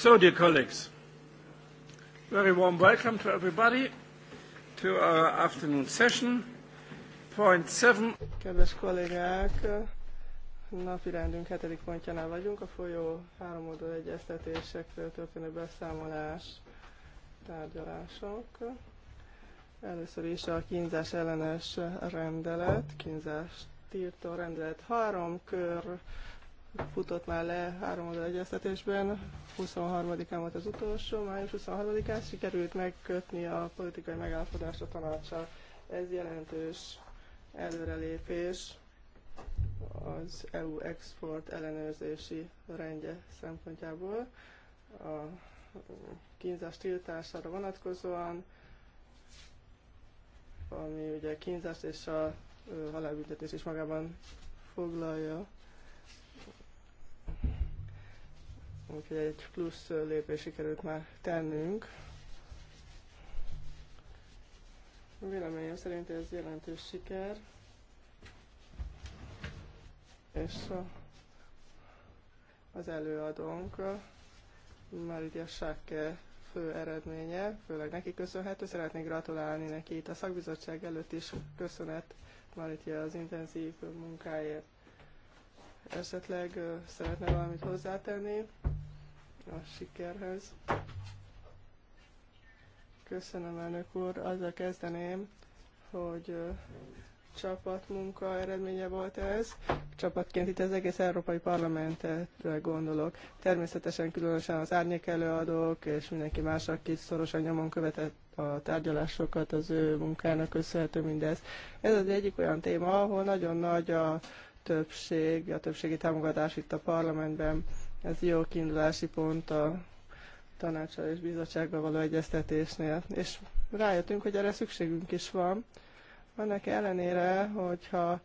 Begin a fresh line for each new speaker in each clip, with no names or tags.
So, dear colleagues, very warm welcome to everybody to our afternoon session. Point seven.
Kedves kollégák, napi rendünk hetedik pontjánál vagyunk, a folyó háromoldal egyeztetésekről történő beszámolás tárgyalások. Először is a kínzás ellenes rendelet, kínzás tiltó rendelet. Három kör futott már le három oldal egyeztetésben, 23-án volt az utolsó, május 23-án sikerült megkötni a politikai megállapodást a tanácssal. Ez jelentős előrelépés az EU export ellenőrzési rendje szempontjából. A kínzás tiltására vonatkozóan, ami ugye kínzást és a halálbüntetés is magában foglalja. úgyhogy egy plusz lépés sikerült már tennünk. Véleményem szerint ez jelentős siker, és az előadónk már ugye Sáke fő eredménye, főleg neki köszönhető. Szeretnék gratulálni neki itt a szakbizottság előtt is köszönet itt az intenzív munkáért. Esetleg szeretne valamit hozzátenni? a sikerhez. Köszönöm, elnök úr. Azzal kezdeném, hogy csapatmunka eredménye volt ez. Csapatként itt az egész Európai Parlamentre gondolok. Természetesen különösen az árnyék előadók és mindenki más, aki szorosan nyomon követett a tárgyalásokat, az ő munkának köszönhető mindez. Ez az egyik olyan téma, ahol nagyon nagy a többség, a többségi támogatás itt a parlamentben ez jó kiindulási pont a tanácsal és bizottsággal való egyeztetésnél. És rájöttünk, hogy erre szükségünk is van. Annak ellenére, hogyha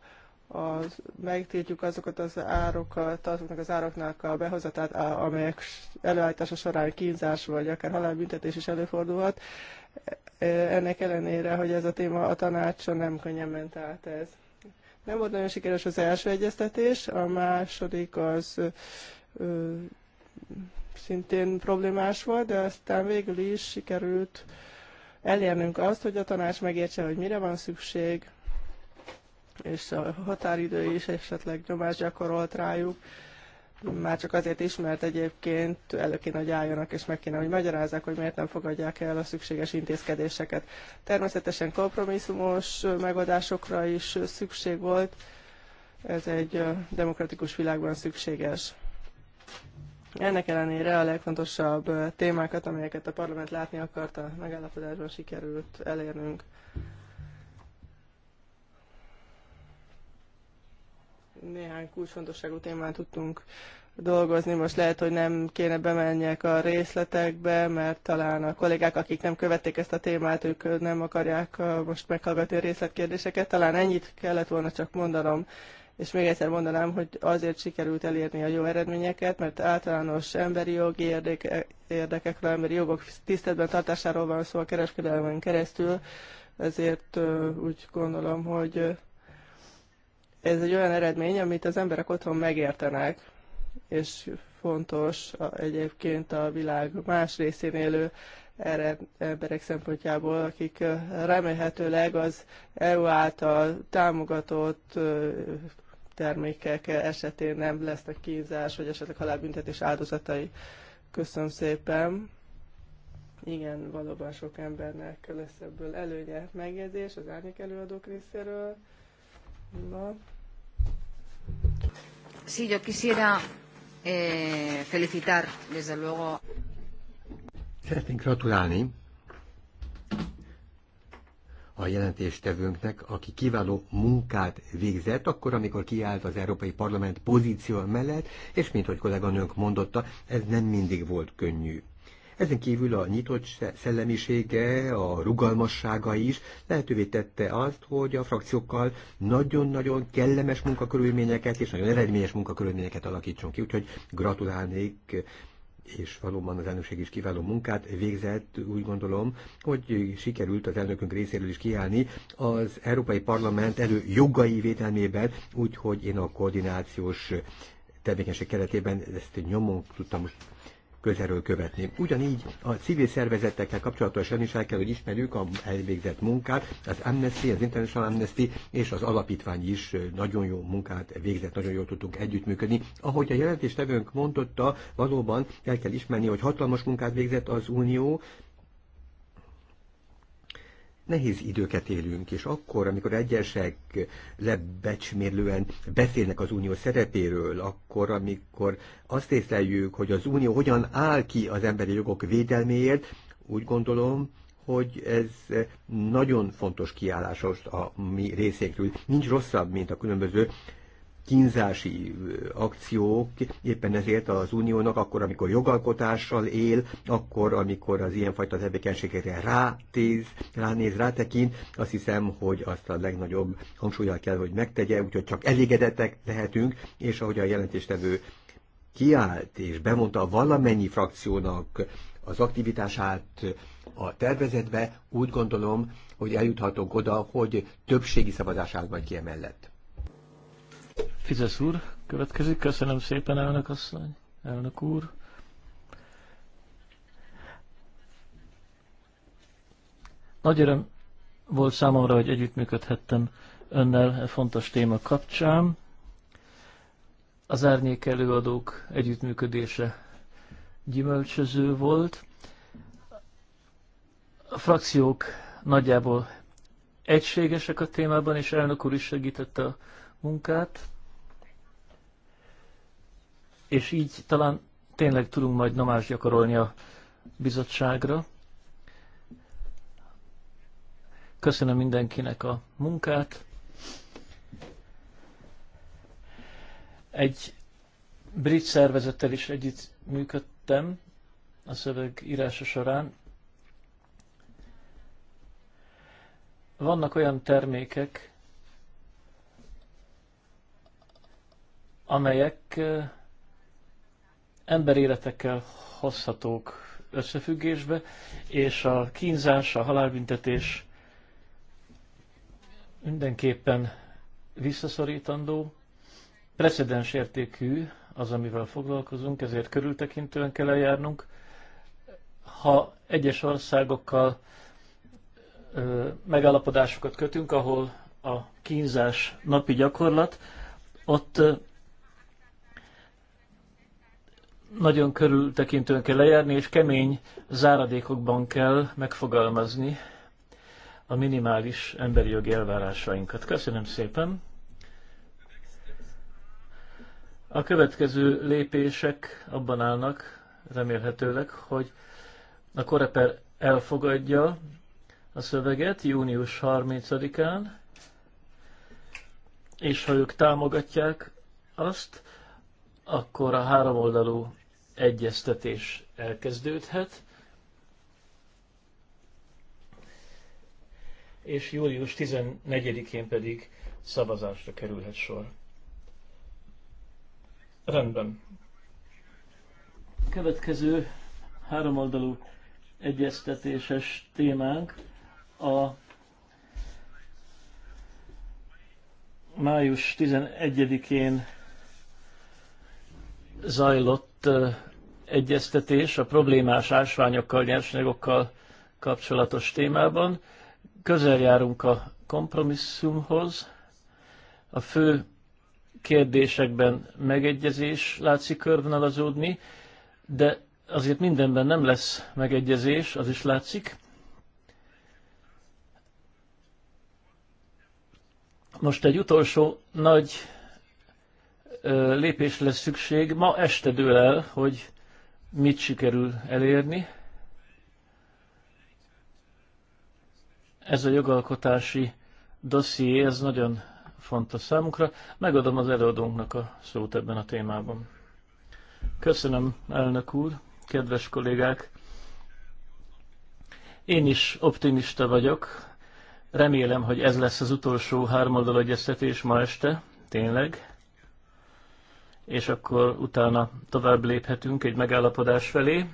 az, megtiltjuk azokat az árokat, azoknak az ároknak a behozatát, amelyek előállítása során kínzás vagy akár halálbüntetés is előfordulhat. E, ennek ellenére, hogy ez a téma a tanácson nem könnyen ment át ez. Nem volt nagyon sikeres az első egyeztetés, a második az szintén problémás volt, de aztán végül is sikerült elérnünk azt, hogy a tanács megértse, hogy mire van szükség, és a határidő is esetleg nyomást gyakorolt rájuk. Már csak azért is, mert egyébként elő kéne, hogy álljanak, és meg kéne, hogy magyarázzák, hogy miért nem fogadják el a szükséges intézkedéseket. Természetesen kompromisszumos megoldásokra is szükség volt, ez egy demokratikus világban szükséges. Ennek ellenére a legfontosabb témákat, amelyeket a parlament látni akart, a megállapodásban sikerült elérnünk. Néhány kulcsfontosságú témát tudtunk dolgozni. Most lehet, hogy nem kéne bemenjek a részletekbe, mert talán a kollégák, akik nem követték ezt a témát, ők nem akarják most meghallgatni a részletkérdéseket. Talán ennyit kellett volna csak mondanom és még egyszer mondanám, hogy azért sikerült elérni a jó eredményeket, mert általános emberi jogi érdeke, érdekekről, emberi jogok tiszteletben tartásáról van szó a kereskedelmen keresztül, ezért úgy gondolom, hogy ez egy olyan eredmény, amit az emberek otthon megértenek, és fontos egyébként a világ más részén élő emberek szempontjából, akik remélhetőleg az EU által támogatott termékek esetén nem lesznek kínzás, vagy esetleg halálbüntetés áldozatai. Köszönöm szépen. Igen, valóban sok embernek lesz ebből előnye megjegyzés az árnyék előadók részéről.
Na. Sí, yo quisiera eh, felicitar, desde luego.
Szeretnénk gratulálni a jelentéstevőnknek, aki kiváló munkát végzett, akkor, amikor kiállt az Európai Parlament pozíció mellett, és mint hogy kolléganőnk mondotta, ez nem mindig volt könnyű. Ezen kívül a nyitott szellemisége, a rugalmassága is lehetővé tette azt, hogy a frakciókkal nagyon-nagyon kellemes munkakörülményeket és nagyon eredményes munkakörülményeket alakítson ki. Úgyhogy gratulálnék és valóban az elnökség is kiváló munkát végzett, úgy gondolom, hogy sikerült az elnökünk részéről is kiállni az Európai Parlament elő jogai védelmében, úgyhogy én a koordinációs tevékenység keretében ezt nyomon tudtam közelről követni. Ugyanígy a civil szervezetekkel kapcsolatosan is el kell, hogy ismerjük a elvégzett munkát. Az Amnesty, az International Amnesty és az alapítvány is nagyon jó munkát végzett, nagyon jól tudtunk együttműködni. Ahogy a jelentéstevőnk mondotta, valóban el kell ismerni, hogy hatalmas munkát végzett az Unió, nehéz időket élünk, és akkor, amikor egyesek lebecsmérlően beszélnek az unió szerepéről, akkor, amikor azt észleljük, hogy az unió hogyan áll ki az emberi jogok védelméért, úgy gondolom, hogy ez nagyon fontos kiállásos a mi részénkről. Nincs rosszabb, mint a különböző kínzási akciók, éppen ezért az uniónak akkor, amikor jogalkotással él, akkor, amikor az ilyenfajta tevékenységekre rátéz, ránéz, rátekint, azt hiszem, hogy azt a legnagyobb hangsúlyjal kell, hogy megtegye, úgyhogy csak elégedettek lehetünk, és ahogy a jelentéstevő kiállt és bemondta valamennyi frakciónak az aktivitását a tervezetbe, úgy gondolom, hogy eljuthatunk oda, hogy többségi szavazás állt majd ki emellett.
Fizesz úr következik. Köszönöm szépen, elnök asszony, elnök úr. Nagy öröm volt számomra, hogy együttműködhettem önnel e fontos téma kapcsán. Az árnyék előadók együttműködése gyümölcsöző volt. A frakciók nagyjából egységesek a témában, és elnök úr is segítette a munkát és így talán tényleg tudunk majd nomás gyakorolni a bizottságra. Köszönöm mindenkinek a munkát. Egy brit szervezettel is együtt működtem a szöveg írása során. Vannak olyan termékek, amelyek eh, emberéletekkel hozhatók összefüggésbe, és a kínzás, a halálbüntetés mindenképpen visszaszorítandó, precedens értékű az, amivel foglalkozunk, ezért körültekintően kell eljárnunk. Ha egyes országokkal ö, megállapodásokat kötünk, ahol a kínzás napi gyakorlat, ott nagyon körültekintően kell lejárni, és kemény záradékokban kell megfogalmazni a minimális emberi jogi elvárásainkat. Köszönöm szépen! A következő lépések abban állnak, remélhetőleg, hogy a Koreper elfogadja a szöveget június 30-án, és ha ők támogatják azt, akkor a háromoldalú egyeztetés elkezdődhet, és július 14-én pedig szavazásra kerülhet sor. Rendben. Következő háromoldalú egyeztetéses témánk a május 11-én zajlott egyeztetés a problémás ásványokkal, nyersanyagokkal kapcsolatos témában. Közel járunk a kompromisszumhoz. A fő kérdésekben megegyezés látszik körvonalazódni, de azért mindenben nem lesz megegyezés, az is látszik. Most egy utolsó nagy lépés lesz szükség. Ma este dől el, hogy mit sikerül elérni. Ez a jogalkotási dosszié, ez nagyon fontos számunkra. Megadom az előadónknak a szót ebben a témában. Köszönöm, elnök úr, kedves kollégák! Én is optimista vagyok. Remélem, hogy ez lesz az utolsó hármoldal egyeztetés ma este, tényleg és akkor utána tovább léphetünk egy megállapodás felé.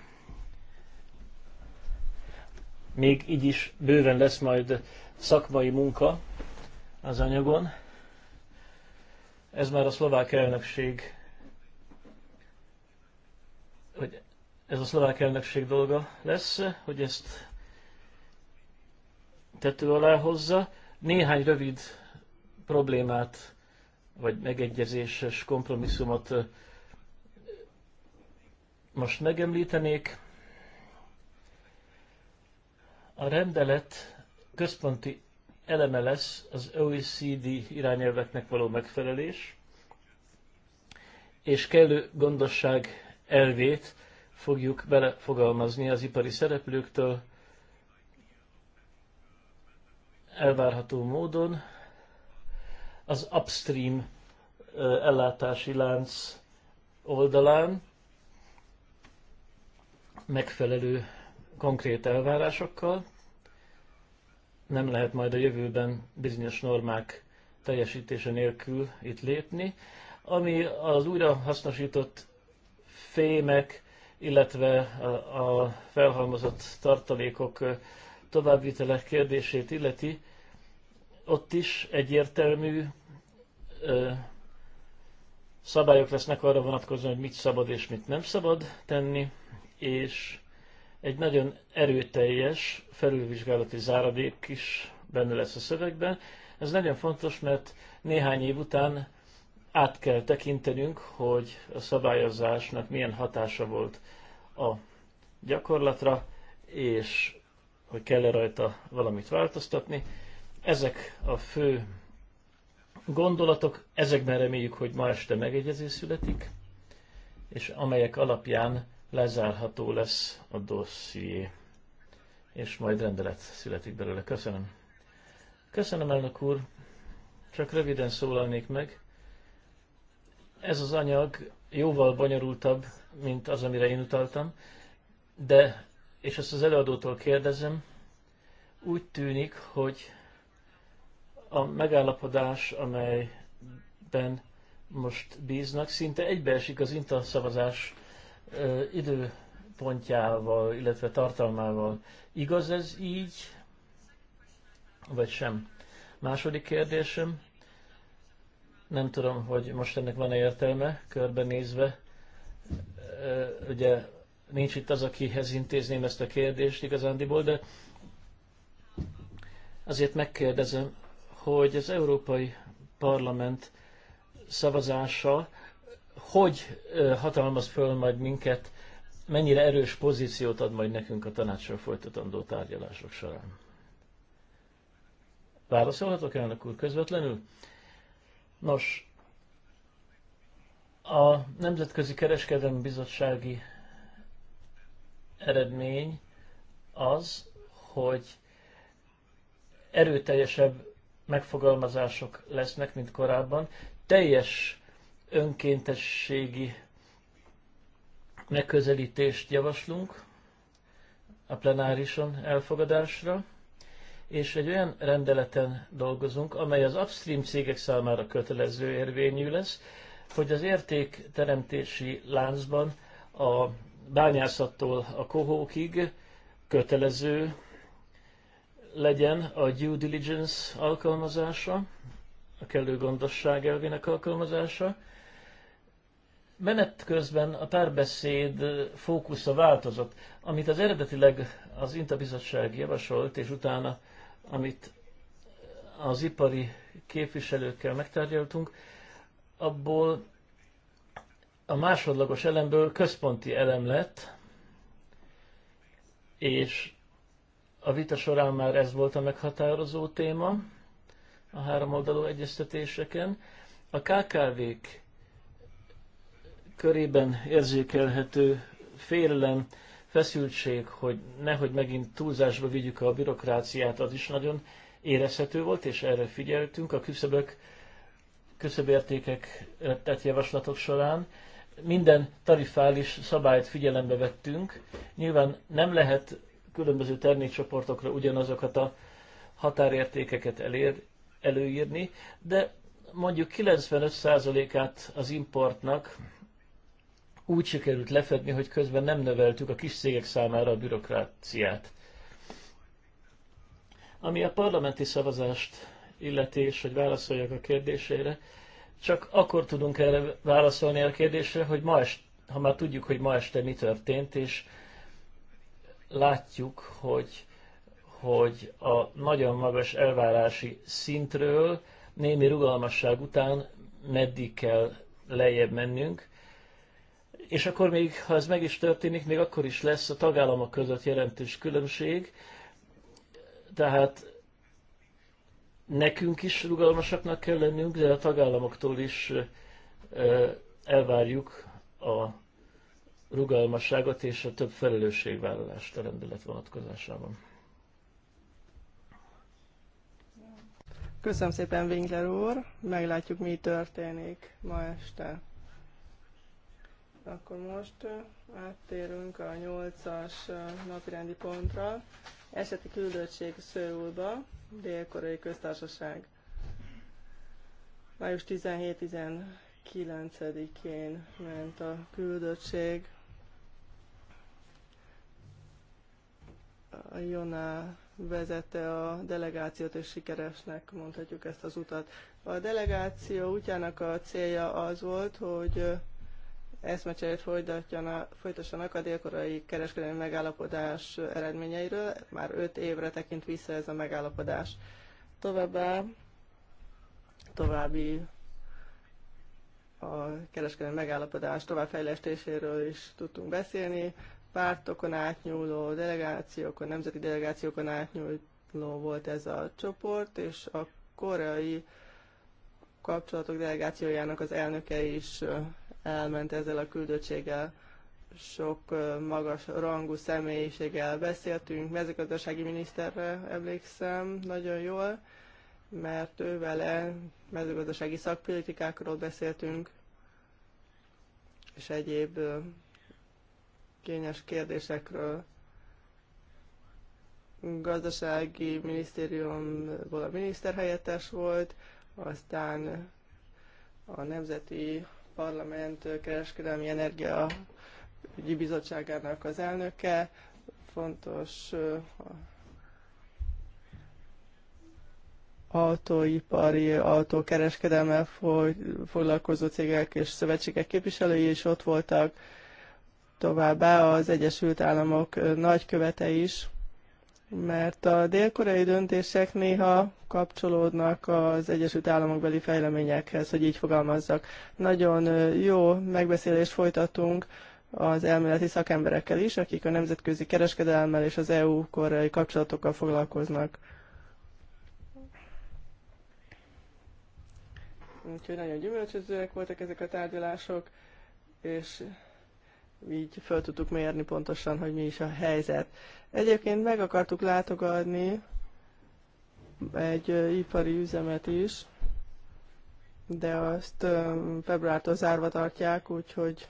Még így is bőven lesz majd szakmai munka az anyagon. Ez már a szlovák elnökség, hogy ez a szlovák elnökség dolga lesz, hogy ezt tető alá hozza. Néhány rövid problémát vagy megegyezéses kompromisszumot most megemlítenék. A rendelet központi eleme lesz az OECD irányelveknek való megfelelés, és kellő gondosság elvét fogjuk belefogalmazni az ipari szereplőktől elvárható módon az upstream ellátási lánc oldalán megfelelő konkrét elvárásokkal. Nem lehet majd a jövőben bizonyos normák teljesítése nélkül itt lépni. Ami az újra hasznosított fémek, illetve a felhalmozott tartalékok továbbvitele kérdését illeti, ott is egyértelmű ö, szabályok lesznek arra vonatkozóan, hogy mit szabad és mit nem szabad tenni, és egy nagyon erőteljes felülvizsgálati záradék is benne lesz a szövegben. Ez nagyon fontos, mert néhány év után át kell tekintenünk, hogy a szabályozásnak milyen hatása volt a gyakorlatra, és hogy kell-e rajta valamit változtatni. Ezek a fő gondolatok, ezekben reméljük, hogy ma este megegyezés születik, és amelyek alapján lezárható lesz a dosszié, és majd rendelet születik belőle. Köszönöm. Köszönöm, elnök úr. Csak röviden szólalnék meg. Ez az anyag jóval bonyolultabb, mint az, amire én utaltam, de, és ezt az előadótól kérdezem, úgy tűnik, hogy a megállapodás, amelyben most bíznak, szinte egybeesik az INTA szavazás időpontjával, illetve tartalmával. Igaz ez így, vagy sem? Második kérdésem, nem tudom, hogy most ennek van-e értelme, körbenézve, ugye nincs itt az, akihez intézném ezt a kérdést igazándiból, de azért megkérdezem, hogy az Európai Parlament szavazása hogy hatalmaz föl majd minket, mennyire erős pozíciót ad majd nekünk a tanácsra folytatandó tárgyalások során. Válaszolhatok, elnök úr, közvetlenül? Nos, a Nemzetközi Kereskedelmi Bizottsági eredmény az, hogy erőteljesebb megfogalmazások lesznek, mint korábban. Teljes önkéntességi megközelítést javaslunk a plenárison elfogadásra, és egy olyan rendeleten dolgozunk, amely az upstream cégek számára kötelező érvényű lesz, hogy az értékteremtési láncban a bányászattól a kohókig kötelező legyen a due diligence alkalmazása, a kellő gondosság elvének alkalmazása. Menet közben a párbeszéd fókusza változott, amit az eredetileg az INTA javasolt, és utána, amit az ipari képviselőkkel megtárgyaltunk, abból a másodlagos elemből központi elem lett, és a vita során már ez volt a meghatározó téma a háromoldalú egyeztetéseken. A KKV-k körében érzékelhető félelem, feszültség, hogy nehogy megint túlzásba vigyük a bürokráciát, az is nagyon érezhető volt, és erre figyeltünk a küszöbök, küszöbértékek tett javaslatok során. Minden tarifális szabályt figyelembe vettünk. Nyilván nem lehet különböző termékcsoportokra ugyanazokat a határértékeket elér, előírni, de mondjuk 95%-át az importnak úgy sikerült lefedni, hogy közben nem növeltük a kis cégek számára a bürokráciát. Ami a parlamenti szavazást illetés, hogy válaszoljak a kérdésére, csak akkor tudunk erre válaszolni a kérdésre, hogy ma est, ha már tudjuk, hogy ma este mi történt, és látjuk, hogy, hogy a nagyon magas elvárási szintről némi rugalmasság után meddig kell lejjebb mennünk, és akkor még, ha ez meg is történik, még akkor is lesz a tagállamok között jelentős különbség, tehát nekünk is rugalmasaknak kell lennünk, de a tagállamoktól is elvárjuk a rugalmasságot és a több felelősségvállalást a rendelet vonatkozásában.
Köszönöm szépen, Winkler úr. Meglátjuk, mi történik ma este. Akkor most áttérünk a nyolcas napirendi pontra. Eseti küldöttség Szőulba, Dél-Koreai Köztársaság. Május 17-19-én ment a küldöttség a Jona vezette a delegációt, és sikeresnek mondhatjuk ezt az utat. A delegáció útjának a célja az volt, hogy eszmecserét folytassanak a délkorai kereskedelmi megállapodás eredményeiről. Már öt évre tekint vissza ez a megállapodás. Továbbá további a kereskedelmi megállapodás továbbfejlesztéséről is tudtunk beszélni pártokon átnyúló delegációkon, nemzeti delegációkon átnyúló volt ez a csoport, és a koreai kapcsolatok delegációjának az elnöke is elment ezzel a küldöttséggel. Sok magas rangú személyiséggel beszéltünk, mezőgazdasági miniszterre emlékszem nagyon jól, mert ő vele mezőgazdasági szakpolitikákról beszéltünk, és egyéb kényes kérdésekről. Gazdasági minisztériumból a miniszterhelyettes volt, aztán a Nemzeti Parlament Kereskedelmi Energia ügyi bizottságának az elnöke, fontos uh, autóipari, autókereskedelmel foglalkozó cégek és szövetségek képviselői is ott voltak, továbbá az Egyesült Államok nagykövete is, mert a dél-koreai döntések néha kapcsolódnak az Egyesült Államok beli fejleményekhez, hogy így fogalmazzak. Nagyon jó megbeszélést folytatunk az elméleti szakemberekkel is, akik a nemzetközi kereskedelemmel és az EU-koreai kapcsolatokkal foglalkoznak. Úgyhogy nagyon gyümölcsözőek voltak ezek a tárgyalások, és így fel tudtuk mérni pontosan, hogy mi is a helyzet. Egyébként meg akartuk látogatni egy ipari üzemet is, de azt februártól zárva tartják, úgyhogy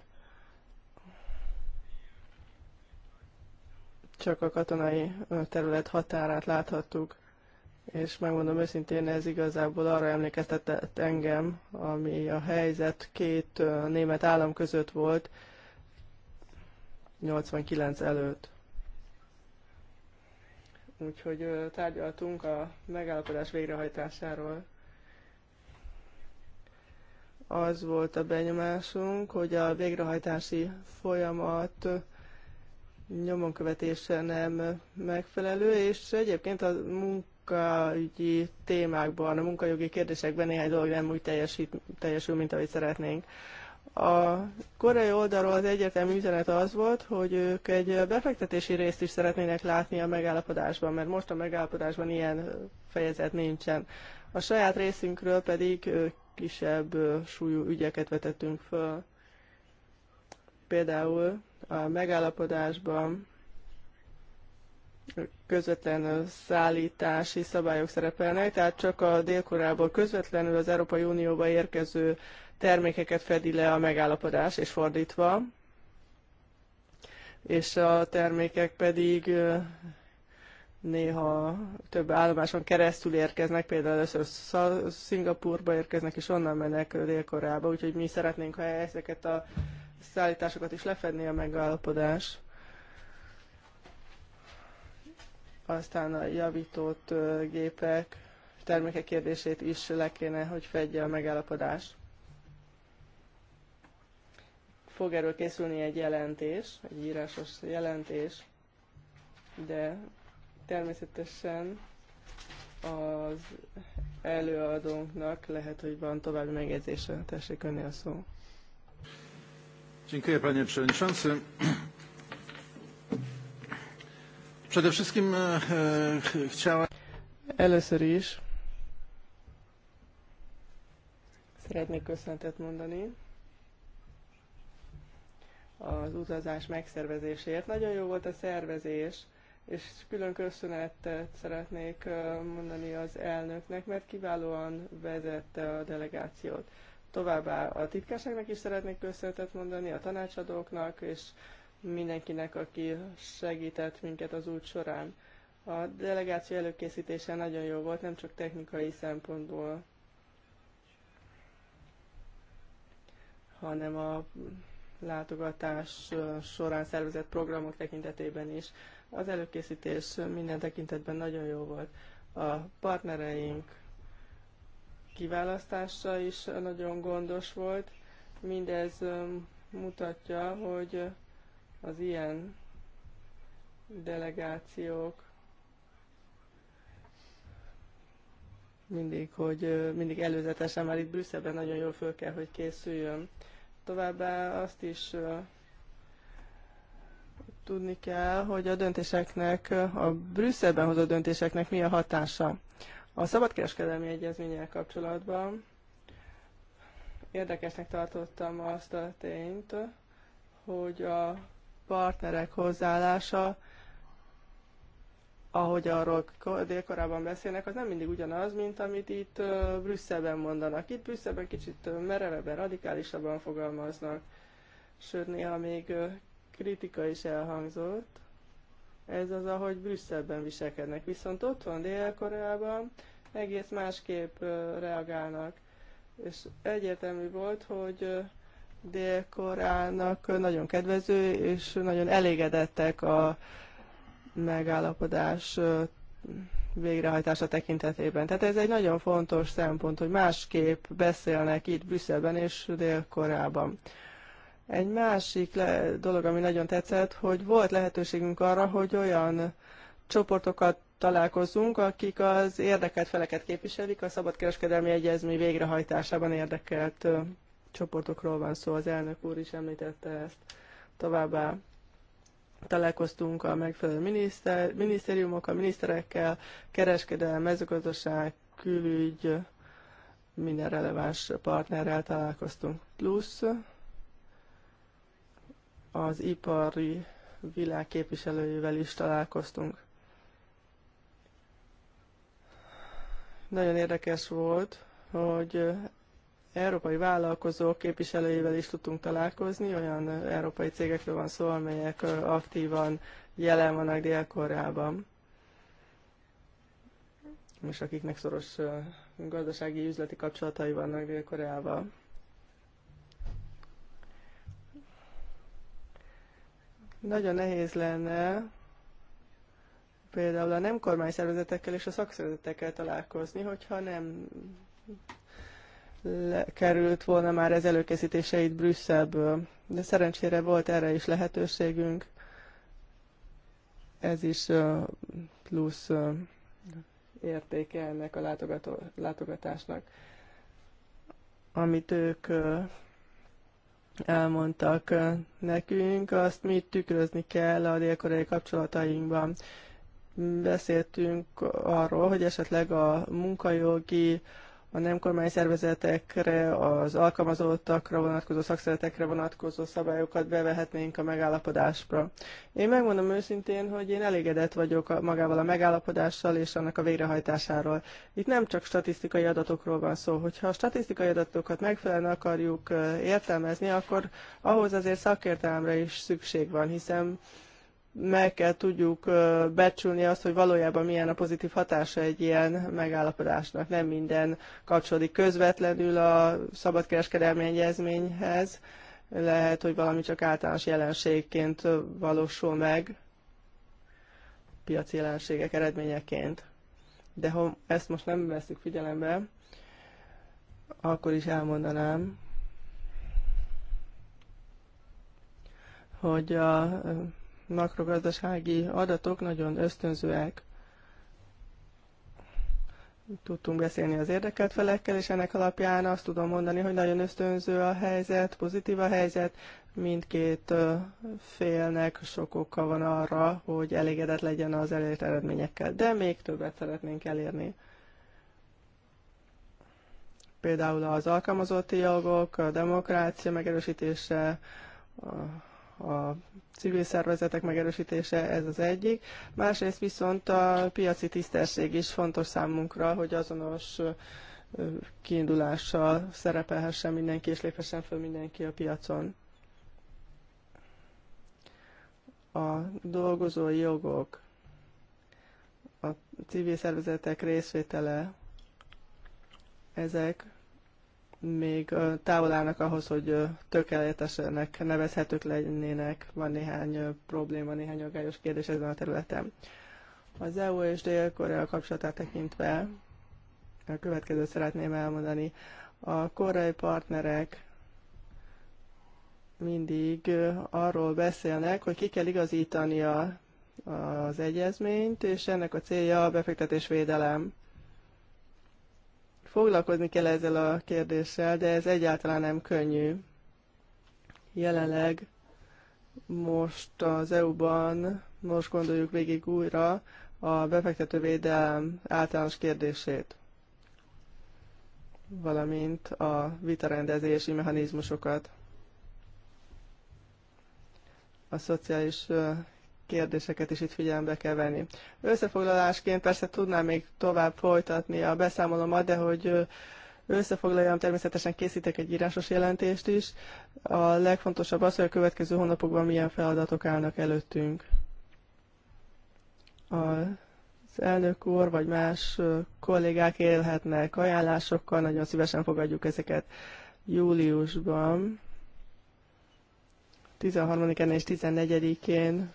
csak a katonai terület határát láthattuk, és megmondom őszintén, ez igazából arra emlékeztetett engem, ami a helyzet két német állam között volt, 89 előtt. Úgyhogy tárgyaltunk a megállapodás végrehajtásáról. Az volt a benyomásunk, hogy a végrehajtási folyamat nyomon követése nem megfelelő, és egyébként a munkaügyi témákban, a munkajogi kérdésekben néhány dolog nem úgy teljesít, teljesül, mint ahogy szeretnénk. A koreai oldalról az egyértelmű üzenet az volt, hogy ők egy befektetési részt is szeretnének látni a megállapodásban, mert most a megállapodásban ilyen fejezet nincsen. A saját részünkről pedig kisebb súlyú ügyeket vetettünk föl. Például a megállapodásban közvetlen szállítási szabályok szerepelnek, tehát csak a dél közvetlenül az Európai Unióba érkező termékeket fedi le a megállapodás, és fordítva, és a termékek pedig néha több állomáson keresztül érkeznek, például először Szingapurba érkeznek, és onnan mennek délkorába, úgyhogy mi szeretnénk, ha ezeket a szállításokat is lefedni a megállapodás. Aztán a javított gépek, termékek kérdését is le kéne, hogy fedje a megállapodás fog erről készülni egy jelentés, egy írásos jelentés, de természetesen az előadónknak lehet, hogy van további megjegyzése. Tessék önni a szó.
Dziękuję panie przewodniczący. Przede wszystkim e, e, chciałem...
Először is szeretnék köszönetet mondani az utazás megszervezéséért. Nagyon jó volt a szervezés, és külön köszönetet szeretnék mondani az elnöknek, mert kiválóan vezette a delegációt. Továbbá a titkárságnak is szeretnék köszönetet mondani, a tanácsadóknak, és mindenkinek, aki segített minket az út során. A delegáció előkészítése nagyon jó volt, nem csak technikai szempontból, hanem a látogatás során szervezett programok tekintetében is. Az előkészítés minden tekintetben nagyon jó volt. A partnereink kiválasztása is nagyon gondos volt. Mindez mutatja, hogy az ilyen delegációk mindig, hogy mindig előzetesen már itt Brüsszelben nagyon jól föl kell, hogy készüljön. Továbbá azt is tudni kell, hogy a döntéseknek, a Brüsszelben hozott döntéseknek mi a hatása. A szabadkereskedelmi egyezménnyel kapcsolatban érdekesnek tartottam azt a tényt, hogy a partnerek hozzáállása ahogy arról délkorában beszélnek, az nem mindig ugyanaz, mint amit itt Brüsszelben mondanak. Itt Brüsszelben kicsit merevebben, radikálisabban fogalmaznak, sőt néha még kritika is elhangzott. Ez az, ahogy Brüsszelben viselkednek. Viszont ott van Dél-Koreában, egész másképp reagálnak. És egyértelmű volt, hogy Dél-Koreának nagyon kedvező és nagyon elégedettek a megállapodás végrehajtása tekintetében. Tehát ez egy nagyon fontos szempont, hogy másképp beszélnek itt Brüsszelben és Dél-Koreában. Egy másik le- dolog, ami nagyon tetszett, hogy volt lehetőségünk arra, hogy olyan csoportokat találkozunk, akik az érdekelt feleket képviselik, a szabadkereskedelmi egyezmény végrehajtásában érdekelt csoportokról van szó, az elnök úr is említette ezt. Továbbá találkoztunk a megfelelő miniszter, minisztériumokkal, miniszterekkel, kereskedelem, mezőgazdaság, külügy, minden releváns partnerrel találkoztunk. Plusz az ipari világ képviselőivel is találkoztunk. Nagyon érdekes volt, hogy európai vállalkozók képviselőivel is tudtunk találkozni, olyan európai cégekről van szó, amelyek aktívan jelen vannak Dél-Koreában, és akiknek szoros gazdasági üzleti kapcsolatai vannak Dél-Koreával. Nagyon nehéz lenne például a nem kormány szervezetekkel és a szakszervezetekkel találkozni, hogyha nem került volna már ez előkészítéseit Brüsszelből. De szerencsére volt erre is lehetőségünk. Ez is plusz értéke ennek a látogató, látogatásnak, amit ők elmondtak nekünk, azt mi tükrözni kell a délkorai kapcsolatainkban. Beszéltünk arról, hogy esetleg a munkajogi a nem kormány szervezetekre, az alkalmazottakra vonatkozó szakszeretekre vonatkozó szabályokat bevehetnénk a megállapodásra. Én megmondom őszintén, hogy én elégedett vagyok magával a megállapodással és annak a végrehajtásáról. Itt nem csak statisztikai adatokról van szó. Hogyha a statisztikai adatokat megfelelően akarjuk értelmezni, akkor ahhoz azért szakértelemre is szükség van, hiszen meg kell tudjuk becsülni azt, hogy valójában milyen a pozitív hatása egy ilyen megállapodásnak. Nem minden kapcsolódik közvetlenül a szabadkereskedelmi egyezményhez, lehet, hogy valami csak általános jelenségként valósul meg, piaci jelenségek eredményeként. De ha ezt most nem veszük figyelembe, akkor is elmondanám, hogy a makrogazdasági adatok nagyon ösztönzőek. Tudtunk beszélni az érdekelt felekkel, és ennek alapján azt tudom mondani, hogy nagyon ösztönző a helyzet, pozitív a helyzet, mindkét félnek sok oka van arra, hogy elégedett legyen az elért eredményekkel, de még többet szeretnénk elérni például az alkalmazotti jogok, a demokrácia megerősítése, a a civil szervezetek megerősítése, ez az egyik. Másrészt viszont a piaci tisztesség is fontos számunkra, hogy azonos kiindulással szerepelhessen mindenki, és léphessen fel mindenki a piacon. A dolgozói jogok, a civil szervezetek részvétele, ezek még távol állnak ahhoz, hogy tökéletesenek, nevezhetők lennének. Van néhány probléma, néhány aggályos kérdés ezen a területen. Az EU és Dél-Korea kapcsolatát tekintve a következőt szeretném elmondani. A koreai partnerek mindig arról beszélnek, hogy ki kell igazítania az egyezményt, és ennek a célja a befektetésvédelem Foglalkozni kell ezzel a kérdéssel, de ez egyáltalán nem könnyű. Jelenleg most az EU-ban, most gondoljuk végig újra a befektetővédelem általános kérdését, valamint a vitarendezési mechanizmusokat. A szociális kérdéseket is itt figyelembe kell venni. Összefoglalásként persze tudnám még tovább folytatni a beszámolomat, de hogy összefoglaljam, természetesen készítek egy írásos jelentést is. A legfontosabb az, hogy a következő hónapokban milyen feladatok állnak előttünk. Az elnök úr vagy más kollégák élhetnek ajánlásokkal, nagyon szívesen fogadjuk ezeket júliusban. 13-án és 14-én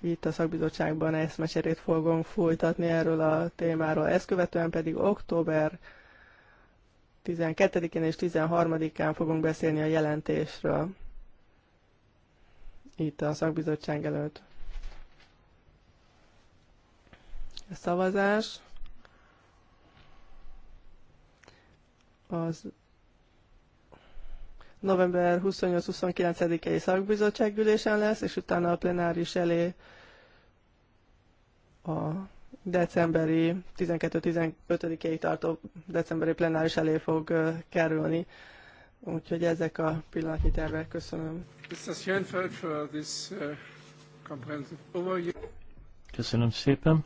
itt a szakbizottságban eszmecserét fogunk folytatni erről a témáról. Ezt követően pedig október 12-én és 13-án fogunk beszélni a jelentésről itt a szakbizottság előtt. A szavazás az november 28-29-i szakbizottságülésen lesz, és utána a plenáris elé a decemberi 12 15 i tartó decemberi plenáris elé fog kerülni. Úgyhogy ezek a pillanatnyi tervek. Köszönöm.
Uh,
Köszönöm szépen.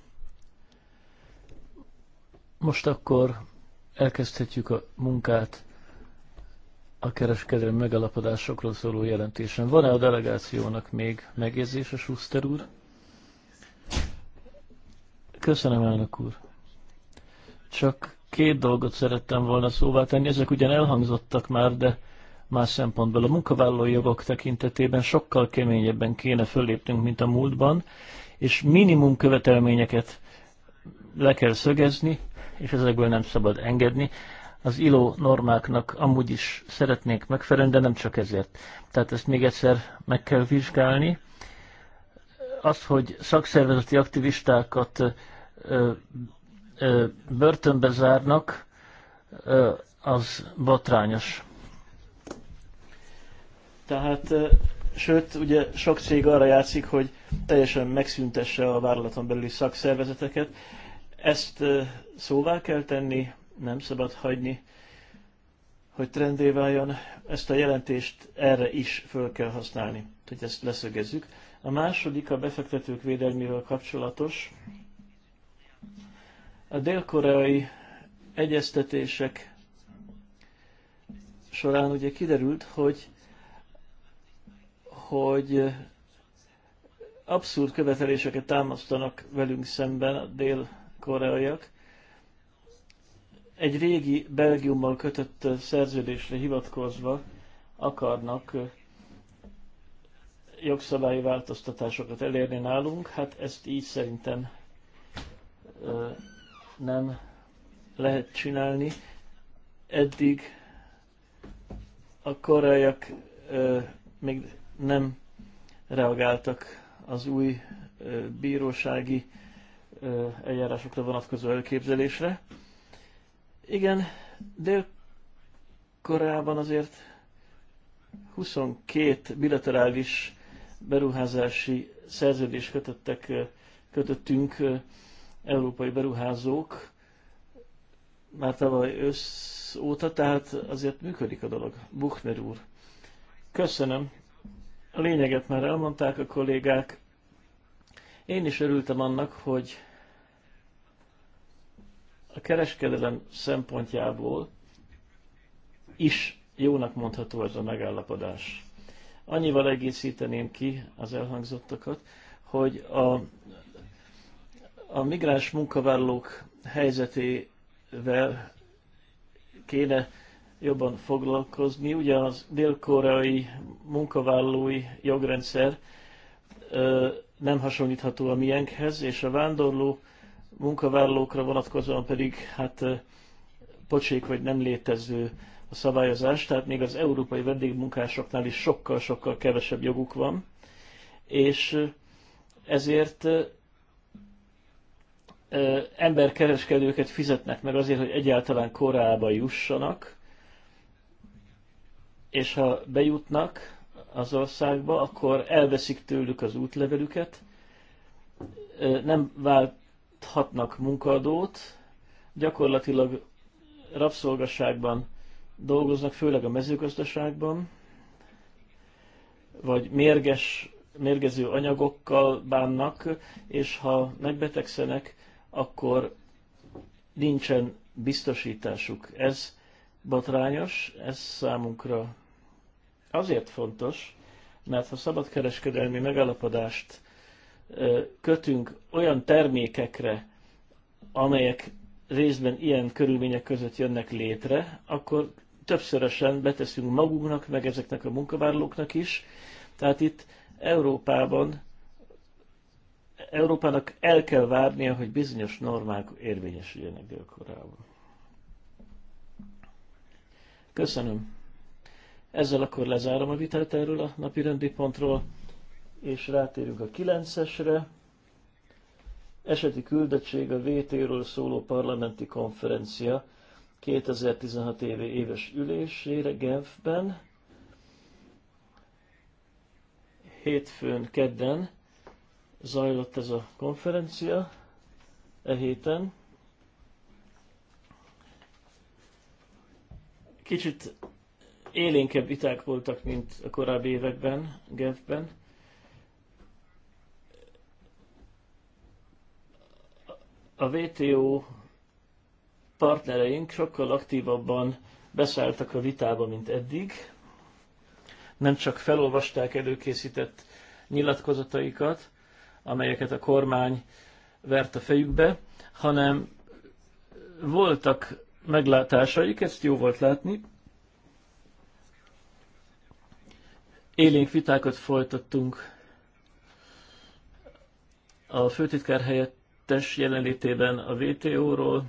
Most akkor elkezdhetjük a munkát a kereskedelmi megalapodásokról szóló jelentésen. Van-e a delegációnak még megjegyzése, Schuster úr? Köszönöm, elnök úr. Csak két dolgot szerettem volna szóvá tenni, ezek ugyan elhangzottak már, de más szempontból a munkavállalói jogok tekintetében sokkal keményebben kéne föléptünk mint a múltban, és minimum követelményeket le kell szögezni, és ezekből nem szabad engedni az ILO normáknak amúgy is szeretnénk megfelelni, de nem csak ezért. Tehát ezt még egyszer meg kell vizsgálni. Az, hogy szakszervezeti aktivistákat ö, ö, börtönbe zárnak, ö, az botrányos. Tehát, sőt, ugye sok cég arra játszik, hogy teljesen megszüntesse a vállalaton belüli szakszervezeteket. Ezt szóvá kell tenni, nem szabad hagyni, hogy trendé váljon. Ezt a jelentést erre is föl kell használni, hogy ezt leszögezzük. A második a befektetők védelmével kapcsolatos. A dél-koreai egyeztetések során ugye kiderült, hogy, hogy abszurd követeléseket támasztanak velünk szemben a dél-koreaiak, egy régi Belgiummal kötött szerződésre hivatkozva akarnak jogszabályi változtatásokat elérni nálunk, hát ezt így szerintem nem lehet csinálni. Eddig a koreaiak még nem reagáltak az új bírósági eljárásokra vonatkozó elképzelésre. Igen, dél korábban azért 22 bilaterális beruházási szerződést kötöttek, kötöttünk európai beruházók már tavaly össz óta, tehát azért működik a dolog. Buchner úr. Köszönöm. A lényeget már elmondták a kollégák. Én is örültem annak, hogy a kereskedelem szempontjából is jónak mondható ez a megállapodás. Annyival egészíteném ki az elhangzottakat, hogy a, a migráns munkavállalók helyzetével kéne jobban foglalkozni. Ugye az dél-koreai munkavállalói jogrendszer ö, nem hasonlítható a miénkhez, és a vándorló munkavállalókra vonatkozóan pedig hát pocsék vagy nem létező a szabályozás, tehát még az európai vendégmunkásoknál is sokkal-sokkal kevesebb joguk van, és ezért emberkereskedőket fizetnek meg azért, hogy egyáltalán korába jussanak, és ha bejutnak az országba, akkor elveszik tőlük az útlevelüket, nem vált kaphatnak munkadót, gyakorlatilag rabszolgasságban dolgoznak, főleg a mezőgazdaságban, vagy mérges, mérgező anyagokkal bánnak, és ha megbetegszenek, akkor nincsen biztosításuk. Ez batrányos, ez számunkra azért fontos, mert ha szabadkereskedelmi megalapodást kötünk olyan termékekre, amelyek részben ilyen körülmények között jönnek létre, akkor többszörösen beteszünk magunknak, meg ezeknek a munkavállalóknak is. Tehát itt Európában Európának el kell várnia, hogy bizonyos normák érvényesüljenek délkorában. Köszönöm. Ezzel akkor lezárom a vitát erről a napirendi pontról és rátérünk a 9-esre. Eseti küldettség a VT-ről szóló parlamenti konferencia 2016 évi éves ülésére Genfben. Hétfőn, kedden zajlott ez a konferencia, e héten. Kicsit élénkebb viták voltak, mint a korábbi években Genfben a WTO partnereink sokkal aktívabban beszálltak a vitába, mint eddig. Nem csak felolvasták előkészített nyilatkozataikat, amelyeket a kormány vert a fejükbe, hanem voltak meglátásaik, ezt jó volt látni. Élénk vitákat folytattunk a főtitkár helyett helyettes jelenlétében a vto ról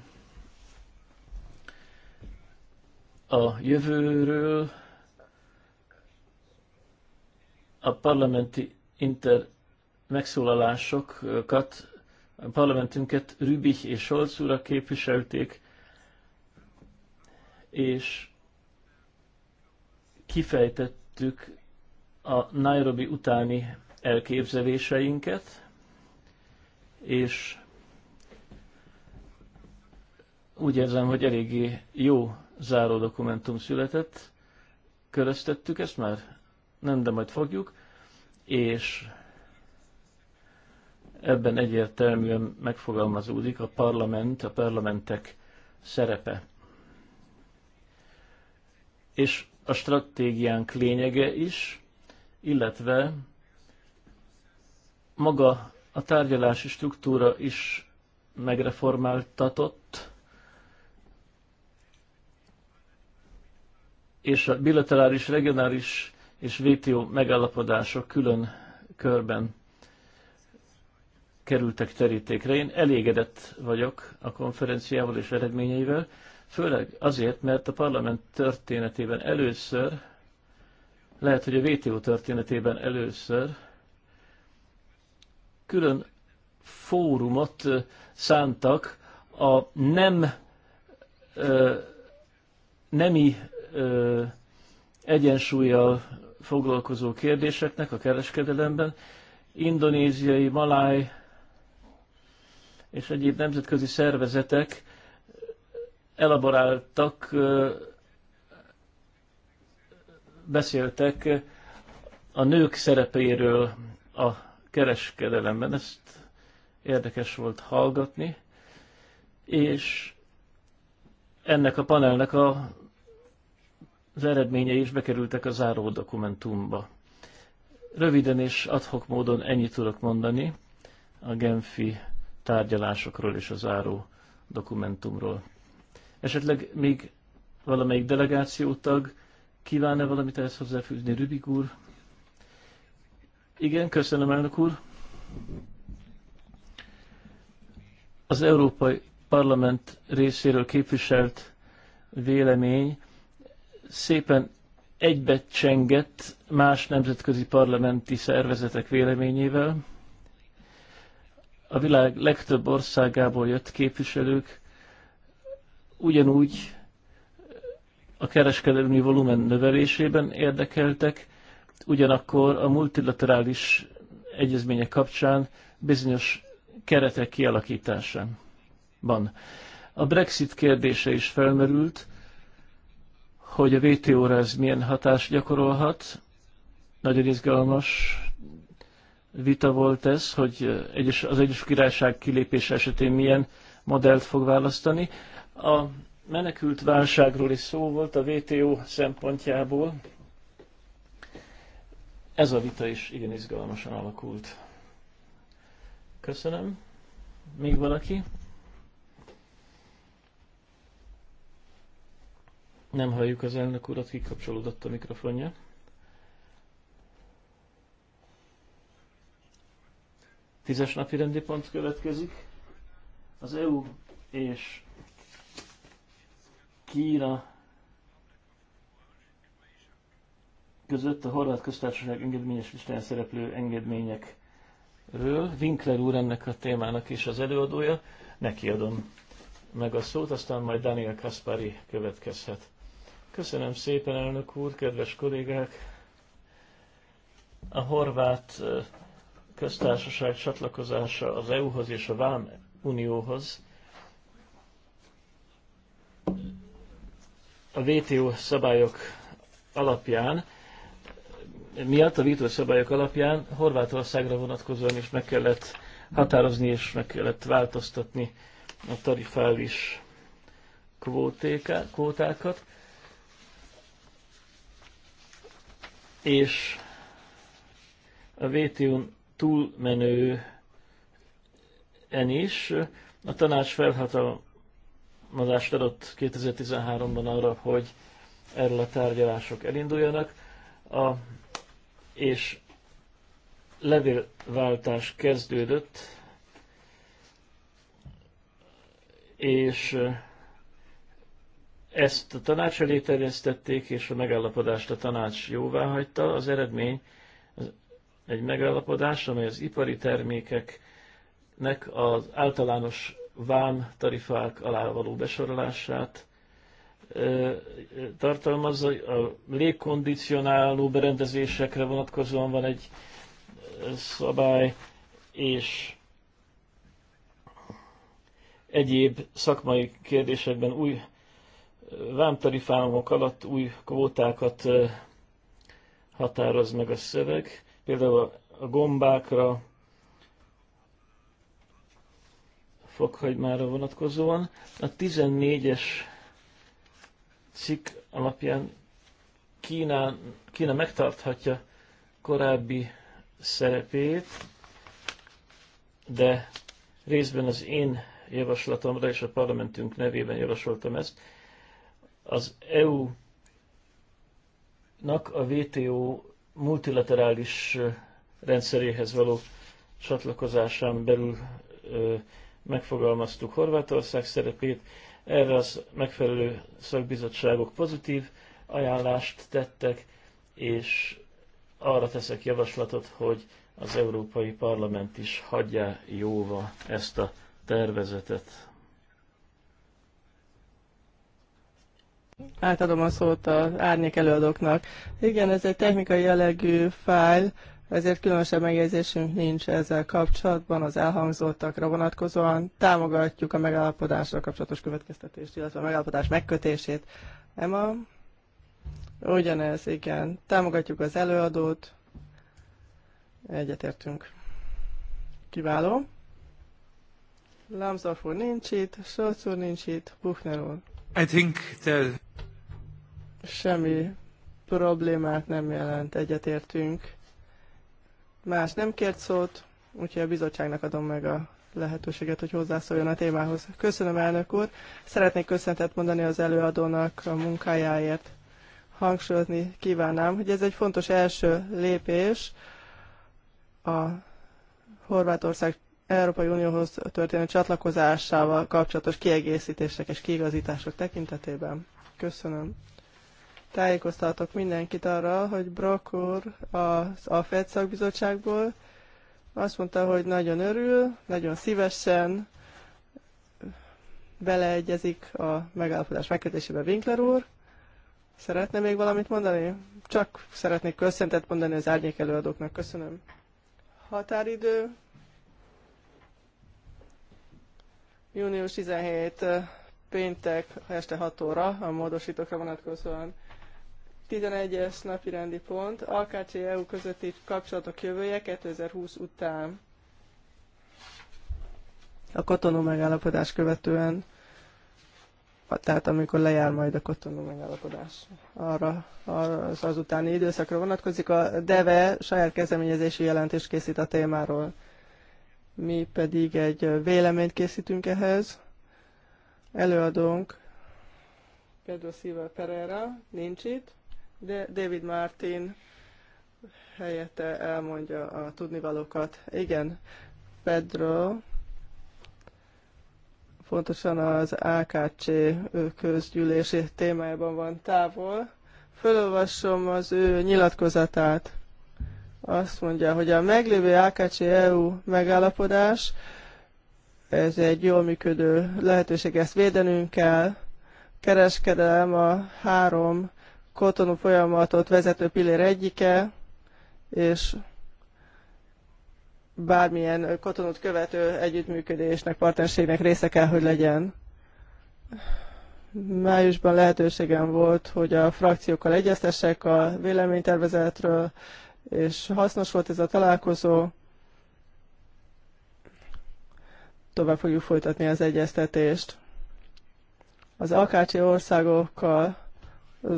a jövőről, a parlamenti inter megszólalásokat, a parlamentünket Rübich és Scholz úra képviselték, és kifejtettük a Nairobi utáni elképzeléseinket, és
úgy érzem, hogy
eléggé jó záró dokumentum született. Köröztettük ezt már? Nem, de majd fogjuk. És ebben egyértelműen megfogalmazódik a parlament, a parlamentek szerepe. És a stratégiánk lényege is, illetve maga a tárgyalási struktúra is megreformáltatott, és a bilaterális, regionális és WTO megállapodások külön körben kerültek terítékre. Én elégedett vagyok a konferenciával és eredményeivel, főleg azért, mert a parlament történetében először, lehet, hogy a WTO történetében először külön fórumot szántak a nem nemi ö, egyensúlyjal foglalkozó kérdéseknek a kereskedelemben. Indonéziai, maláj és egyéb nemzetközi szervezetek elaboráltak, ö, beszéltek a nők szerepéről a kereskedelemben. Ezt érdekes volt hallgatni, és ennek a panelnek a az eredményei is bekerültek a záró dokumentumba. Röviden és adhok módon ennyit tudok mondani a Genfi tárgyalásokról és a záró dokumentumról. Esetleg még valamelyik delegációtag kíván-e valamit ehhez hozzáfűzni, Rübik úr? Igen, köszönöm, elnök úr. Az Európai Parlament részéről képviselt vélemény szépen egybe csengett más nemzetközi parlamenti szervezetek véleményével. A világ legtöbb országából jött képviselők ugyanúgy a kereskedelmi volumen növelésében érdekeltek, ugyanakkor a multilaterális egyezmények kapcsán bizonyos keretek kialakításában. A Brexit kérdése is felmerült, hogy a WTO-ra ez milyen hatást gyakorolhat. Nagyon izgalmas vita volt ez, hogy az Egyes Királyság kilépése esetén milyen modellt fog választani. A menekült válságról is szó volt a WTO szempontjából. Ez a vita is igen izgalmasan alakult. Köszönöm. Még valaki? Nem halljuk az elnök urat, kikapcsolódott a mikrofonja. Tízes napi rendi pont következik. Az EU és Kína között a horvát köztársaság engedményes listán szereplő engedményekről. Winkler úr ennek a témának is az előadója. Neki adom meg a szót, aztán majd Daniel Kaspari következhet. Köszönöm szépen, elnök úr, kedves kollégák! A horvát köztársaság csatlakozása az EU-hoz és a Vám Unióhoz a VTO szabályok alapján miatt, a VTO szabályok alapján Horvátországra vonatkozóan is meg kellett határozni és meg kellett változtatni a tarifális kvótéka, kvótákat. és a vtu n en is a tanács felhatalmazást adott 2013-ban arra, hogy erről a tárgyalások elinduljanak, a, és levélváltás kezdődött, és ezt a tanács elé terjesztették, és a megállapodást a tanács jóvá hagyta. Az eredmény az egy megállapodás, amely az ipari termékeknek az általános vám tarifák alá való besorolását tartalmazza. A légkondicionáló berendezésekre vonatkozóan van egy szabály, és egyéb szakmai kérdésekben új vámtarifámok alatt új kvótákat határoz meg a szöveg, például a gombákra, fokhagymára vonatkozóan. A 14-es cikk alapján Kína, Kína megtarthatja korábbi szerepét, de részben az én javaslatomra és a parlamentünk nevében javasoltam ezt, az EU-nak a WTO multilaterális rendszeréhez való csatlakozásán belül megfogalmaztuk Horvátország szerepét. Erre az megfelelő szakbizottságok pozitív ajánlást tettek, és arra teszek javaslatot, hogy az Európai Parlament is hagyja jóva ezt a tervezetet.
Átadom a szót az árnyék előadóknak. Igen, ez egy technikai jellegű fájl, ezért különösebb megjegyzésünk nincs ezzel kapcsolatban, az elhangzottakra vonatkozóan. Támogatjuk a megállapodásra kapcsolatos következtetést, illetve a megállapodás megkötését. Emma? Ugyanez, igen. Támogatjuk az előadót. Egyetértünk. Kiváló. Lamzorf nincs itt, Solc nincs itt, Buchner úr.
I think that...
Semmi problémát nem jelent, egyetértünk. Más nem kért szót, úgyhogy a bizottságnak adom meg a lehetőséget, hogy hozzászóljon a témához. Köszönöm, elnök úr! Szeretnék köszönetet mondani az előadónak a munkájáért. Hangsúlyozni kívánnám, hogy ez egy fontos első lépés a Horvátország Európai Unióhoz történő csatlakozásával kapcsolatos kiegészítések és kiigazítások tekintetében. Köszönöm. Tájékoztatok mindenkit arra, hogy Brock úr az AFED szakbizottságból azt mondta, hogy nagyon örül, nagyon szívesen beleegyezik a megállapodás megkötésébe Winkler úr. Szeretne még valamit mondani? Csak szeretnék köszöntet mondani az árnyék előadóknak. Köszönöm. Határidő Június 17 péntek este 6 óra a módosítókra vonatkozóan. 11-es napi rendi pont, AKC-EU közötti kapcsolatok jövője 2020 után. A kotonó megállapodás követően, tehát amikor lejár majd a kotonó megállapodás, arra, az, az utáni időszakra vonatkozik, a DEVE saját kezdeményezési jelentést készít a témáról mi pedig egy véleményt készítünk ehhez. Előadónk Pedro Silva Pereira nincs itt, de David Martin helyette elmondja a tudnivalókat. Igen, Pedro pontosan az AKC közgyűlési témájában van távol. Fölolvasom az ő nyilatkozatát azt mondja, hogy a meglévő AKC-EU megállapodás, ez egy jól működő lehetőség, ezt védenünk kell. Kereskedelem a három kotonú folyamatot vezető pillér egyike, és bármilyen kotonút követő együttműködésnek, partnerségnek része kell, hogy legyen. Májusban lehetőségem volt, hogy a frakciókkal egyeztessek a véleménytervezetről, és hasznos volt ez a találkozó. Tovább fogjuk folytatni az egyeztetést. Az Akácsi országokkal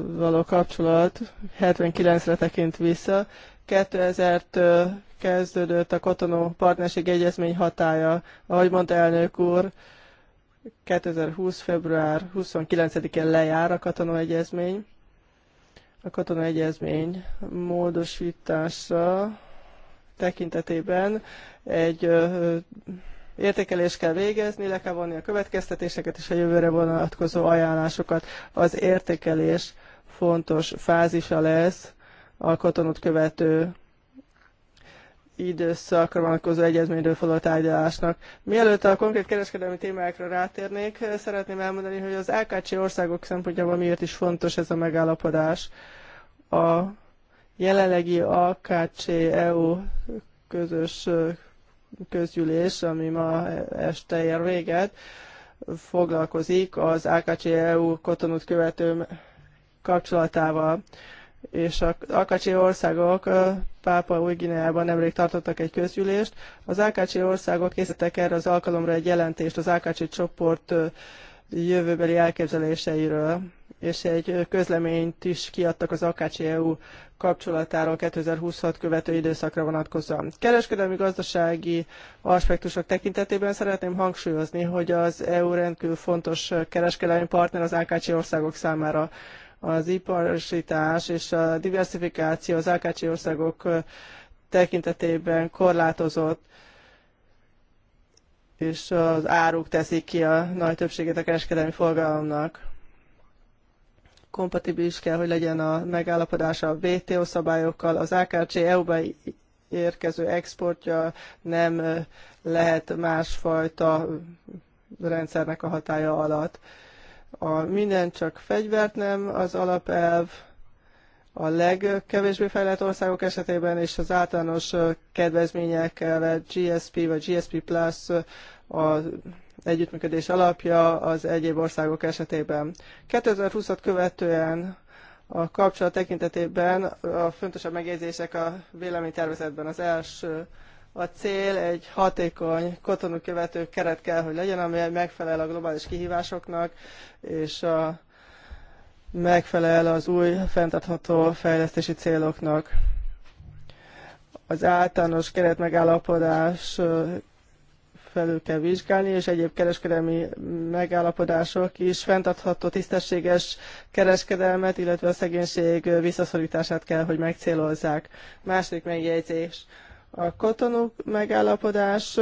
való kapcsolat 79-re tekint vissza. 2000-től kezdődött a Kotonó Partnerség Egyezmény hatája. Ahogy mondta elnök úr, 2020. február 29-én lejár a Kotonó Egyezmény a katona egyezmény módosítása tekintetében egy értékelést kell végezni, le kell vonni a következtetéseket és a jövőre vonatkozó ajánlásokat. Az értékelés fontos fázisa lesz a katonot követő időszakra vonatkozó egyezményről való tárgyalásnak. Mielőtt a konkrét kereskedelmi témákra rátérnék, szeretném elmondani, hogy az LKC országok szempontjából miért is fontos ez a megállapodás. A jelenlegi AKC-EU közös közgyűlés, ami ma este ér véget, foglalkozik az AKC-EU kotonút követő kapcsolatával és a Akácsi országok Pápa új Gineában nemrég tartottak egy közgyűlést. Az Akácsi országok készítettek erre az alkalomra egy jelentést az Akácsi csoport jövőbeli elképzeléseiről, és egy közleményt is kiadtak az Akácsi EU kapcsolatáról 2026 követő időszakra vonatkozóan. Kereskedelmi gazdasági aspektusok tekintetében szeretném hangsúlyozni, hogy az EU rendkívül fontos kereskedelmi partner az Akácsi országok számára az iparosítás és a diversifikáció az AKC országok tekintetében korlátozott, és az áruk teszik ki a nagy többségét a kereskedelmi forgalomnak. Kompatibilis kell, hogy legyen a megállapodása a WTO szabályokkal, az AKC EU-ba érkező exportja nem lehet másfajta rendszernek a hatája alatt. A minden csak fegyvert nem az alapelv, a legkevésbé fejlett országok esetében és az általános kedvezményekkel GSP vagy GSP Plus az együttműködés alapja az egyéb országok esetében. 2020-at követően a kapcsolat tekintetében a fontosabb megjegyzések a véleménytervezetben az első a cél egy hatékony kotonú követő keret kell, hogy legyen, amely megfelel a globális kihívásoknak, és a, megfelel az új fenntartható fejlesztési céloknak. Az általános megállapodás felül kell vizsgálni, és egyéb kereskedelmi megállapodások is fenntartható, tisztességes kereskedelmet, illetve a szegénység visszaszorítását kell, hogy megcélozzák. Második megjegyzés. A kotonuk megállapodás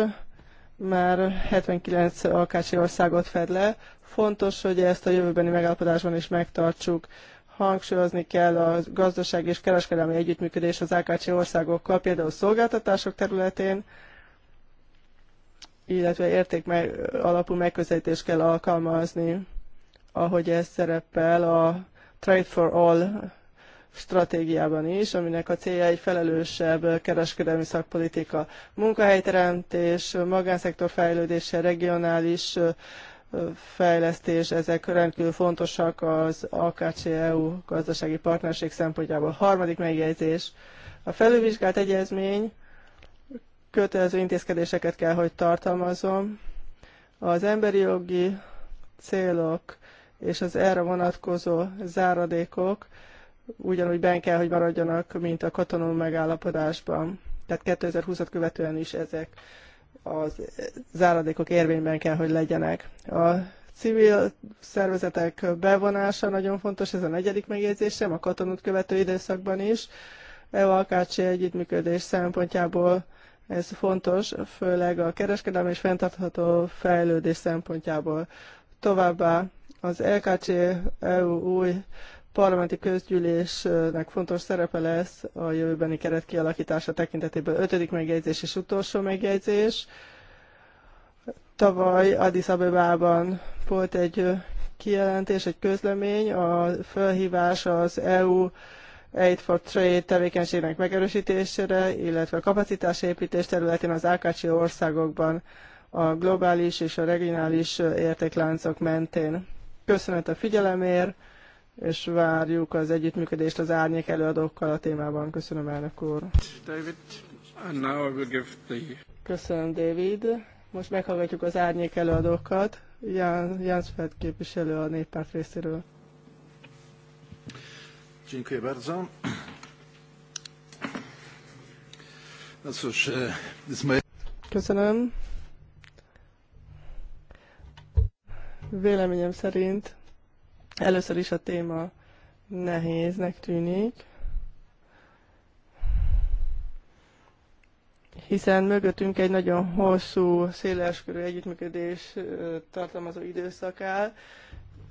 már 79 alkácsi országot fed le. Fontos, hogy ezt a jövőbeni megállapodásban is megtartsuk. Hangsúlyozni kell a gazdaság és kereskedelmi együttműködés az AKC országokkal, például szolgáltatások területén, illetve érték meg, alapú megközelítés kell alkalmazni, ahogy ez szerepel a Trade for All stratégiában is, aminek a célja egy felelősebb kereskedelmi szakpolitika, munkahelyteremtés, magánszektor fejlődése, regionális fejlesztés, ezek rendkívül fontosak az AKC-EU gazdasági partnerség szempontjából. Harmadik megjegyzés, a felülvizsgált egyezmény kötelező intézkedéseket kell, hogy tartalmazom. Az emberi jogi célok és az erre vonatkozó záradékok ugyanúgy benne kell, hogy maradjanak, mint a katonó megállapodásban. Tehát 2020-at követően is ezek az záradékok érvényben kell, hogy legyenek. A civil szervezetek bevonása nagyon fontos, ez a negyedik megjegyzésem, a katonút követő időszakban is. EU-AKC együttműködés szempontjából ez fontos, főleg a kereskedelmi és fenntartható fejlődés szempontjából. Továbbá az LKC EU új parlamenti közgyűlésnek fontos szerepe lesz a jövőbeni keret kialakítása tekintetében. Ötödik megjegyzés és utolsó megjegyzés. Tavaly Addis Abebában volt egy kijelentés, egy közlemény, a felhívás az EU Aid for Trade tevékenységnek megerősítésére, illetve a kapacitásépítés területén az Ákácsi országokban a globális és a regionális értékláncok mentén. Köszönet a figyelemért! és várjuk az együttműködést az árnyék előadókkal a témában. Köszönöm, elnök úr.
David, and now I will give the...
Köszönöm, David. Most meghallgatjuk az árnyék előadókat. Jan, Jans Fed képviselő a néppárt részéről.
Dziękuję bardzo. No cóż, e, z mojej...
Köszönöm. Véleményem szerint Először is a téma nehéznek tűnik, hiszen mögöttünk egy nagyon hosszú, széleskörű együttműködés tartalmazó időszak áll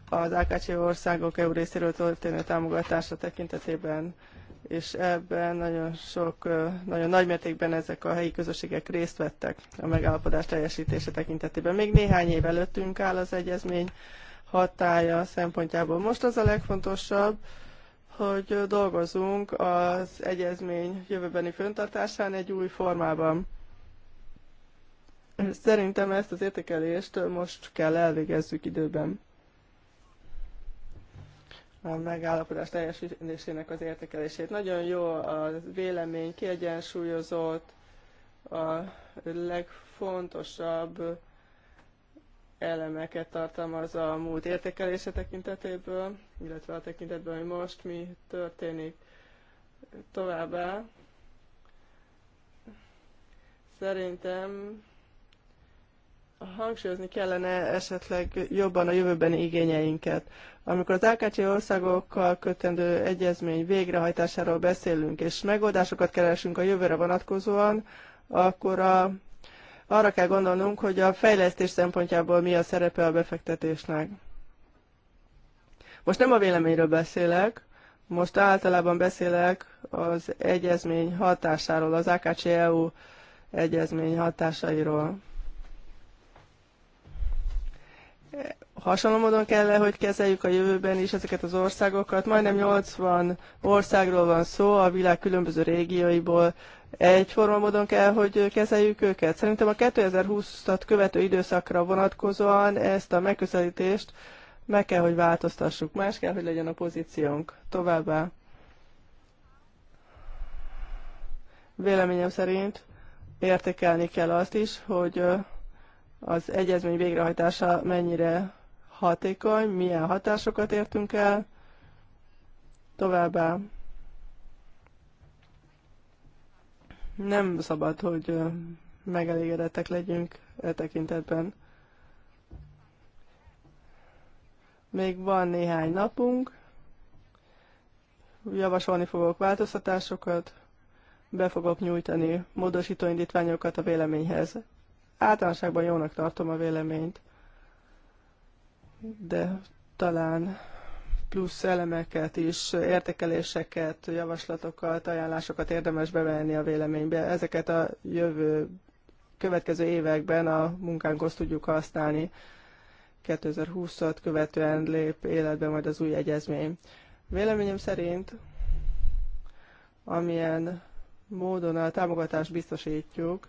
az AKC országok EU részéről történő támogatása tekintetében, és ebben nagyon sok, nagyon nagy mértékben ezek a helyi közösségek részt vettek a megállapodás teljesítése tekintetében. Még néhány év előttünk áll az egyezmény, hatája szempontjából. Most az a legfontosabb, hogy dolgozunk az egyezmény jövőbeni föntartásán egy új formában. Szerintem ezt az értékelést most kell elvégezzük időben. A megállapodás teljesítésének az értékelését. Nagyon jó a vélemény, kiegyensúlyozott, a legfontosabb elemeket tartalmaz a múlt értékelése tekintetéből, illetve a tekintetben, hogy most mi történik továbbá. Szerintem hangsúlyozni kellene esetleg jobban a jövőbeni igényeinket. Amikor az AKC országokkal kötendő egyezmény végrehajtásáról beszélünk, és megoldásokat keresünk a jövőre vonatkozóan, akkor a arra kell gondolnunk, hogy a fejlesztés szempontjából mi a szerepe a befektetésnek. Most nem a véleményről beszélek, most általában beszélek az egyezmény hatásáról, az AKCEU egyezmény hatásairól hasonló módon kell -e, hogy kezeljük a jövőben is ezeket az országokat. Majdnem 80 országról van szó, a világ különböző régióiból. Egyforma módon kell, hogy kezeljük őket. Szerintem a 2020-at követő időszakra vonatkozóan ezt a megközelítést meg kell, hogy változtassuk. Más kell, hogy legyen a pozíciónk. Továbbá. Véleményem szerint értékelni kell azt is, hogy az egyezmény végrehajtása mennyire hatékony, milyen hatásokat értünk el. Továbbá nem szabad, hogy megelégedettek legyünk e tekintetben. Még van néhány napunk, javasolni fogok változtatásokat, be fogok nyújtani módosító indítványokat a véleményhez. Általánoságban jónak tartom a véleményt de talán plusz elemeket is, értékeléseket, javaslatokat, ajánlásokat érdemes bevenni a véleménybe. Ezeket a jövő következő években a munkánkhoz tudjuk használni. 2020-at követően lép életbe majd az új egyezmény. Véleményem szerint, amilyen módon a támogatást biztosítjuk,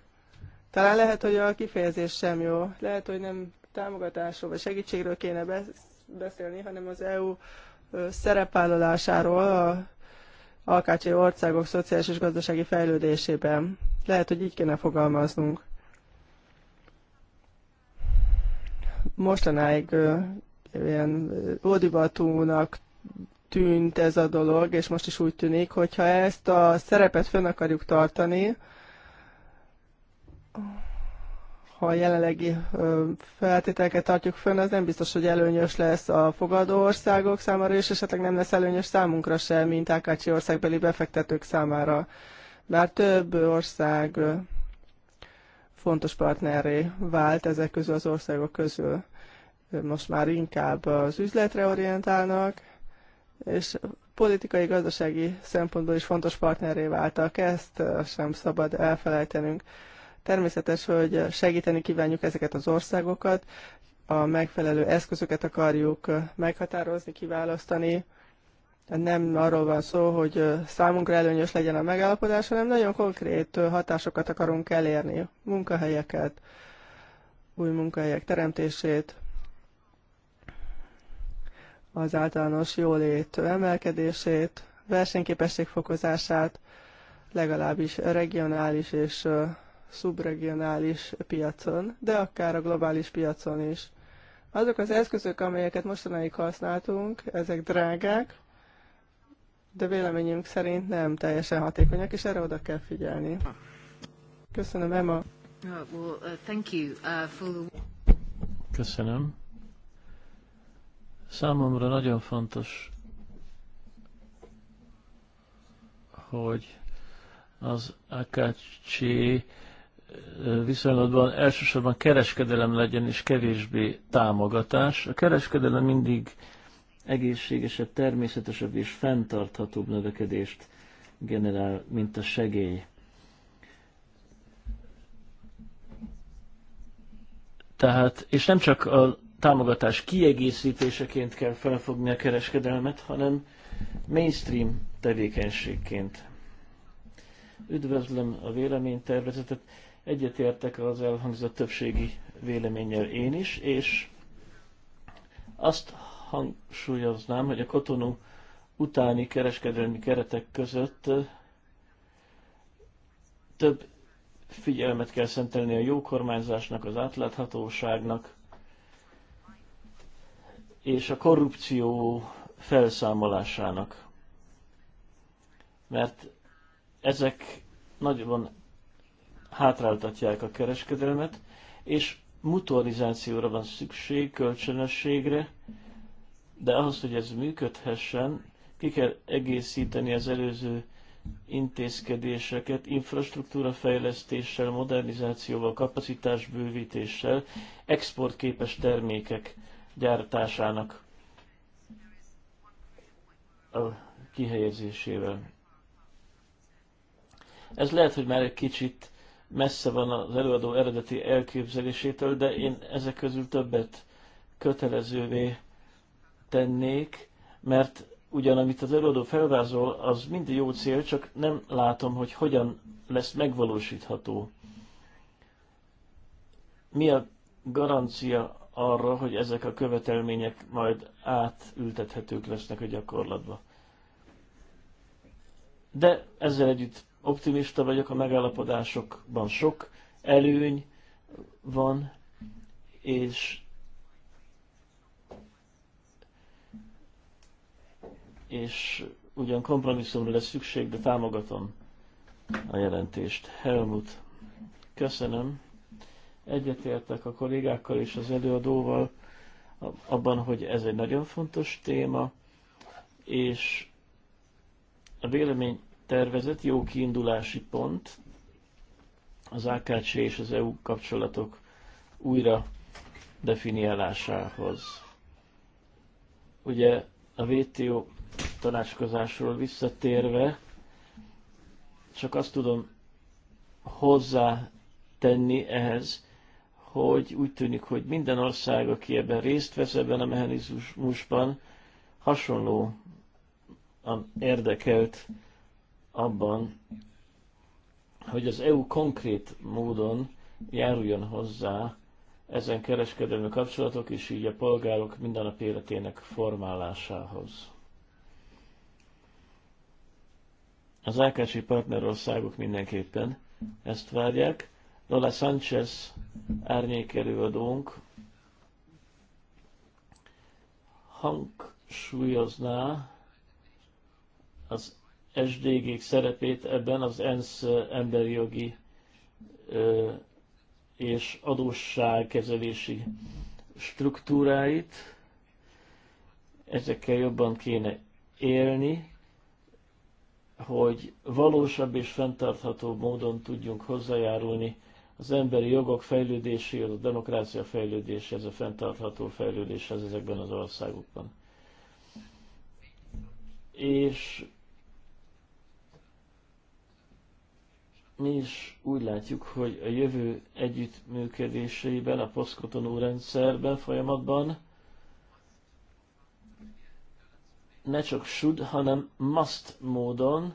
talán lehet, hogy a kifejezés sem jó, lehet, hogy nem támogatásról vagy segítségről kéne beszélni, hanem az EU szerepvállalásáról a alkácsi országok szociális és gazdasági fejlődésében. Lehet, hogy így kéne fogalmaznunk. Mostanáig ilyen ódivatúnak tűnt ez a dolog, és most is úgy tűnik, hogyha ezt a szerepet fönn akarjuk tartani, ha a jelenlegi feltételeket tartjuk fönn, az nem biztos, hogy előnyös lesz a fogadó országok számára, és esetleg nem lesz előnyös számunkra sem, mint Ákácsi országbeli befektetők számára. Bár több ország fontos partnerré vált ezek közül az országok közül. Most már inkább az üzletre orientálnak, és politikai, gazdasági szempontból is fontos partnerré váltak. Ezt sem szabad elfelejtenünk. Természetes, hogy segíteni kívánjuk ezeket az országokat, a megfelelő eszközöket akarjuk meghatározni, kiválasztani. Nem arról van szó, hogy számunkra előnyös legyen a megállapodás, hanem nagyon konkrét hatásokat akarunk elérni, munkahelyeket, új munkahelyek teremtését, az általános jólét emelkedését, versenyképesség fokozását, legalábbis regionális és szubregionális piacon, de akár a globális piacon is. Azok az eszközök, amelyeket mostanáig használtunk, ezek drágák, de véleményünk szerint nem teljesen hatékonyak, és erre oda kell figyelni. Köszönöm, Emma.
Uh, uh, uh,
Köszönöm. Számomra nagyon fontos, hogy az AKC viszonylatban elsősorban kereskedelem legyen és kevésbé támogatás. A kereskedelem mindig egészségesebb, természetesebb és fenntarthatóbb növekedést generál, mint a segély. Tehát, és nem csak a támogatás kiegészítéseként kell felfogni a kereskedelmet, hanem mainstream tevékenységként. Üdvözlöm a véleménytervezetet. Egyetértek az elhangzott többségi véleménnyel én is, és azt hangsúlyoznám, hogy a Kotonú utáni kereskedelmi keretek között eh, több figyelmet kell szentelni a jó kormányzásnak, az átláthatóságnak és a korrupció felszámolásának. Mert ezek nagyban hátráltatják a kereskedelmet, és motorizációra van szükség, kölcsönösségre, de ahhoz, hogy ez működhessen, ki kell egészíteni az előző intézkedéseket infrastruktúrafejlesztéssel, modernizációval, kapacitásbővítéssel, exportképes termékek gyártásának a kihelyezésével. Ez lehet, hogy már egy kicsit messze van az előadó eredeti elképzelésétől, de én ezek közül többet kötelezővé tennék, mert ugyan amit az előadó felvázol, az mind jó cél, csak nem látom, hogy hogyan lesz megvalósítható. Mi a garancia arra, hogy ezek a követelmények majd átültethetők lesznek a gyakorlatba. De ezzel együtt optimista vagyok, a megállapodásokban sok előny van, és és ugyan kompromisszumra lesz szükség, de támogatom a jelentést. Helmut, köszönöm. Egyetértek a kollégákkal és az előadóval abban, hogy ez egy nagyon fontos téma, és a vélemény tervezett jó kiindulási pont az AKC és az EU kapcsolatok újra definiálásához. Ugye a WTO tanácskozásról visszatérve, csak azt tudom hozzá tenni ehhez, hogy úgy tűnik, hogy minden ország, aki ebben részt vesz ebben a mechanizmusban, hasonló érdekelt abban, hogy az EU konkrét módon járuljon hozzá ezen kereskedelmi kapcsolatok és így a polgárok mindennapi életének formálásához. Az Ákási partnerországok mindenképpen ezt várják. Lola Sanchez árnyékerőadónk hangsúlyozná az sdg szerepét ebben az ENSZ emberi jogi és adósságkezelési struktúráit, ezekkel jobban kéne élni, hogy valósabb és fenntartható módon tudjunk hozzájárulni az emberi jogok fejlődéséhez, a demokrácia fejlődéséhez, a fenntartható fejlődéshez ezekben az országokban. És mi is úgy látjuk, hogy a jövő együttműködéseiben, a poszkotonó rendszerben folyamatban ne csak should, hanem must módon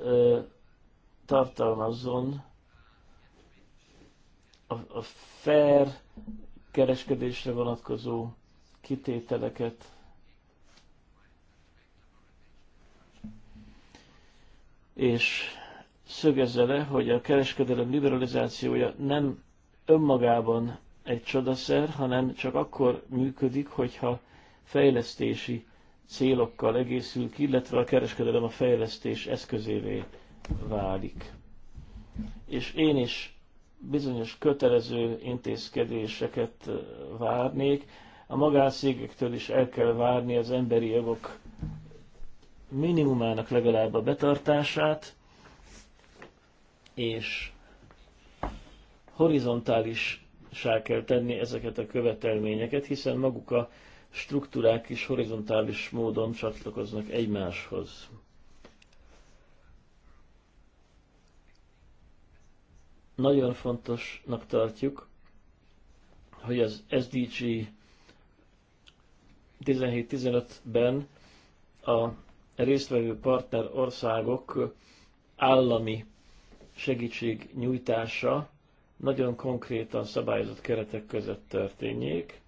ö, tartalmazzon a, a fair kereskedésre vonatkozó kitételeket. És szögezze le, hogy a kereskedelem liberalizációja nem önmagában egy csodaszer, hanem csak akkor működik, hogyha fejlesztési célokkal egészül ki, illetve a kereskedelem a fejlesztés eszközévé válik. És én is bizonyos kötelező intézkedéseket várnék. A magánszégektől is el kell várni az emberi jogok minimumának legalább a betartását, és horizontális kell tenni ezeket a követelményeket, hiszen maguk a struktúrák is horizontális módon csatlakoznak egymáshoz. Nagyon fontosnak tartjuk, hogy az SDG 17-15-ben a résztvevő partner országok állami segítség nyújtása nagyon konkrétan szabályozott keretek között történjék,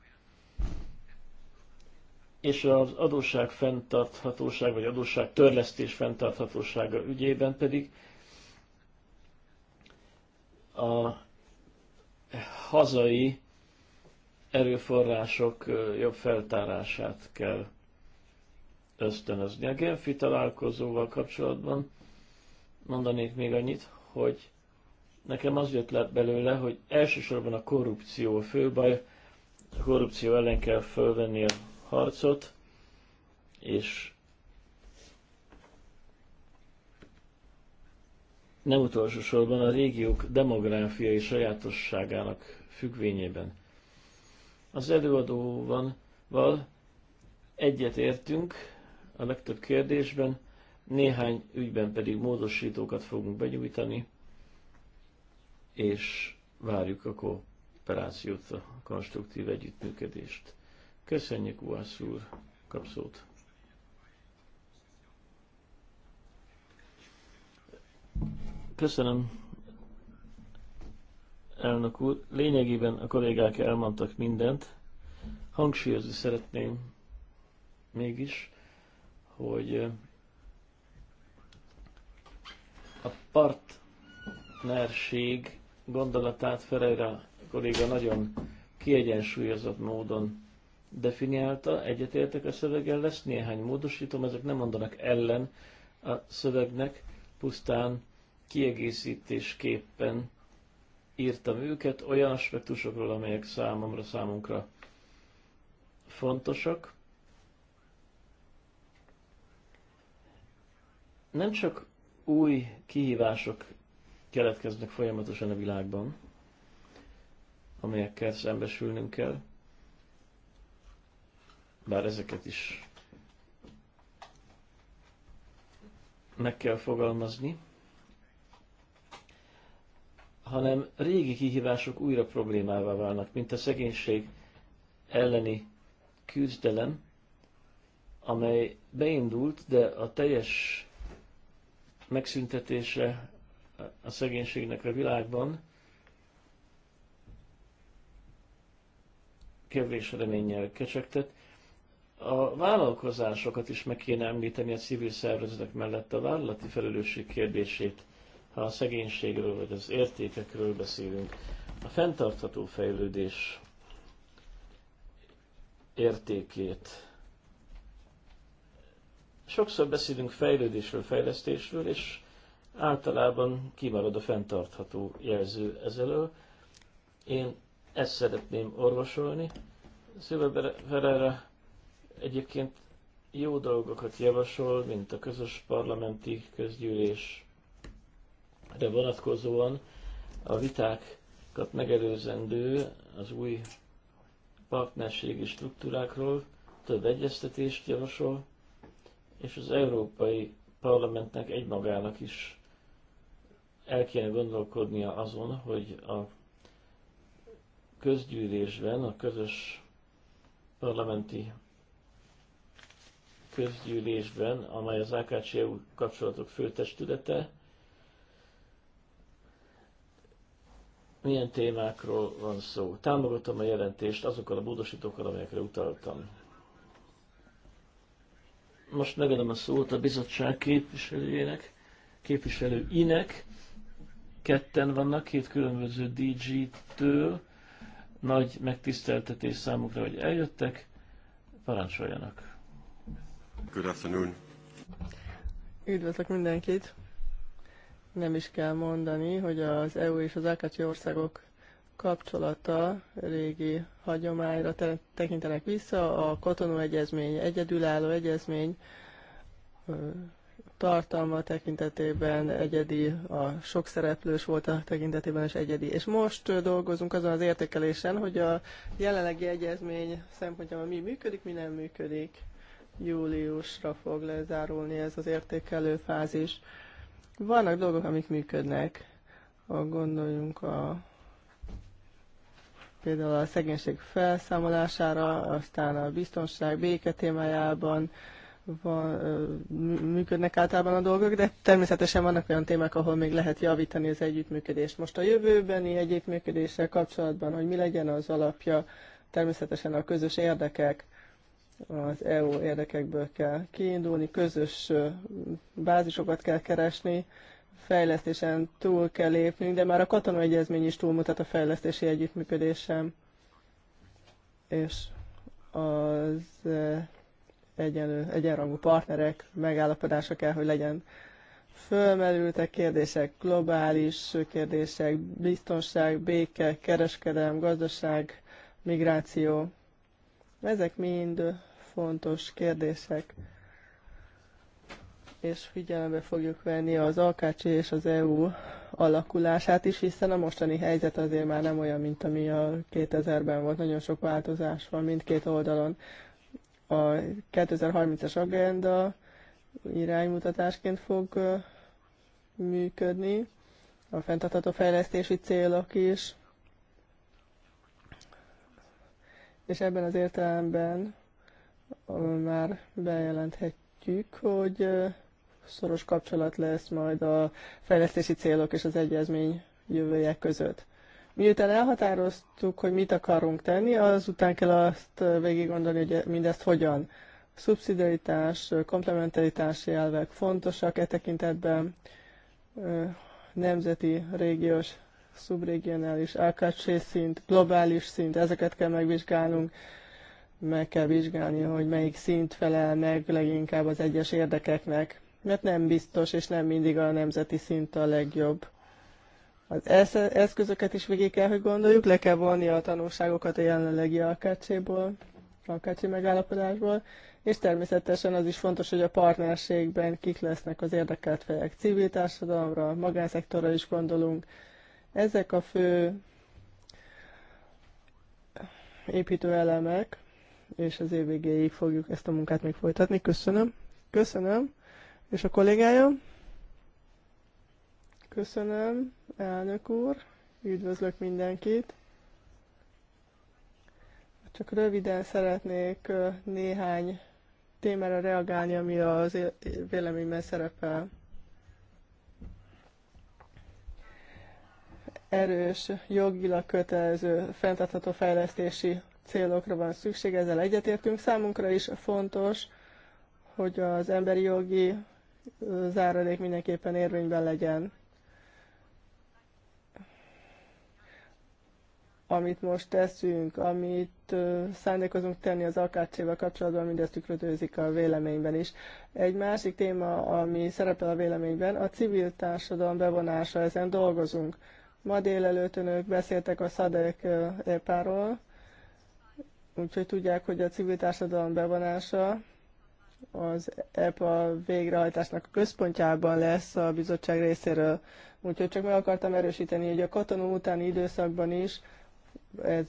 és az adósság fenntarthatóság, vagy adósság törlesztés fenntarthatósága ügyében pedig a hazai erőforrások jobb feltárását kell ösztönözni. A Genfi találkozóval kapcsolatban mondanék még annyit, hogy nekem az jött le belőle, hogy elsősorban a korrupció a fő baj, a korrupció ellen kell fölvenni a harcot, és nem utolsó sorban a régiók demográfiai sajátosságának függvényében. Az előadóval egyetértünk a legtöbb kérdésben, néhány ügyben pedig módosítókat fogunk benyújtani, és várjuk a kooperációt, a konstruktív együttműködést. Köszönjük, Uász úr, kapszót! Köszönöm, elnök úr. Lényegében a kollégák elmondtak mindent. Hangsúlyozni szeretném mégis, hogy a partnerség gondolatát Ferreira kolléga nagyon kiegyensúlyozott módon definiálta, egyetértek a szöveggel, lesz néhány módosítom, ezek nem mondanak ellen a szövegnek, pusztán kiegészítésképpen írtam őket olyan aspektusokról, amelyek számomra, számunkra fontosak. Nem csak új kihívások keletkeznek folyamatosan a világban, amelyekkel szembesülnünk kell, bár ezeket is meg kell fogalmazni, hanem régi kihívások újra problémává válnak, mint a szegénység elleni küzdelem, amely beindult, de a teljes megszüntetése a szegénységnek a világban kevés reménnyel kecsegtet. A vállalkozásokat is meg kéne említeni a civil szervezetek mellett a vállalati felelősség kérdését, ha a szegénységről vagy az értékekről beszélünk. A fenntartható fejlődés értékét Sokszor beszélünk fejlődésről, fejlesztésről, és általában kimarad a fenntartható jelző ezelől. Én ezt szeretném orvosolni. Szilver Ferreira egyébként jó dolgokat javasol, mint a közös parlamenti közgyűlésre vonatkozóan a vitákat megelőzendő az új partnerségi struktúrákról több egyeztetést javasol, és az Európai Parlamentnek egymagának is el kéne gondolkodnia azon, hogy a közgyűlésben, a közös parlamenti közgyűlésben, amely az AKC-EU kapcsolatok főtestülete, milyen témákról van szó. Támogatom a jelentést azokkal a módosítókkal, amelyekre utaltam. Most megadom a szót a bizottság képviselőjének, képviselőinek. Ketten vannak, két különböző DG-től. Nagy megtiszteltetés számukra, hogy eljöttek. Parancsoljanak.
Good afternoon.
Üdvözlök mindenkit! Nem is kell mondani, hogy az EU és az AKC országok kapcsolata régi hagyományra tekintenek vissza. A Kotonó Egyezmény egyedülálló egyezmény tartalma tekintetében egyedi, a sok szereplős volt a tekintetében is egyedi. És most dolgozunk azon az értékelésen, hogy a jelenlegi egyezmény szempontjában mi működik, mi nem működik. Júliusra fog lezárulni ez az értékelő fázis. Vannak dolgok, amik működnek. A, gondoljunk a például a szegénység felszámolására, aztán a biztonság béke témájában van, működnek általában a dolgok, de természetesen vannak olyan témák, ahol még lehet javítani az együttműködést. Most a jövőbeni együttműködéssel kapcsolatban, hogy mi legyen az alapja, természetesen a közös érdekek, az EU érdekekből kell kiindulni, közös bázisokat kell keresni, fejlesztésen túl kell lépnünk, de már a katonai egyezmény is túlmutat a fejlesztési együttműködésem. És az eh, egyenlő, egyenrangú partnerek megállapodása kell, hogy legyen. Fölmerültek kérdések, globális kérdések, biztonság, béke, kereskedelem, gazdaság, migráció. Ezek mind fontos kérdések és figyelembe fogjuk venni az AKC és az EU alakulását is, hiszen a mostani helyzet azért már nem olyan, mint ami a 2000-ben volt. Nagyon sok változás van mindkét oldalon. A 2030-as agenda iránymutatásként fog működni, a fenntartható fejlesztési célok is, és ebben az értelemben már bejelenthetjük, hogy szoros kapcsolat lesz majd a fejlesztési célok és az egyezmény jövője között. Miután elhatároztuk, hogy mit akarunk tenni, azután kell azt végig gondolni, hogy mindezt hogyan. Szubszidiaritás, komplementaritási elvek fontosak e tekintetben nemzeti, régiós, szubregionális, AKC szint, globális szint, ezeket kell megvizsgálnunk, meg kell vizsgálni, hogy melyik szint felel meg leginkább az egyes érdekeknek mert nem biztos, és nem mindig a nemzeti szint a legjobb. Az eszközöket is végig kell, hogy gondoljuk, le kell vonni a tanulságokat a jelenlegi AKC-ból, AKC megállapodásból, és természetesen az is fontos, hogy a partnerségben kik lesznek az érdekelt fejek Civil társadalomra, magánszektorra is gondolunk. Ezek a fő építő elemek, és az év végéig fogjuk ezt a munkát még folytatni. Köszönöm. Köszönöm. És a kollégája? Köszönöm, elnök úr, üdvözlök mindenkit. Csak röviden szeretnék néhány témára reagálni, ami az véleményben szerepel. Erős, jogilag kötelező, fenntartható fejlesztési célokra van szükség, ezzel egyetértünk. Számunkra is fontos, hogy az emberi jogi záradék mindenképpen érvényben legyen. Amit most teszünk, amit szándékozunk tenni az AKC-vel kapcsolatban, mindezt tükröződik a véleményben is. Egy másik téma, ami szerepel a véleményben, a civil társadalom bevonása, ezen dolgozunk. Ma délelőtt önök beszéltek a SZADEK EPÁ-ról, úgyhogy tudják, hogy a civil társadalom bevonása az EPA végrehajtásnak a központjában lesz a bizottság részéről. Úgyhogy csak meg akartam erősíteni, hogy a katonó utáni időszakban is ez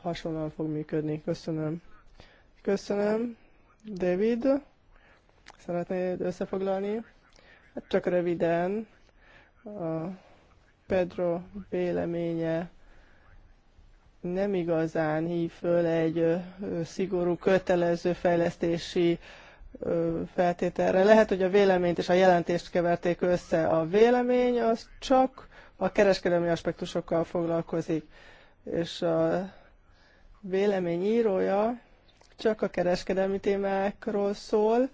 hasonlóan fog működni. Köszönöm. Köszönöm. David, szeretnéd összefoglalni? Hát csak röviden. A Pedro véleménye nem igazán hív föl egy szigorú kötelező fejlesztési feltételre. Lehet, hogy a véleményt és a jelentést keverték össze. A vélemény az csak a kereskedelmi aspektusokkal foglalkozik, és a vélemény írója csak a kereskedelmi témákról szól,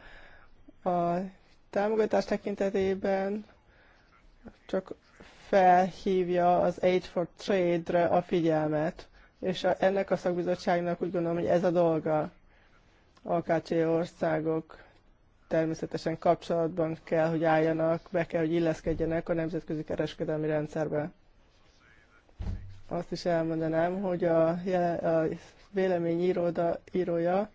a támogatás tekintetében csak felhívja az Aid for Trade-re a figyelmet, és a, ennek a szakbizottságnak úgy gondolom, hogy ez a dolga. AKC országok természetesen kapcsolatban kell, hogy álljanak, be kell, hogy illeszkedjenek a nemzetközi kereskedelmi rendszerbe. Azt is elmondanám, hogy a, a vélemény íróda, írója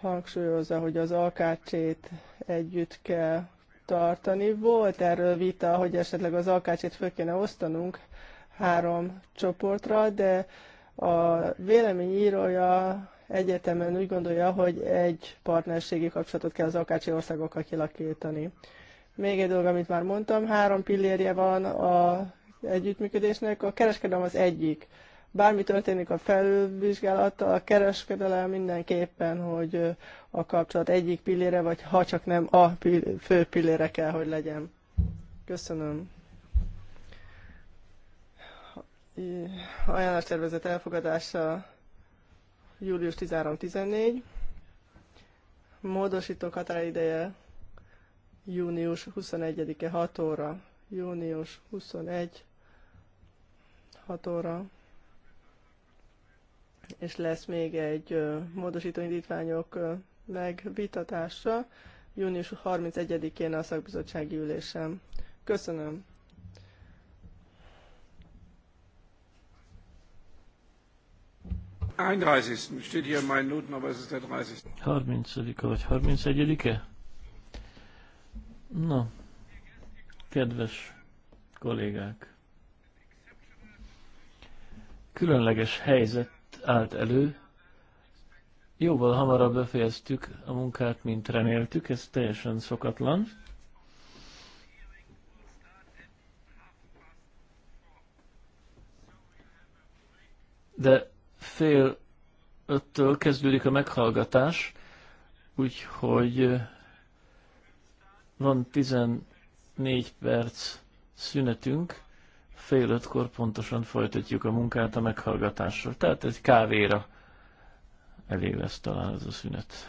hangsúlyozza, hogy az AKC-t együtt kell tartani. Volt erről vita, hogy esetleg az alkácsét föl kéne osztanunk három csoportra, de a vélemény írója egyetemen úgy gondolja, hogy egy partnerségi kapcsolatot kell az akácsi országokkal kilakítani. Még egy dolog, amit már mondtam, három pillérje van a együttműködésnek. A kereskedelem az egyik. Bármi történik a felülvizsgálattal, a kereskedelem mindenképpen, hogy a kapcsolat egyik pillére, vagy ha csak nem a pill fő pillére kell, hogy legyen. Köszönöm tervezet elfogadása július 13-14, módosítók határideje június 21-e 6 óra, június 21 6 óra, és lesz még egy módosító indítványok megvitatása június 31-én a szakbizottsági ülésem. Köszönöm.
31. steht hier in meinen Noten, 30. 30. vagy 31-e? Na, kedves kollégák! Különleges helyzet állt elő. Jóval hamarabb befejeztük a munkát, mint reméltük, ez teljesen szokatlan. De fél öttől kezdődik a meghallgatás, úgyhogy van 14 perc szünetünk, fél ötkor pontosan folytatjuk a munkát a meghallgatással. Tehát egy kávéra elég lesz talán ez a szünet.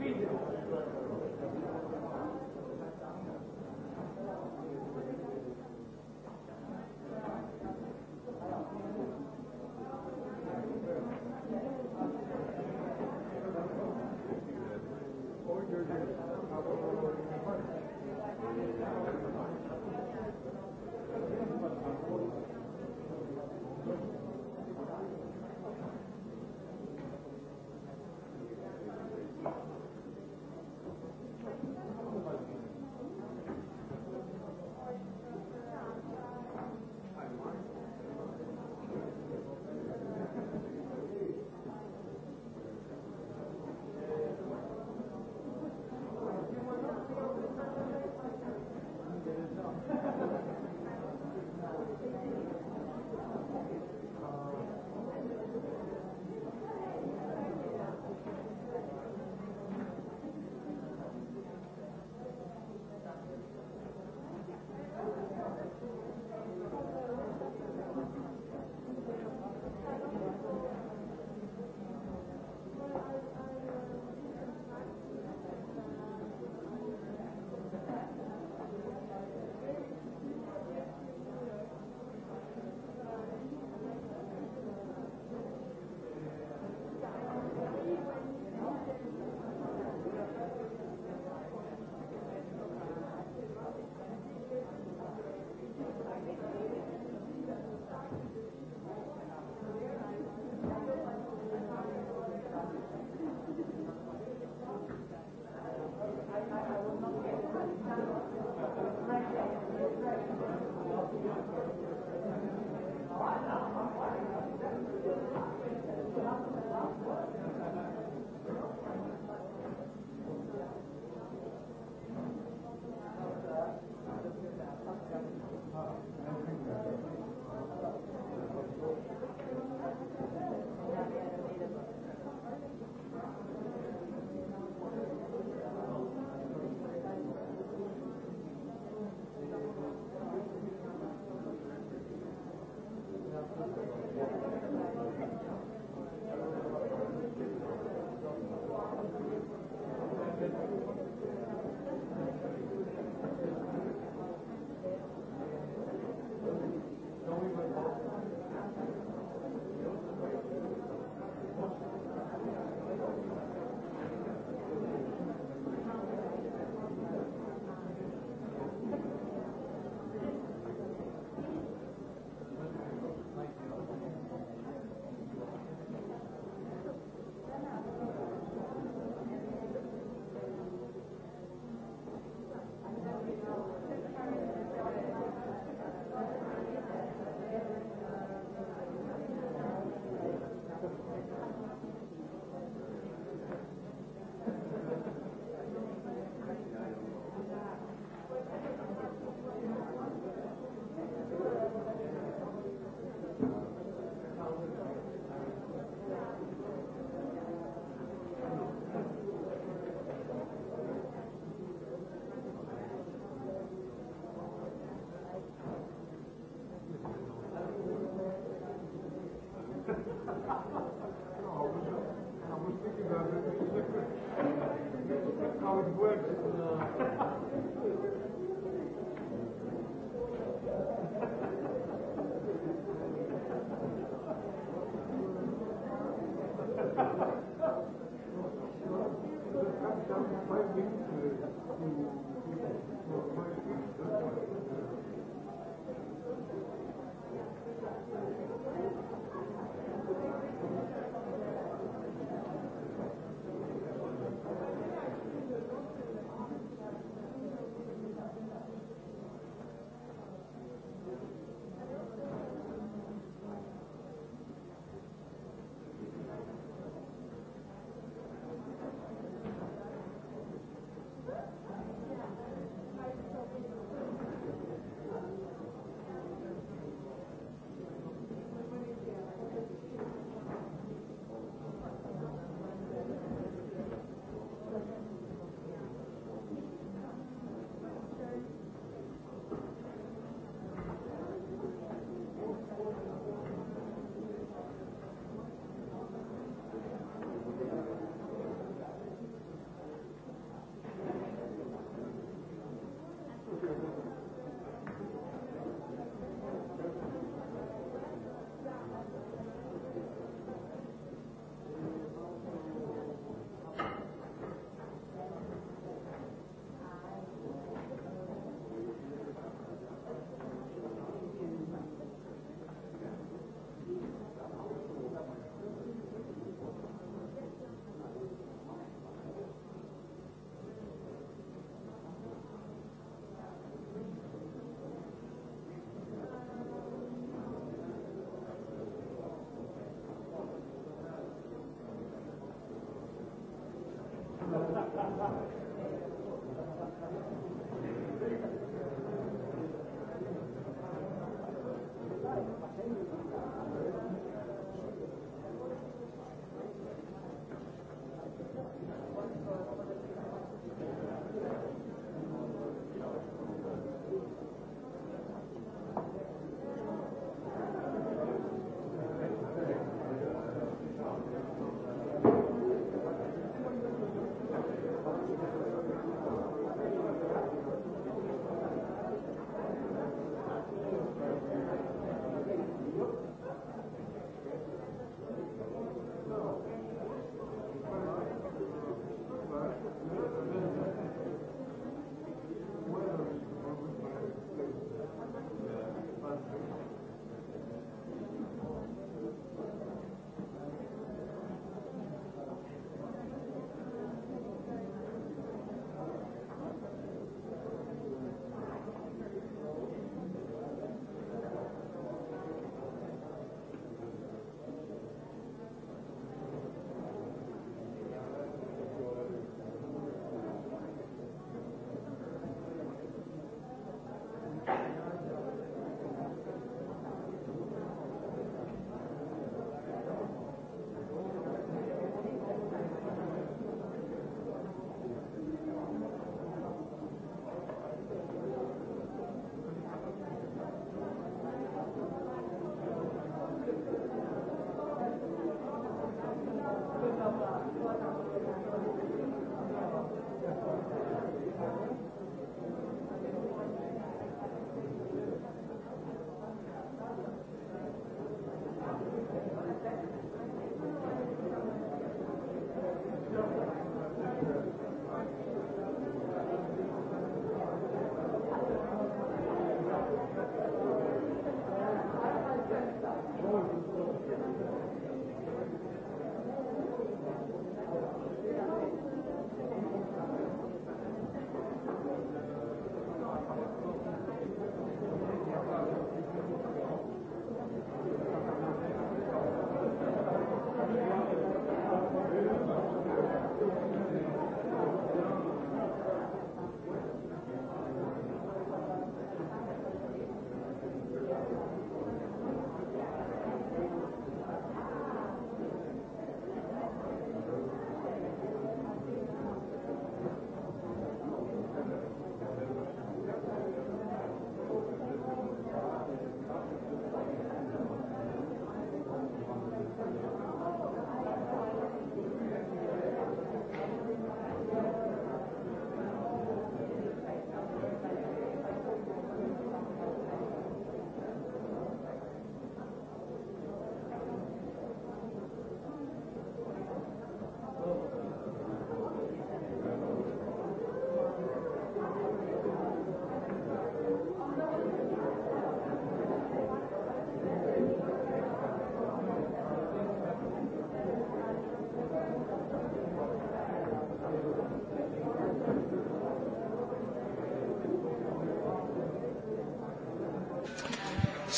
Thank you.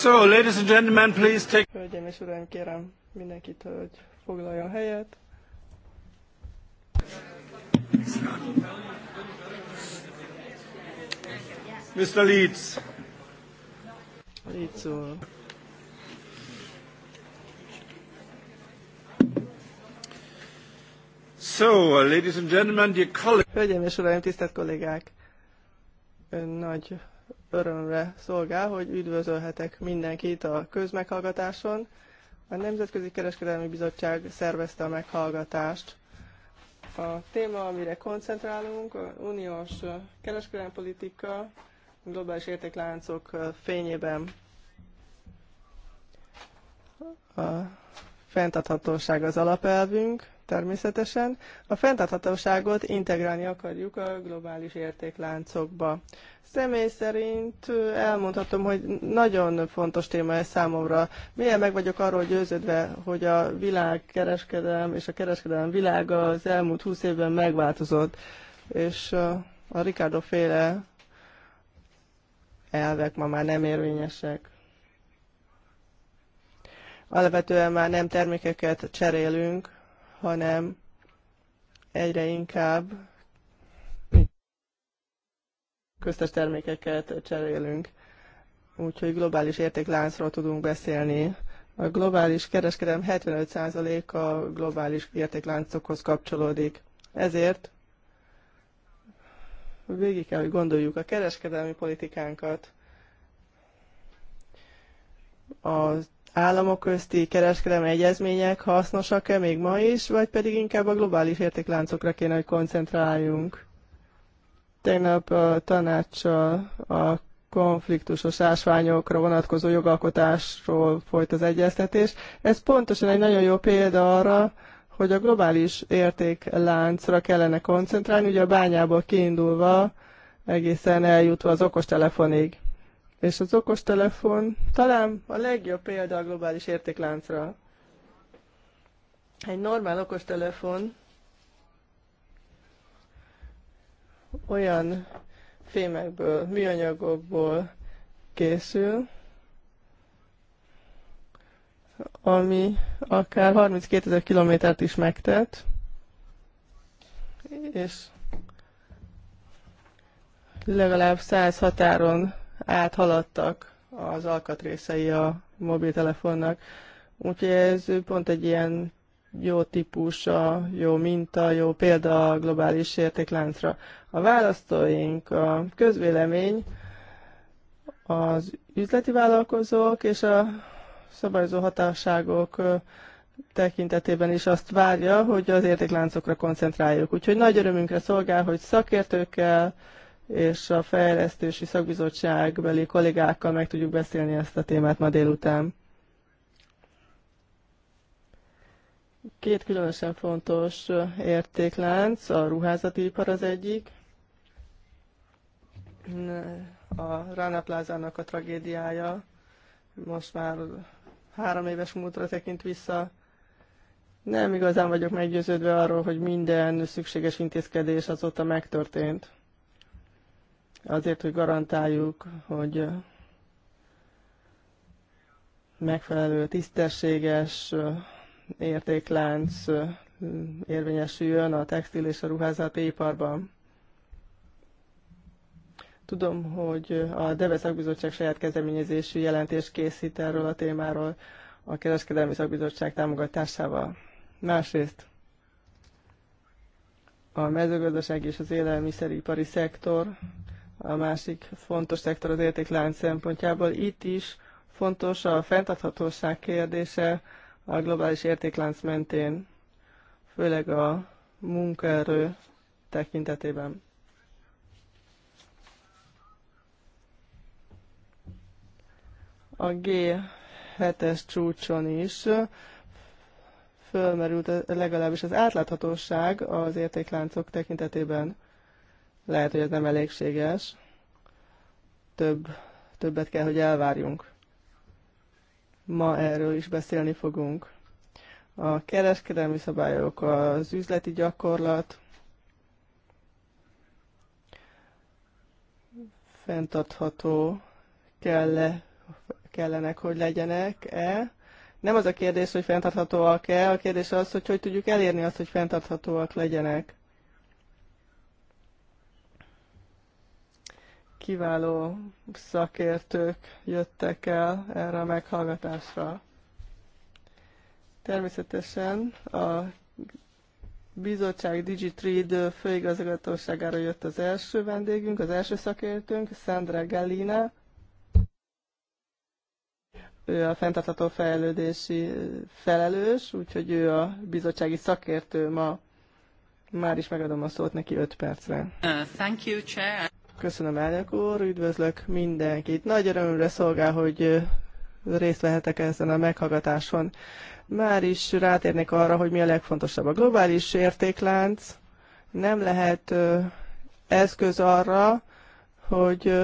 So, ladies and gentlemen, please
take... Hölgyeim és
uraim, kérem mindenkit, hogy foglaljon helyet. Mr. Leeds. Leeds úr.
So,
ladies and gentlemen, dear
colleagues. Hölgyeim és uraim, tisztelt kollégák! Ön nagy örömre szolgál, hogy üdvözölhetek mindenkit a közmeghallgatáson. A Nemzetközi Kereskedelmi Bizottság szervezte a meghallgatást. A téma, amire koncentrálunk, a uniós kereskedelmi politika globális értékláncok fényében a fenntarthatóság az alapelvünk, természetesen. A fenntarthatóságot integrálni akarjuk a globális értékláncokba. Személy szerint elmondhatom, hogy nagyon fontos téma ez számomra. Milyen meg vagyok arról győződve, hogy a világ kereskedelem és a kereskedelem világa az elmúlt húsz évben megváltozott, és a Ricardo féle elvek ma már nem érvényesek alapvetően már nem termékeket cserélünk, hanem egyre inkább köztes termékeket cserélünk. Úgyhogy globális értékláncról tudunk beszélni. A globális kereskedelem 75% a globális értékláncokhoz kapcsolódik. Ezért végig kell, hogy gondoljuk a kereskedelmi politikánkat, az államok közti kereskedelmi egyezmények hasznosak-e még ma is, vagy pedig inkább a globális értékláncokra kéne, hogy koncentráljunk? Tegnap a tanácssal a konfliktusos ásványokra vonatkozó jogalkotásról folyt az egyeztetés. Ez pontosan egy nagyon jó példa arra, hogy a globális értékláncra kellene koncentrálni, ugye a bányából kiindulva, egészen eljutva az okostelefonig. És az okostelefon talán a legjobb példa a globális értékláncra. Egy normál okostelefon olyan fémekből, műanyagokból készül, ami akár 32 ezer kilométert is megtett, és legalább 100 határon áthaladtak az alkatrészei a mobiltelefonnak. Úgyhogy ez pont egy ilyen jó típusa, jó minta, jó példa a globális értékláncra. A választóink, a közvélemény, az üzleti vállalkozók és a szabályozó hatáságok tekintetében is azt várja, hogy az értékláncokra koncentráljuk. Úgyhogy nagy örömünkre szolgál, hogy szakértőkkel, és a fejlesztési szakbizottságbeli kollégákkal meg tudjuk beszélni ezt a témát ma délután. Két különösen fontos értéklánc, a ruházati ipar az egyik, a Rana plaza a tragédiája, most már három éves múltra tekint vissza, nem igazán vagyok meggyőződve arról, hogy minden szükséges intézkedés azóta megtörtént azért, hogy garantáljuk, hogy megfelelő, tisztességes értéklánc érvényesüljön a textil és a ruházat iparban. Tudom, hogy a Deve Szakbizottság saját kezdeményezésű jelentést készít erről a témáról a Kereskedelmi Szakbizottság támogatásával. Másrészt a mezőgazdaság és az élelmiszeripari szektor a másik fontos szektor az értéklánc szempontjából. Itt is fontos a fenntarthatóság kérdése a globális értéklánc mentén, főleg a munkaerő tekintetében. A G7-es csúcson is fölmerült legalábbis az átláthatóság az értékláncok tekintetében. Lehet, hogy ez nem elégséges. Több, többet kell, hogy elvárjunk. Ma erről is beszélni fogunk. A kereskedelmi szabályok, az üzleti gyakorlat, fenntartható kell kellenek, hogy legyenek-e. Nem az a kérdés, hogy fenntarthatóak-e, a kérdés az, hogy hogy tudjuk elérni azt, hogy fenntarthatóak legyenek. kiváló szakértők jöttek el erre a meghallgatásra. Természetesen a bizottság Digitrade főigazgatóságára jött az első vendégünk, az első szakértőnk, Sandra Gallina. Ő a fenntartható fejlődési felelős, úgyhogy ő a bizottsági szakértő ma. Már is megadom a szót neki 5 percre.
Uh, thank you, Chair.
Köszönöm, elnök úr, üdvözlök mindenkit. Nagy örömre szolgál, hogy részt vehetek ezen a meghallgatáson. Már is rátérnék arra, hogy mi a legfontosabb. A globális értéklánc nem lehet eszköz arra, hogy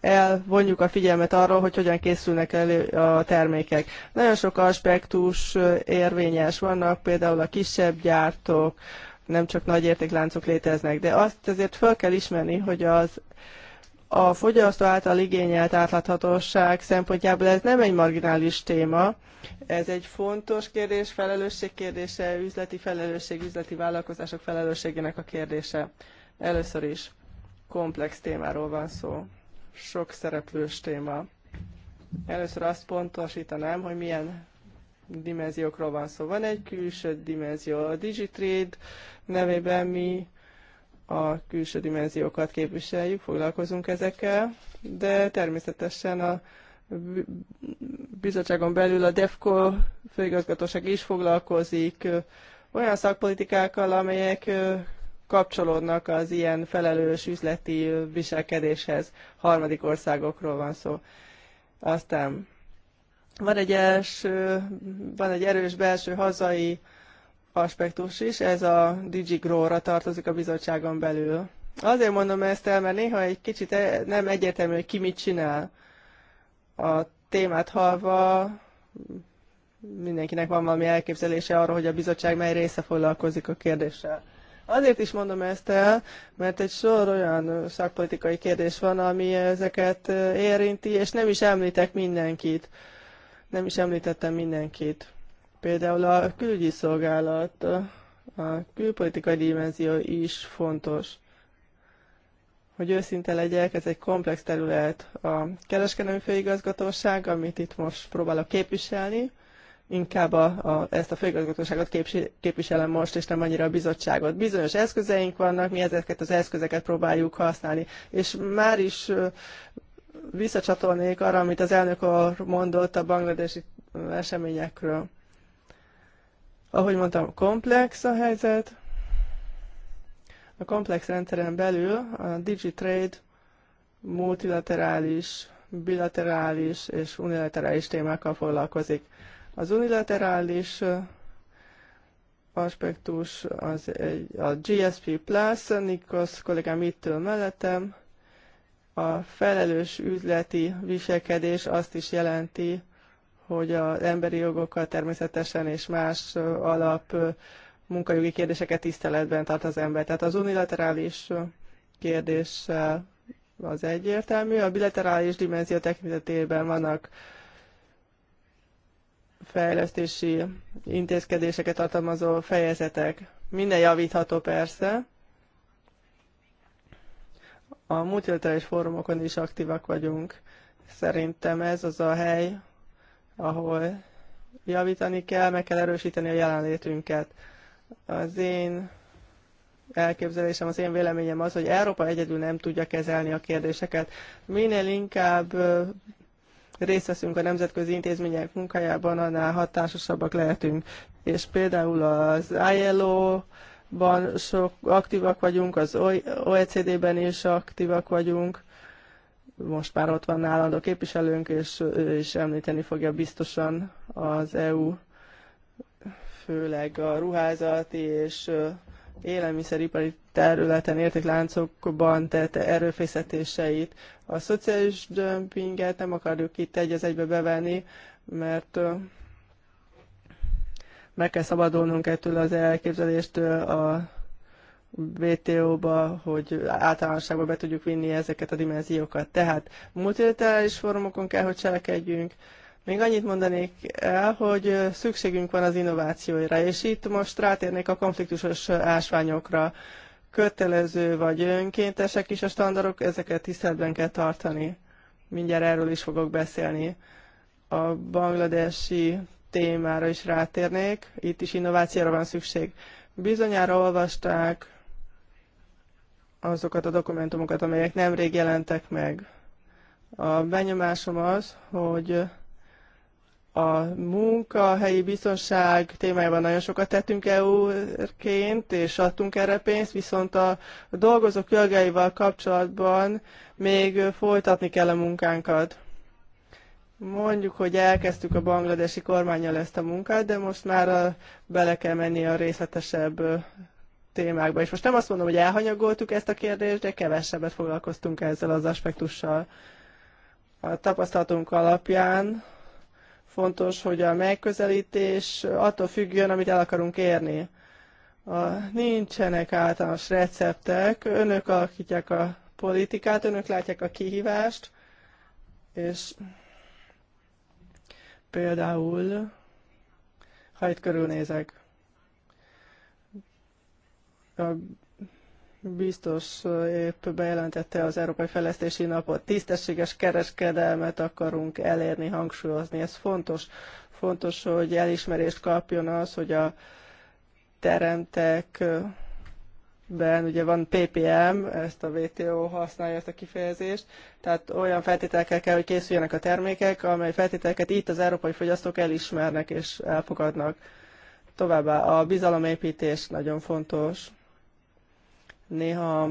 elvonjuk a figyelmet arról, hogy hogyan készülnek elő a termékek. Nagyon sok aspektus érvényes vannak, például a kisebb gyártók, nem csak nagy értékláncok léteznek. De azt azért föl kell ismerni, hogy az a fogyasztó által igényelt átláthatóság szempontjából ez nem egy marginális téma, ez egy fontos kérdés, felelősség kérdése, üzleti felelősség, üzleti vállalkozások felelősségének a kérdése. Először is komplex témáról van szó, sok szereplős téma. Először azt pontosítanám, hogy milyen dimenziókról van szó. Van egy külső dimenzió, a Digitrade nevében mi a külső dimenziókat képviseljük, foglalkozunk ezekkel, de természetesen a bizottságon belül a DEFCO főigazgatóság is foglalkozik olyan szakpolitikákkal, amelyek kapcsolódnak az ilyen felelős üzleti viselkedéshez. Harmadik országokról van szó. Aztán van egy, első, van egy erős belső hazai aspektus is, ez a DigiGrow-ra tartozik a bizottságon belül. Azért mondom ezt el, mert néha egy kicsit e- nem egyértelmű, hogy ki mit csinál. A témát halva mindenkinek van valami elképzelése arról, hogy a bizottság mely része foglalkozik a kérdéssel. Azért is mondom ezt el, mert egy sor olyan szakpolitikai kérdés van, ami ezeket eh, érinti, és nem is említek mindenkit. Nem is említettem mindenkit. Például a külügyi szolgálat, a külpolitikai dimenzió is fontos. Hogy őszinte legyek, ez egy komplex terület. A kereskedelmi főigazgatóság, amit itt most próbálok képviselni, inkább a, a, ezt a főigazgatóságot képviselem most, és nem annyira a bizottságot. Bizonyos eszközeink vannak, mi ezeket az eszközeket próbáljuk használni, és már is visszacsatolnék arra, amit az elnök mondott a bangladesi eseményekről. Ahogy mondtam, komplex a helyzet. A komplex rendszeren belül a Digitrade multilaterális, bilaterális és unilaterális témákkal foglalkozik. Az unilaterális aspektus az egy, a GSP Plus, Nikos kollégám itt ül mellettem, a felelős üzleti viselkedés azt is jelenti, hogy az emberi jogokat természetesen és más alap munkajogi kérdéseket tiszteletben tart az ember. Tehát az unilaterális kérdés az egyértelmű. A bilaterális dimenzió tekintetében vannak fejlesztési intézkedéseket tartalmazó fejezetek. Minden javítható persze, a multilaterális fórumokon is aktívak vagyunk. Szerintem ez az a hely, ahol javítani kell, meg kell erősíteni a jelenlétünket. Az én elképzelésem, az én véleményem az, hogy Európa egyedül nem tudja kezelni a kérdéseket. Minél inkább részt veszünk a nemzetközi intézmények munkájában, annál hatásosabbak lehetünk. És például az ILO, ban sok aktívak vagyunk, az OECD-ben is aktívak vagyunk. Most már ott van állandó képviselőnk, és ő is említeni fogja biztosan az EU, főleg a ruházati és élelmiszeripari területen, értékláncokban tett erőfészetéseit. A szociális dömpinget nem akarjuk itt egy az egybe bevenni, mert meg kell szabadulnunk ettől az elképzeléstől a WTO-ba, hogy általánosságban be tudjuk vinni ezeket a dimenziókat. Tehát multilaterális fórumokon kell, hogy cselekedjünk. Még annyit mondanék el, hogy szükségünk van az innovációra, és itt most rátérnék a konfliktusos ásványokra. Kötelező vagy önkéntesek is a standardok, ezeket tiszteletben kell tartani. Mindjárt erről is fogok beszélni. A bangladesi témára is rátérnék. Itt is innovációra van szükség. Bizonyára olvasták azokat a dokumentumokat, amelyek nemrég jelentek meg. A benyomásom az, hogy a munkahelyi biztonság témájában nagyon sokat tettünk EU-ként, és adtunk erre pénzt, viszont a dolgozók jogaival kapcsolatban még folytatni kell a munkánkat. Mondjuk, hogy elkezdtük a bangladesi kormányjal ezt a munkát, de most már bele kell menni a részletesebb témákba. És most nem azt mondom, hogy elhanyagoltuk ezt a kérdést, de kevesebbet foglalkoztunk ezzel az aspektussal. A tapasztalatunk alapján fontos, hogy a megközelítés attól függjön, amit el akarunk érni. A, nincsenek általános receptek, önök alakítják a politikát, önök látják a kihívást, és Például, ha itt körülnézek, a biztos épp bejelentette az Európai Fejlesztési Napot, tisztességes kereskedelmet akarunk elérni, hangsúlyozni. Ez fontos, fontos, hogy elismerést kapjon az, hogy a teremtek ben ugye van PPM, ezt a WTO használja ezt a kifejezést, tehát olyan feltételekkel kell, hogy készüljenek a termékek, amely feltételeket itt az európai fogyasztók elismernek és elfogadnak. Továbbá a bizalomépítés nagyon fontos. Néha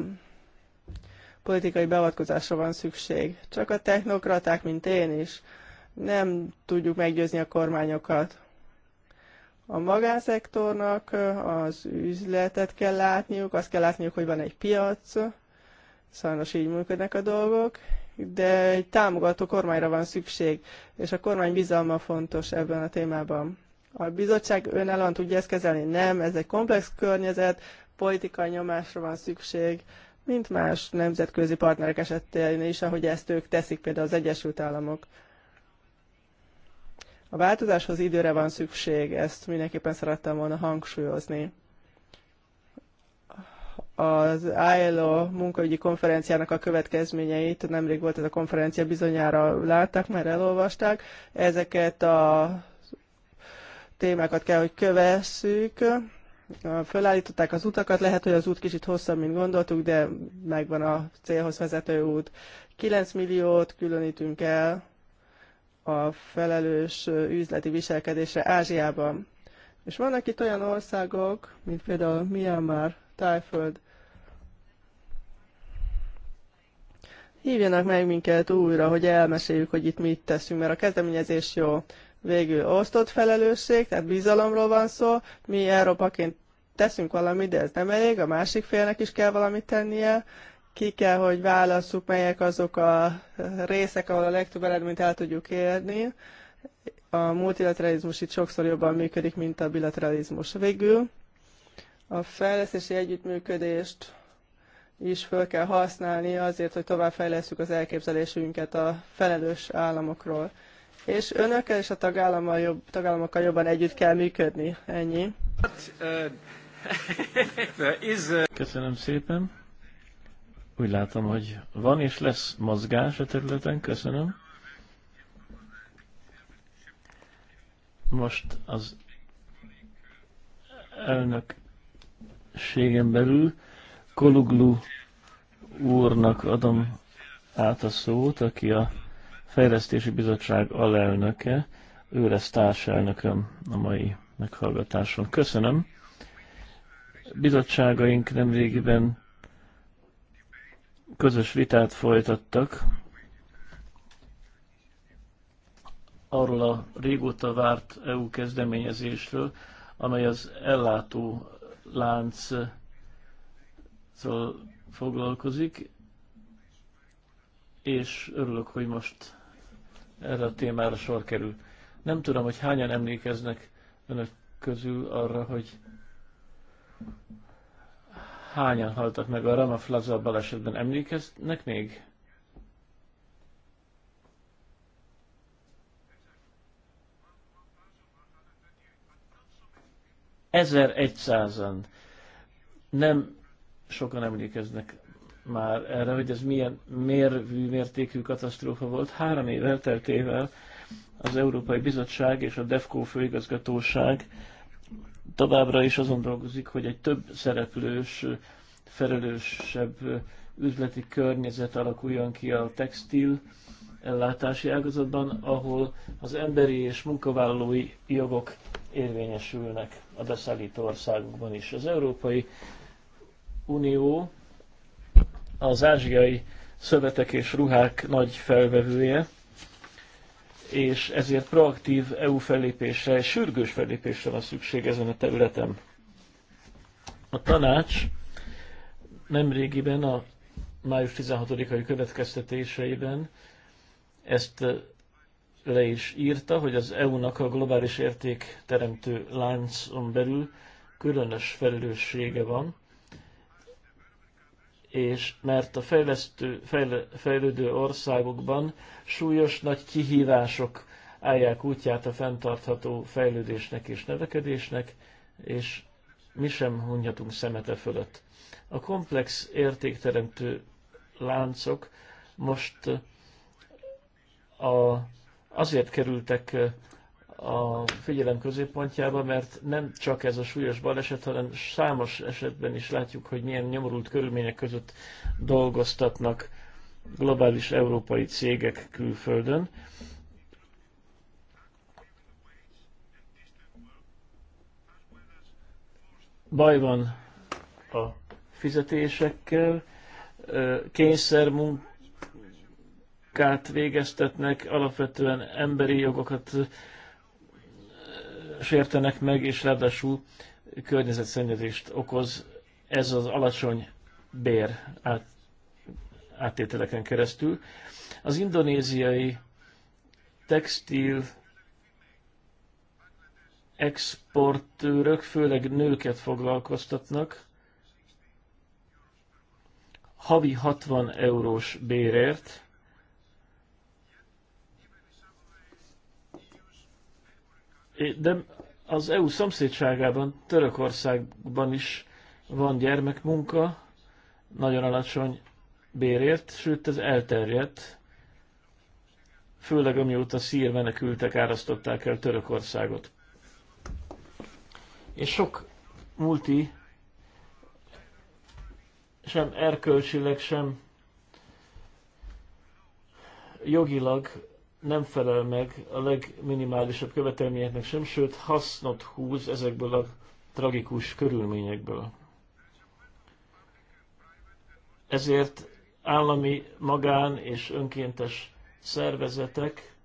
politikai beavatkozásra van szükség. Csak a technokraták, mint én is, nem tudjuk meggyőzni a kormányokat. A magánszektornak az üzletet kell látniuk, azt kell látniuk, hogy van egy piac, sajnos így működnek a dolgok, de egy támogató kormányra van szükség, és a kormány bizalma fontos ebben a témában. A bizottság önállóan tudja ezt kezelni? Nem, ez egy komplex környezet, politikai nyomásra van szükség, mint más nemzetközi partnerek esetén is, ahogy ezt ők teszik, például az Egyesült Államok. A változáshoz időre van szükség, ezt mindenképpen szerettem volna hangsúlyozni. Az ILO munkaügyi konferenciának a következményeit, nemrég volt ez a konferencia, bizonyára látták, mert elolvasták. Ezeket a témákat kell, hogy kövessük. Fölállították az utakat, lehet, hogy az út kicsit hosszabb, mint gondoltuk, de megvan a célhoz vezető út. 9 milliót különítünk el a felelős üzleti viselkedésre Ázsiában. És vannak itt olyan országok, mint például Myanmar, Tájföld. Hívjanak meg minket újra, hogy elmeséljük, hogy itt mit teszünk, mert a kezdeményezés jó. Végül osztott felelősség, tehát bizalomról van szó. Mi Európaként teszünk valamit, de ez nem elég, a másik félnek is kell valamit tennie ki kell, hogy válasszuk, melyek azok a részek, ahol a legtöbb eredményt el tudjuk érni. A multilateralizmus itt sokszor jobban működik, mint a bilateralizmus. Végül a fejlesztési együttműködést is föl kell használni azért, hogy továbbfejlesztjük az elképzelésünket a felelős államokról. És önökkel és a tagállammal jobb, tagállamokkal jobban együtt kell működni. Ennyi.
Uh,
Köszönöm szépen. Úgy látom, hogy van és lesz mozgás a területen. Köszönöm. Most az elnökségem belül Koluglu úrnak adom át a szót, aki a Fejlesztési Bizottság alelnöke, ő lesz társelnököm a mai meghallgatáson. Köszönöm. Bizottságaink nemrégiben közös vitát folytattak arról a régóta várt EU kezdeményezésről, amely az ellátó lánc foglalkozik, és örülök, hogy most erre a témára sor kerül. Nem tudom, hogy hányan emlékeznek önök közül arra, hogy hányan haltak meg a Rana Flaza balesetben, emlékeznek még? Ezer egyszázan. Nem sokan emlékeznek már erre, hogy ez milyen mérvű mértékű katasztrófa volt. Három év elteltével az Európai Bizottság és a DEFCO főigazgatóság továbbra is azon dolgozik, hogy egy több szereplős, felelősebb üzleti környezet alakuljon ki a textil ellátási ágazatban, ahol az emberi és munkavállalói jogok érvényesülnek a beszállító országokban is. Az Európai Unió az ázsiai szövetek és ruhák nagy felvevője, és ezért proaktív EU fellépésre, sürgős fellépésre van szükség ezen a területen. A tanács nemrégiben a május 16-ai következtetéseiben ezt eh, le is írta, hogy az EU-nak a globális értékteremtő láncon belül különös felelőssége van, és mert a fejlesztő, fejle, fejlődő országokban súlyos nagy kihívások állják útját a fenntartható fejlődésnek és növekedésnek, és mi sem hunyhatunk szemete fölött. A komplex értékteremtő láncok most a, azért kerültek a figyelem középpontjába, mert nem csak ez a súlyos baleset, hanem számos esetben is látjuk, hogy milyen nyomorult körülmények között dolgoztatnak globális európai cégek külföldön. Baj van a fizetésekkel, kényszer munkát végeztetnek, alapvetően emberi jogokat sértenek meg, és ráadásul környezetszennyezést okoz ez az alacsony bér át, áttételeken keresztül. Az indonéziai textil exportőrök főleg nőket foglalkoztatnak havi 60 eurós bérért, de az EU szomszédságában, Törökországban is van gyermekmunka, nagyon alacsony bérért, sőt ez elterjedt, főleg amióta szír menekültek árasztották el Törökországot. És sok multi sem erkölcsileg, sem jogilag nem felel meg a legminimálisabb követelményeknek sem, sőt hasznot húz ezekből a tragikus körülményekből. Ezért állami, magán és önkéntes szervezetek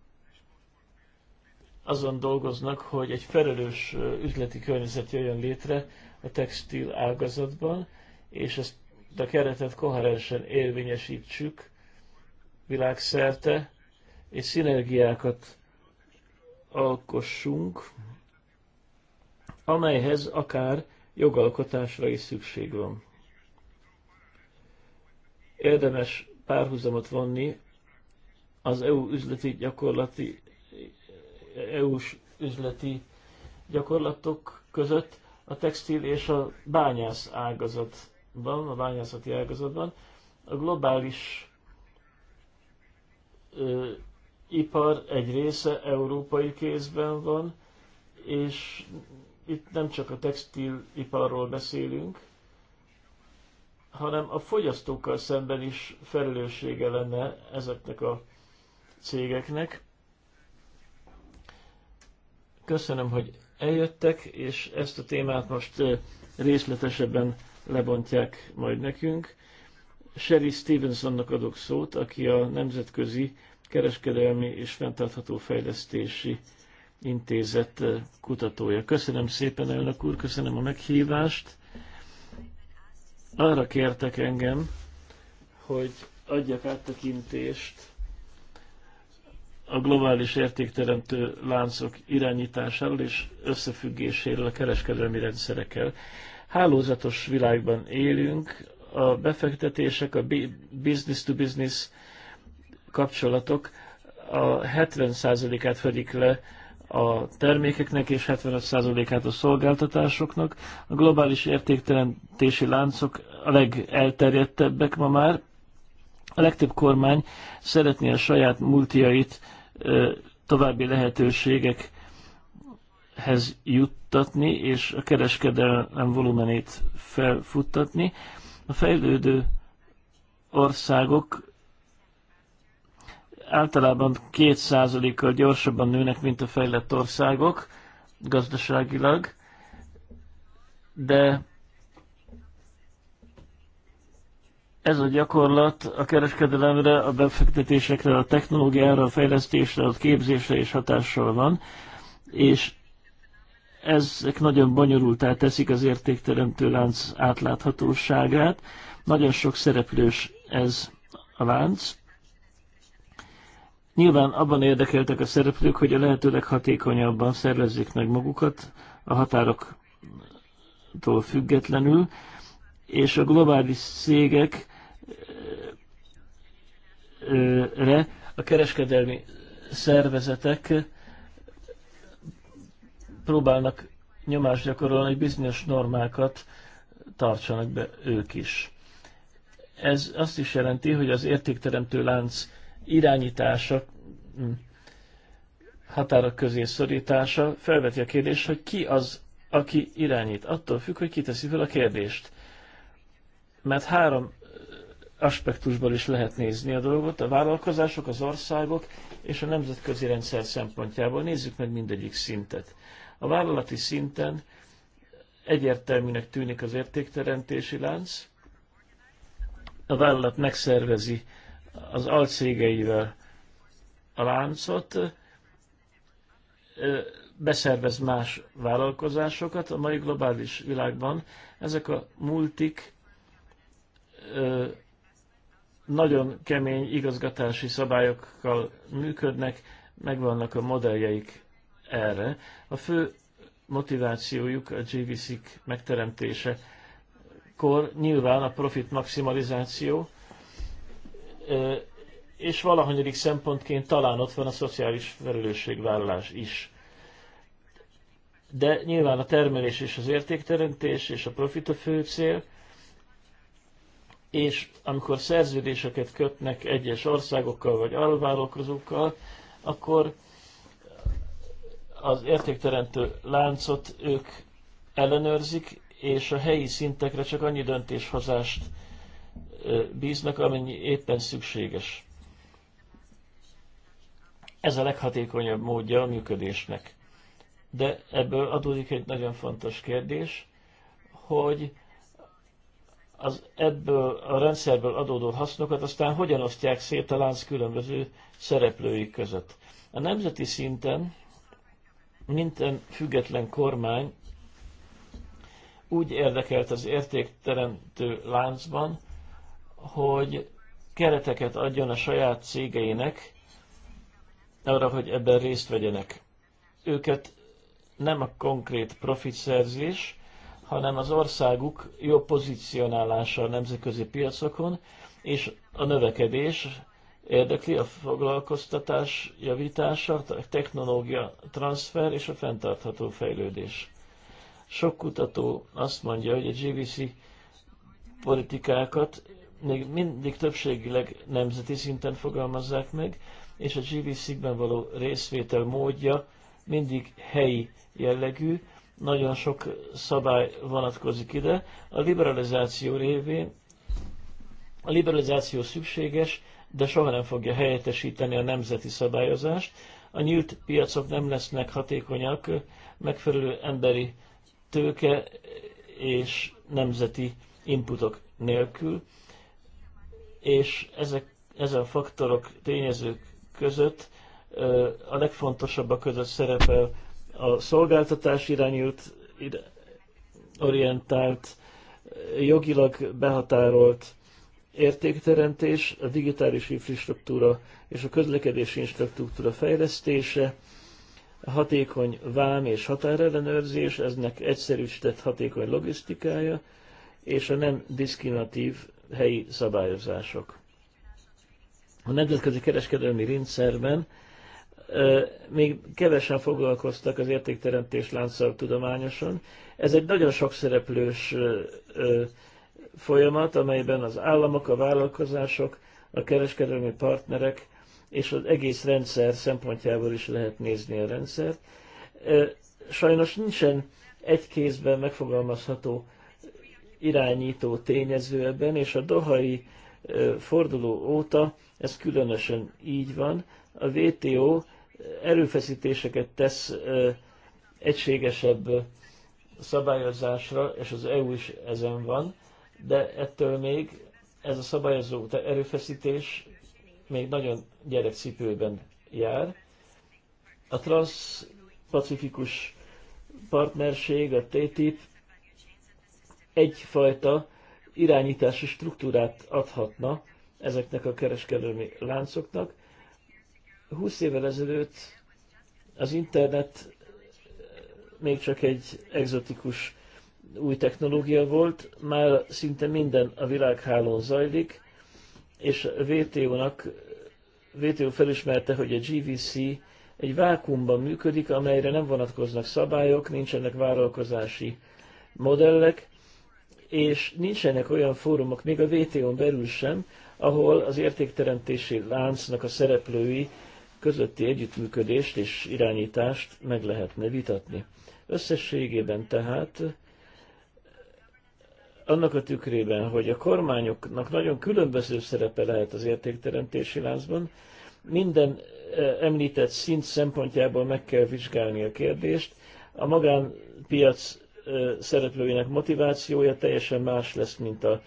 azon dolgoznak, hogy egy felelős üzleti környezet jöjjön létre a textil ágazatban, és ezt a keretet koherensen érvényesítsük világszerte, és szinergiákat alkossunk, amelyhez akár jogalkotásra is szükség van. Érdemes párhuzamot vonni az EU üzleti gyakorlati, EU-s üzleti gyakorlatok között a textil és a bányász ágazatban, a bányászati ágazatban. A globális ipar egy része európai kézben van, és itt nem csak a textiliparról beszélünk, hanem a fogyasztókkal szemben is felelőssége lenne ezeknek a cégeknek. Köszönöm, hogy eljöttek, és ezt a témát most részletesebben lebontják majd nekünk. Sherry Stevensonnak adok szót, aki a Nemzetközi kereskedelmi és fenntartható fejlesztési intézet eh, kutatója. Köszönöm szépen, elnök úr, köszönöm a meghívást. Arra kértek engem, hogy adjak áttekintést a globális értékteremtő láncok irányításáról és összefüggéséről a kereskedelmi rendszerekkel. Hálózatos világban élünk, a befektetések, a business-to-business business kapcsolatok a 70%-át fedik le a termékeknek és 75%-át a szolgáltatásoknak. A globális értékteremtési láncok a legelterjedtebbek ma már. A legtöbb kormány szeretné a saját multiait további lehetőségekhez juttatni, és a kereskedelem volumenét felfuttatni. A fejlődő országok általában 2%-kal gyorsabban nőnek, mint a fejlett országok gazdaságilag, de ez a gyakorlat a kereskedelemre, a befektetésekre, a technológiára, a fejlesztésre, a képzésre és hatással van, és ezek nagyon bonyolultá teszik az értékteremtő lánc átláthatóságát. Nagyon sok szereplős ez a lánc, Nyilván abban érdekeltek a szereplők, hogy a lehető leghatékonyabban szervezzék meg magukat a határoktól függetlenül, és a globális cégekre a kereskedelmi szervezetek próbálnak nyomást gyakorolni, hogy bizonyos normákat tartsanak be ők is. Ez azt is jelenti, hogy az értékteremtő lánc irányítása, mm, határok közé szorítása felveti a kérdést, hogy ki az, aki irányít. Attól függ, hogy kiteszi fel a kérdést. Mert három aspektusból is lehet nézni a dolgot, a vállalkozások, az országok és a nemzetközi rendszer szempontjából. Nézzük meg mindegyik szintet. A vállalati szinten egyértelműnek tűnik az értékteremtési lánc, a vállalat megszervezi az alcégeivel a láncot, beszervez más vállalkozásokat. A mai globális világban ezek a multik nagyon kemény igazgatási szabályokkal működnek, megvannak a modelljeik erre. A fő motivációjuk a JVC-k megteremtése kor nyilván a profit maximalizáció, és valahanyadik szempontként talán ott van a szociális felelősségvállalás is. De nyilván a termelés és az értékteremtés és a profit a fő cél, és amikor szerződéseket kötnek egyes országokkal vagy alvállalkozókkal, akkor az értékteremtő láncot ők ellenőrzik, és a helyi szintekre csak annyi döntéshozást bíznak, amennyi éppen szükséges. Ez a leghatékonyabb módja a működésnek. De ebből adódik egy nagyon fontos kérdés, hogy az ebből a rendszerből adódó hasznokat aztán hogyan osztják szét a lánc különböző szereplői között. A nemzeti szinten minden független kormány úgy érdekelt az értékteremtő láncban, hogy kereteket adjon a saját cégeinek arra, hogy ebben részt vegyenek. Őket nem a konkrét profitszerzés, hanem az országuk jobb pozícionálása a nemzetközi piacokon, és a növekedés érdekli a foglalkoztatás javítása, a technológia transfer és a fenntartható fejlődés. Sok kutató azt mondja, hogy a GVC politikákat még mindig többségileg nemzeti szinten fogalmazzák meg, és a GVC-ben való részvétel módja mindig helyi jellegű, nagyon sok szabály vonatkozik ide. A liberalizáció révén a liberalizáció szükséges, de soha nem fogja helyettesíteni a nemzeti szabályozást. A nyílt piacok nem lesznek hatékonyak, megfelelő emberi tőke és nemzeti inputok nélkül és ezek, ezen faktorok, tényezők között a legfontosabbak között szerepel a szolgáltatás irányult, orientált, jogilag behatárolt értékteremtés, a digitális infrastruktúra és a közlekedési infrastruktúra fejlesztése, a hatékony vám és határellenőrzés, eznek egyszerűsített hatékony logisztikája, és a nem diszkriminatív helyi szabályozások. A nemzetközi kereskedelmi rendszerben még kevesen foglalkoztak az értékteremtés lánccal tudományosan. Ez egy nagyon sok szereplős folyamat, amelyben az államok, a vállalkozások, a kereskedelmi partnerek és az egész rendszer szempontjából is lehet nézni a rendszert. Sajnos nincsen egy kézben megfogalmazható irányító tényező ebben, és a dohai forduló óta ez különösen így van. A WTO erőfeszítéseket tesz egységesebb szabályozásra, és az EU is ezen van, de ettől még ez a szabályozó erőfeszítés még nagyon gyerekcipőben jár. A transpacifikus partnerség, a TTIP egyfajta irányítási struktúrát adhatna ezeknek a kereskedelmi láncoknak. 20 évvel ezelőtt az internet még csak egy egzotikus új technológia volt, már szinte minden a világhálón zajlik, és a WTO-nak, WTO felismerte, hogy a GVC egy vákumban működik, amelyre nem vonatkoznak szabályok, nincsenek vállalkozási modellek, és nincsenek olyan fórumok, még a WTO-n belül sem, ahol az értékteremtési láncnak a szereplői közötti együttműködést és irányítást meg lehetne vitatni. Összességében tehát annak a tükrében, hogy a kormányoknak nagyon különböző szerepe lehet az értékteremtési láncban, minden e, említett szint szempontjából meg kell vizsgálni a kérdést. A magánpiac szereplőinek motivációja teljesen más lesz, mint a,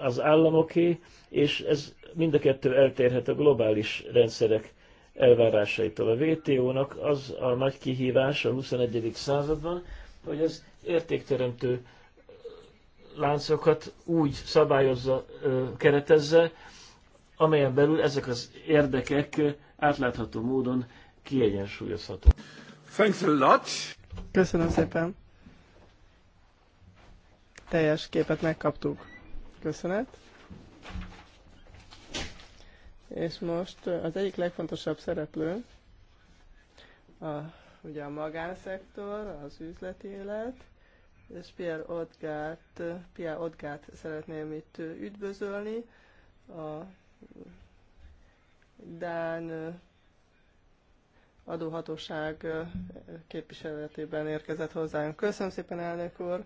az államoké, és ez mind a kettő eltérhet a globális rendszerek elvárásaitól. A WTO-nak az a nagy kihívás a 21. században, hogy az értékteremtő láncokat úgy szabályozza, keretezze, amelyen belül ezek az érdekek átlátható módon kiegyensúlyozhatók. Thanks a lot.
Köszönöm szépen teljes képet megkaptuk. Köszönet. És most az egyik legfontosabb szereplő, a, ugye a magánszektor, az üzleti élet, és Pierre Odgát, Pierre Odgát szeretném itt üdvözölni, a Dán adóhatóság képviseletében érkezett hozzánk. Köszönöm szépen, elnök úr!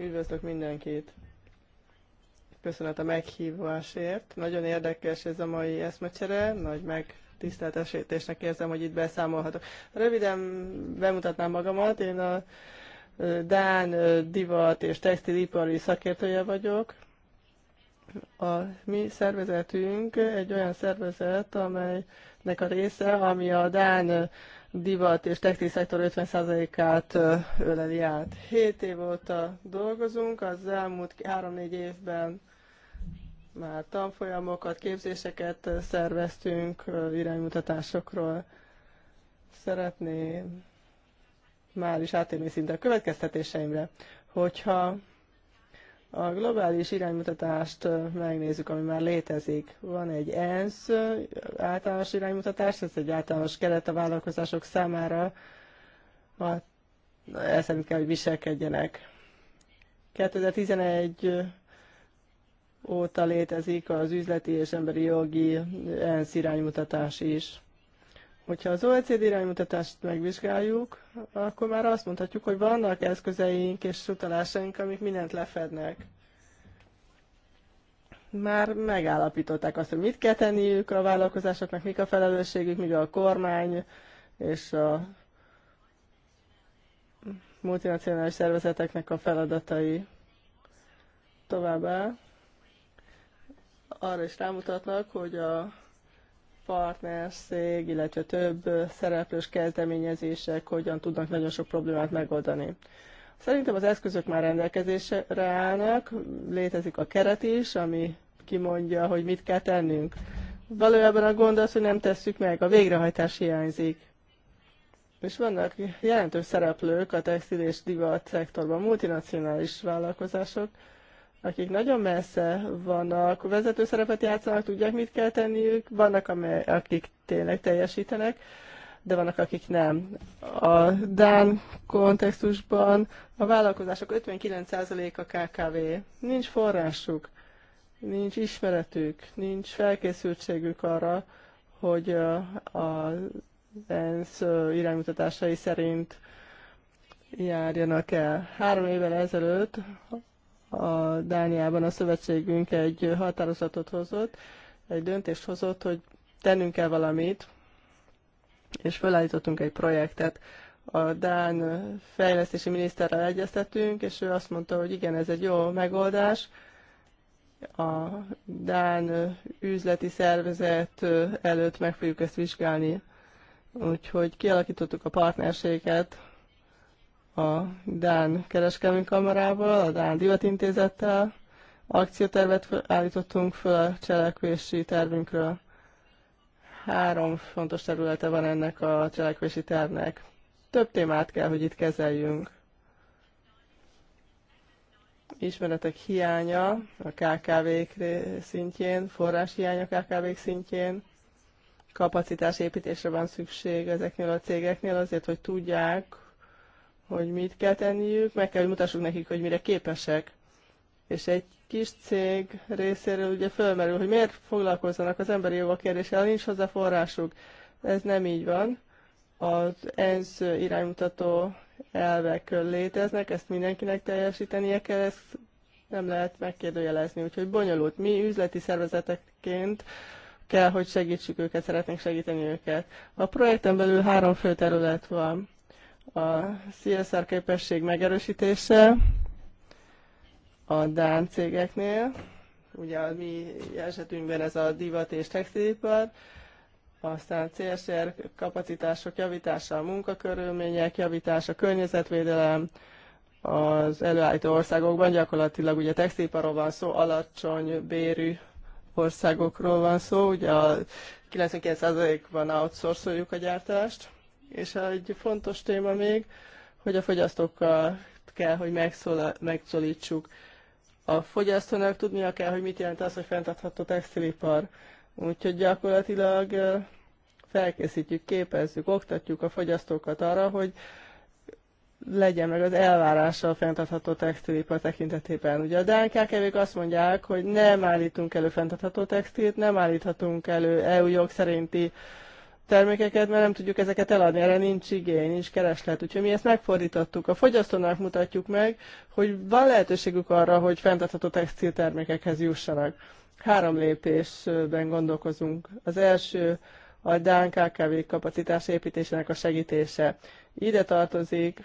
Üdvözlök mindenkit! Köszönet a meghívásért. Nagyon érdekes ez a mai eszmecsere, nagy meg megtiszteltetésnek érzem, hogy itt beszámolhatok. Röviden bemutatnám magamat, én a Dán divat és textilipari szakértője vagyok. A mi szervezetünk egy olyan szervezet, amelynek a része, ami a Dán divat és textil szektor 50%-át öleli át. 7 év óta dolgozunk, az elmúlt 3-4 évben már tanfolyamokat, képzéseket szerveztünk iránymutatásokról. Szeretném már is átérni szinte a következtetéseimre, hogyha a globális iránymutatást megnézzük, ami már létezik. Van egy ENSZ általános iránymutatás, ez egy általános keret a vállalkozások számára, ezt szerint kell, hogy viselkedjenek. 2011 óta létezik az üzleti és emberi jogi ENSZ iránymutatás is. Hogyha az OECD iránymutatást megvizsgáljuk, akkor már azt mondhatjuk, hogy vannak eszközeink és utalásaink, amik mindent lefednek. Már megállapították azt, hogy mit kell tenniük a vállalkozásoknak, mik a felelősségük, mi a kormány és a multinacionális szervezeteknek a feladatai. Továbbá arra is rámutatnak, hogy a partnerség, illetve több szereplős kezdeményezések hogyan tudnak nagyon sok problémát megoldani. Szerintem az eszközök már rendelkezésre állnak, létezik a keret is, ami kimondja, hogy mit kell tennünk. Valójában a gond az, hogy nem tesszük meg, a végrehajtás hiányzik. És vannak jelentős szereplők a textil és divat szektorban, multinacionális vállalkozások, akik nagyon messze vannak, vezető szerepet játszanak, tudják, mit kell tenniük, vannak, amely, akik tényleg teljesítenek, de vannak, akik nem. A Dán kontextusban a vállalkozások 59%-a KKV. Nincs forrásuk, nincs ismeretük, nincs felkészültségük arra, hogy a ENSZ iránymutatásai szerint járjanak el. Három évvel ezelőtt a Dániában a szövetségünk egy határozatot hozott, egy döntést hozott, hogy tennünk kell valamit, és felállítottunk egy projektet. A Dán fejlesztési miniszterrel egyeztetünk, és ő azt mondta, hogy igen, ez egy jó megoldás. A Dán üzleti szervezet előtt meg fogjuk ezt vizsgálni. Úgyhogy kialakítottuk a partnerséget a Dán Kereskedelmi Kamarával, a Dán Divatintézettel, akciótervet állítottunk föl a cselekvési tervünkről. Három fontos területe van ennek a cselekvési tervnek. Több témát kell, hogy itt kezeljünk. Ismeretek hiánya a kkv szintjén, forrás hiánya a kkv szintjén, kapacitás építésre van szükség ezeknél a cégeknél azért, hogy tudják, hogy mit kell tenniük, meg kell, hogy mutassuk nekik, hogy mire képesek. És egy kis cég részéről ugye fölmerül, hogy miért foglalkozzanak az emberi jogok kérdésével, nincs hozzá forrásuk. Ez nem így van. Az ENSZ iránymutató elvek léteznek, ezt mindenkinek teljesítenie kell, ezt nem lehet megkérdőjelezni. Úgyhogy bonyolult. Mi üzleti szervezetekként kell, hogy segítsük őket, szeretnénk segíteni őket. A projekten belül három fő terület van a CSR képesség megerősítése a Dán cégeknél, ugye a mi esetünkben ez a divat és textilipar, aztán CSR kapacitások javítása, a munkakörülmények javítása, a környezetvédelem, az előállító országokban gyakorlatilag ugye textiliparról van szó, alacsony bérű országokról van szó, ugye a 99%-ban outsourcoljuk a gyártást, és egy fontos téma még, hogy a fogyasztókkal kell, hogy megszólítsuk. A fogyasztónak tudnia kell, hogy mit jelent az, hogy fenntartható textilipar. Úgyhogy gyakorlatilag felkészítjük, képezzük, oktatjuk a fogyasztókat arra, hogy legyen meg az elvárása a fenntartható textilipar tekintetében. Ugye a dnk kkv azt mondják, hogy nem állítunk elő fenntartható textilt, nem állíthatunk elő EU jog szerinti termékeket, mert nem tudjuk ezeket eladni, erre nincs igény, nincs kereslet. Úgyhogy mi ezt megfordítottuk. A fogyasztónak mutatjuk meg, hogy van lehetőségük arra, hogy fenntartható textiltermékekhez jussanak. Három lépésben gondolkozunk. Az első a Dán KKV kapacitás építésének a segítése. Ide tartozik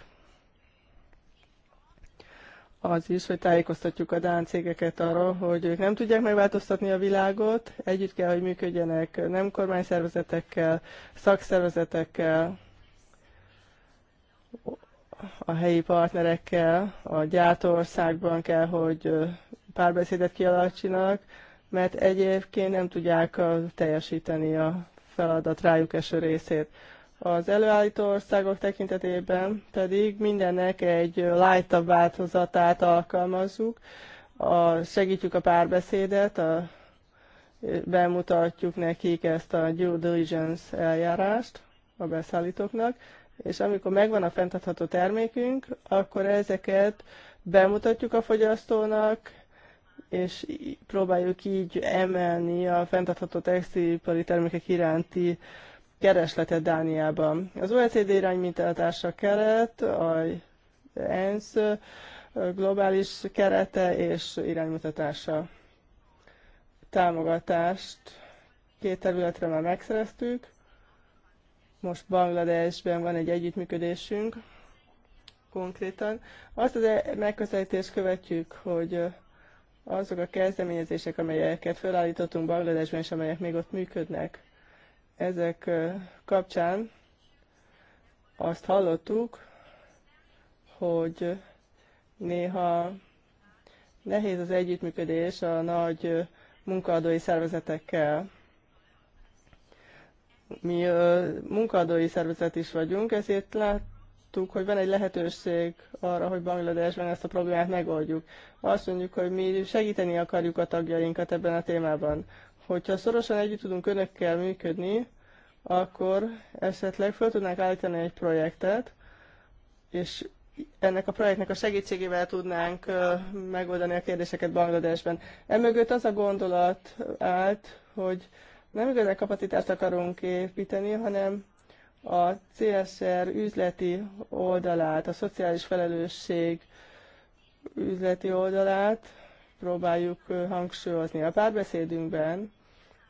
az is, hogy tájékoztatjuk a Dán cégeket arról, hogy ők nem tudják megváltoztatni a világot, együtt kell, hogy működjenek nem kormányszervezetekkel, szakszervezetekkel, a helyi partnerekkel, a gyártóországban kell, hogy párbeszédet kialakítsanak, mert egyébként nem tudják teljesíteni a feladat rájuk eső részét. Az előállító országok tekintetében pedig mindennek egy lightabb változatát alkalmazzuk, a, segítjük a párbeszédet, a, bemutatjuk nekik ezt a due diligence eljárást a beszállítóknak, és amikor megvan a fenntartható termékünk, akkor ezeket bemutatjuk a fogyasztónak, és próbáljuk így emelni a fenntartható textilipari termékek iránti keresletet Dániában. Az OECD iránymintatása keret, a ENSZ globális kerete és iránymutatása. Támogatást két területre már megszereztük. Most Bangladesben van egy együttműködésünk konkrétan. Azt az e- megközelítést követjük, hogy azok a kezdeményezések, amelyeket felállítottunk Bangladesben, és amelyek még ott működnek, ezek kapcsán azt hallottuk, hogy néha nehéz az együttműködés a nagy munkaadói szervezetekkel. Mi munkaadói szervezet is vagyunk, ezért láttuk, hogy van egy lehetőség arra, hogy Bangladesben ezt a problémát megoldjuk. Azt mondjuk, hogy mi segíteni akarjuk a tagjainkat ebben a témában. Hogyha szorosan együtt tudunk önökkel működni, akkor esetleg fel tudnánk állítani egy projektet, és ennek a projektnek a segítségével tudnánk megoldani a kérdéseket Bangladesben. Emögött az a gondolat állt, hogy nem igazán kapacitást akarunk építeni, hanem a CSR üzleti oldalát, a szociális felelősség üzleti oldalát próbáljuk hangsúlyozni. A párbeszédünkben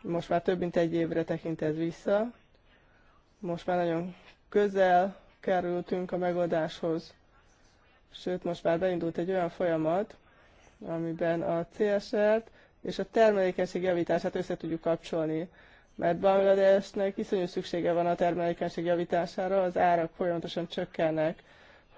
most már több mint egy évre tekint ez vissza. Most már nagyon közel kerültünk a megoldáshoz. Sőt, most már beindult egy olyan folyamat, amiben a CSR-t és a termelékenység javítását össze tudjuk kapcsolni. Mert Bangladesnek iszonyú szüksége van a termelékenység javítására, az árak folyamatosan csökkennek.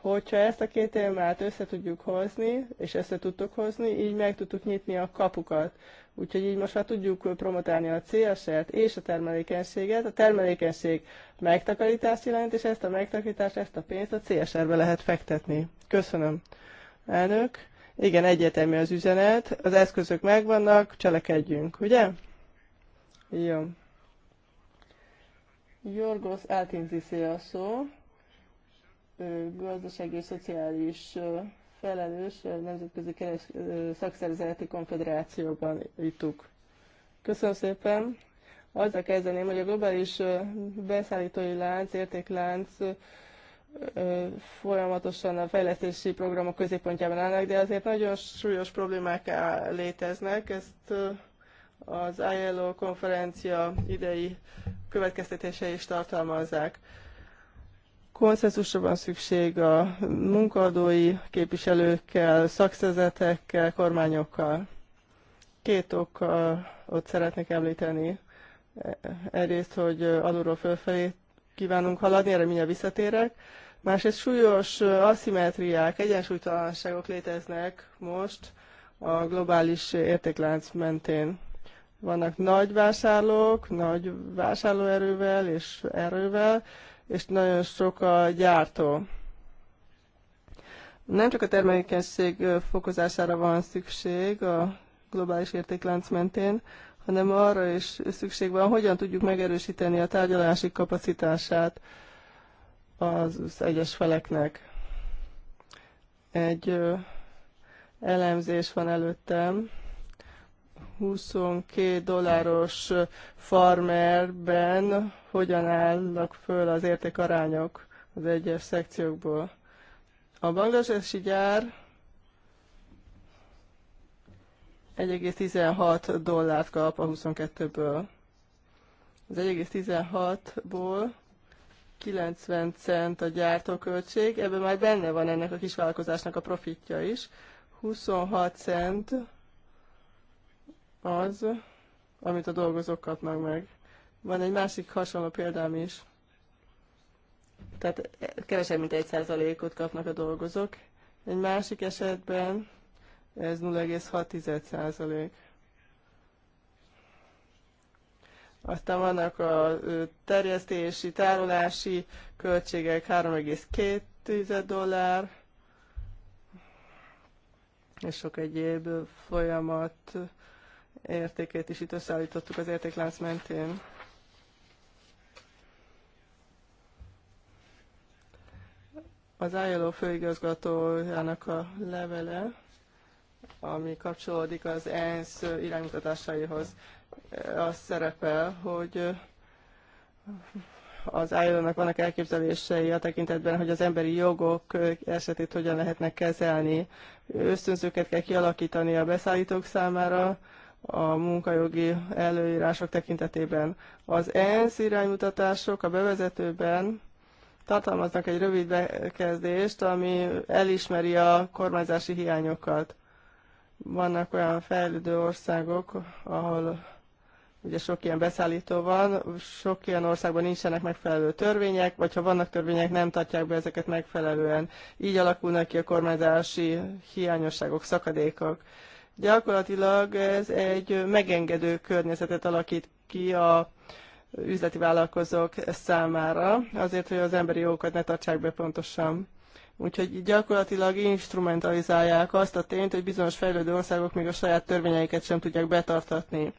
Hogyha ezt a két témát össze tudjuk hozni, és össze tudtuk hozni, így meg tudtuk nyitni a kapukat Úgyhogy így most már tudjuk promotálni a CSR-t és a termelékenységet. A termelékenység megtakarítást jelent, és ezt a megtakarítást, ezt a pénzt a CSR-be lehet fektetni. Köszönöm, elnök. Igen, egyetemi az üzenet, az eszközök megvannak, cselekedjünk, ugye? Jó. Jorgos Altinziszi a szó, gazdasági és szociális felelős nemzetközi keres, szakszervezeti konfederációban ittuk. Köszönöm szépen! Azzal kezdeném, hogy a globális beszállítói lánc, értéklánc folyamatosan a fejlesztési programok középpontjában állnak, de azért nagyon súlyos problémák léteznek. Ezt az ILO konferencia idei következtetése is tartalmazzák. Konszenzusra van szükség a munkadói képviselőkkel, szakszerzetekkel, kormányokkal. Két ott szeretnék említeni. Egyrészt, hogy alulról fölfelé kívánunk haladni, erre mindjárt visszatérek. Másrészt súlyos aszimetriák, egyensúlytalanságok léteznek most a globális értéklánc mentén. Vannak nagy vásárlók, nagy vásárlóerővel és erővel, és nagyon sok a gyártó. Nem csak a termelékenység fokozására van szükség a globális értéklánc mentén, hanem arra is szükség van, hogyan tudjuk megerősíteni a tárgyalási kapacitását az egyes feleknek. Egy elemzés van előttem 22 dolláros farmerben hogyan állnak föl az értékarányok az egyes szekciókból. A bangladesi gyár 1,16 dollárt kap a 22-ből. Az 1,16-ból 90 cent a gyártóköltség, ebben már benne van ennek a kisvállalkozásnak a profitja is. 26 cent az, amit a dolgozók kapnak meg. Van egy másik hasonló példám is. Tehát kevesebb, mint 1%-ot kapnak a dolgozók. Egy másik esetben ez 0,6%. Aztán vannak a terjesztési, tárolási költségek 3,2 dollár, és sok egyéb folyamat értékét is itt összeállítottuk az értéklánc mentén. Az ILO főigazgatójának a levele, ami kapcsolódik az ENSZ iránymutatásaihoz, az szerepel, hogy az ILO-nak vannak elképzelései a tekintetben, hogy az emberi jogok esetét hogyan lehetnek kezelni. Ösztönzőket kell kialakítani a beszállítók számára, a munkajogi előírások tekintetében. Az ENSZ iránymutatások a bevezetőben tartalmaznak egy rövid bekezdést, ami elismeri a kormányzási hiányokat. Vannak olyan fejlődő országok, ahol ugye sok ilyen beszállító van, sok ilyen országban nincsenek megfelelő törvények, vagy ha vannak törvények, nem tartják be ezeket megfelelően. Így alakulnak ki a kormányzási hiányosságok, szakadékok. Gyakorlatilag ez egy megengedő környezetet alakít ki a üzleti vállalkozók számára, azért, hogy az emberi jogokat ne tartsák be pontosan. Úgyhogy gyakorlatilag instrumentalizálják azt a tényt, hogy bizonyos fejlődő országok még a saját törvényeiket sem tudják betartatni.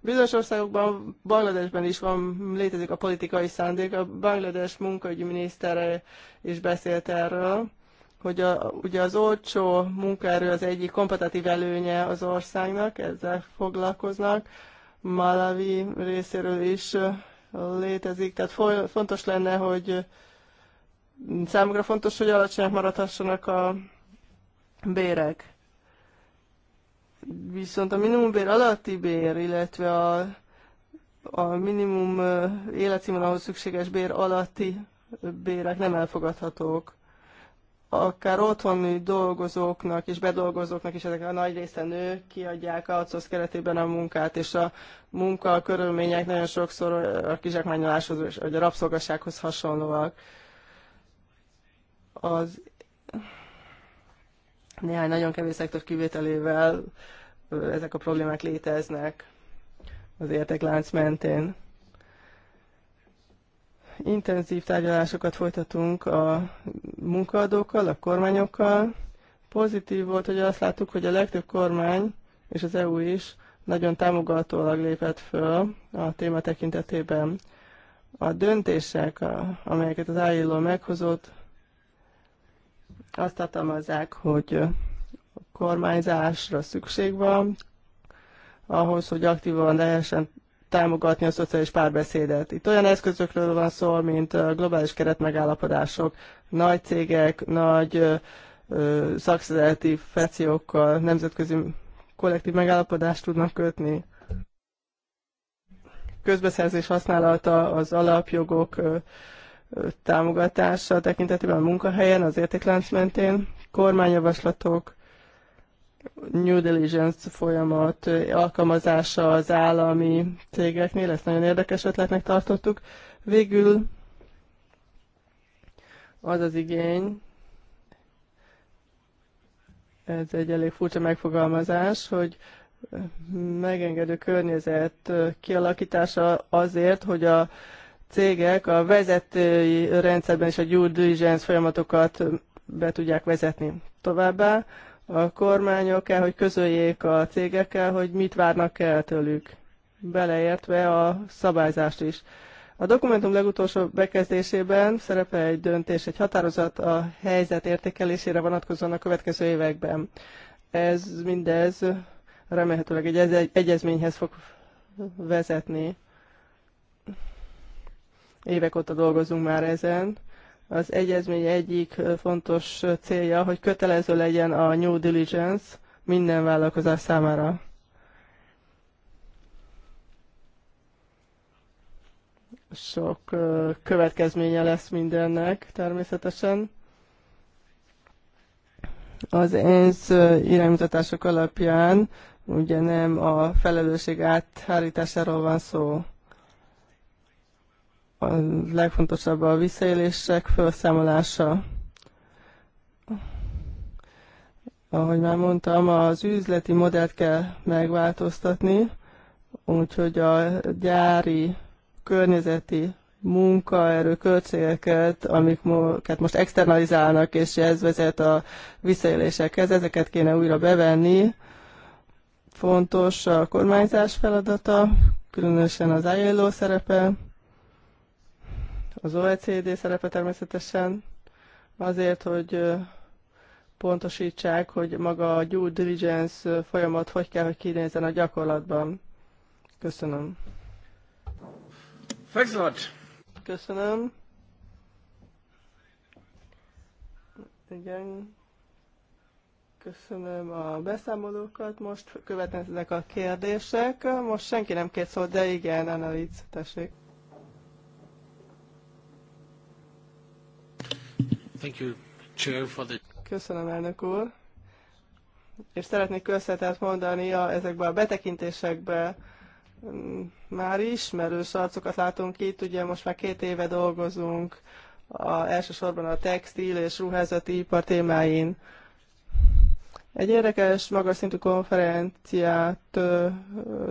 Bizonyos országokban, Bangladesben is van, létezik a politikai szándék. A Banglades munkaügyi minisztere is beszélt erről, hogy a, ugye az olcsó munkaerő az egyik kompetitív előnye az országnak, ezzel foglalkoznak. Malawi részéről is létezik, tehát fontos lenne, hogy számukra fontos, hogy alacsonyak maradhassanak a bérek. Viszont a bér alatti bér, illetve a, a minimum életszínvonalhoz szükséges bér alatti bérek nem elfogadhatók akár otthoni dolgozóknak és bedolgozóknak is ezek a nagy része nők kiadják outsource keretében a munkát, és a munka körülmények nagyon sokszor a kizsákmányoláshoz, vagy a rabszolgassághoz hasonlóak. Az néhány nagyon kevés szektor kivételével ezek a problémák léteznek az értéklánc mentén intenzív tárgyalásokat folytatunk a munkaadókkal, a kormányokkal. Pozitív volt, hogy azt láttuk, hogy a legtöbb kormány, és az EU is, nagyon támogatólag lépett föl a téma tekintetében. A döntések, amelyeket az ILO meghozott, azt tartalmazzák, hogy kormányzásra szükség van, ahhoz, hogy aktívan lehessen támogatni a szociális párbeszédet. Itt olyan eszközökről van szó, mint a globális keretmegállapodások, nagy cégek, nagy szakszereti feciókkal nemzetközi kollektív megállapodást tudnak kötni. Közbeszerzés használata az alapjogok támogatása tekintetében a munkahelyen, az értéklánc mentén, kormányjavaslatok, New Diligence folyamat alkalmazása az állami cégeknél, ezt nagyon érdekes ötletnek tartottuk. Végül az az igény, ez egy elég furcsa megfogalmazás, hogy megengedő környezet kialakítása azért, hogy a cégek a vezetői rendszerben is a due diligence folyamatokat be tudják vezetni. Továbbá a kormányok el, hogy közöljék a cégekkel, hogy mit várnak el tőlük, beleértve a szabályzást is. A dokumentum legutolsó bekezdésében szerepel egy döntés, egy határozat a helyzet értékelésére vonatkozóan a következő években. Ez mindez remélhetőleg egy egyezményhez fog vezetni. Évek óta dolgozunk már ezen. Az egyezmény egyik fontos célja, hogy kötelező legyen a new diligence minden vállalkozás számára. Sok következménye lesz mindennek természetesen. Az ENSZ iránymutatások alapján ugye nem a felelősség áthárításáról van szó, a legfontosabb a visszaélések felszámolása. Ahogy már mondtam, az üzleti modellt kell megváltoztatni, úgyhogy a gyári, környezeti munkaerő költségeket, amiket most externalizálnak, és ez vezet a visszaélésekhez, ezeket kéne újra bevenni. Fontos a kormányzás feladata, különösen az ILO szerepe, az OECD szerepe természetesen azért, hogy pontosítsák, hogy maga a due diligence folyamat hogy kell, hogy kinézzen a gyakorlatban. Köszönöm. Thanks a lot. Köszönöm. Igen. Köszönöm a beszámolókat. Most követnek a kérdések. Most senki nem két szó, de igen, Analic, tessék.
Thank you, Chair, for the...
Köszönöm, elnök úr. És szeretnék köszönetet mondani a, ezekbe a betekintésekbe. Mm, már ismerős arcokat látunk itt, ugye most már két éve dolgozunk a, elsősorban a textil és ruházati ipar témáin. Egy érdekes, magas szintű konferenciát ö,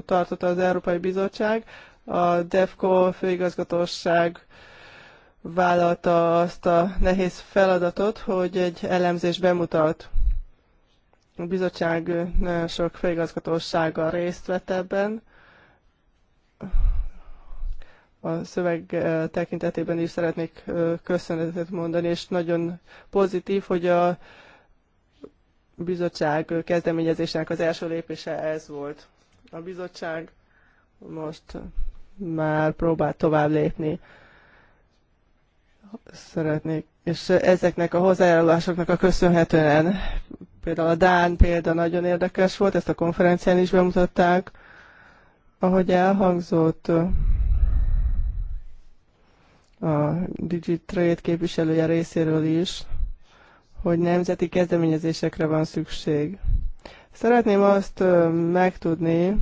tartott az Európai Bizottság, a DEFCO főigazgatóság vállalta azt a nehéz feladatot, hogy egy elemzés bemutat. A bizottság nagyon sok főigazgatósággal részt vett ebben. A szöveg tekintetében is szeretnék köszönetet mondani, és nagyon pozitív, hogy a bizottság kezdeményezésének az első lépése ez volt. A bizottság most már próbál tovább lépni szeretnék, és ezeknek a hozzájárulásoknak a köszönhetően például a Dán példa nagyon érdekes volt, ezt a konferencián is bemutatták, ahogy elhangzott a Digitrade képviselője részéről is, hogy nemzeti kezdeményezésekre van szükség. Szeretném azt megtudni,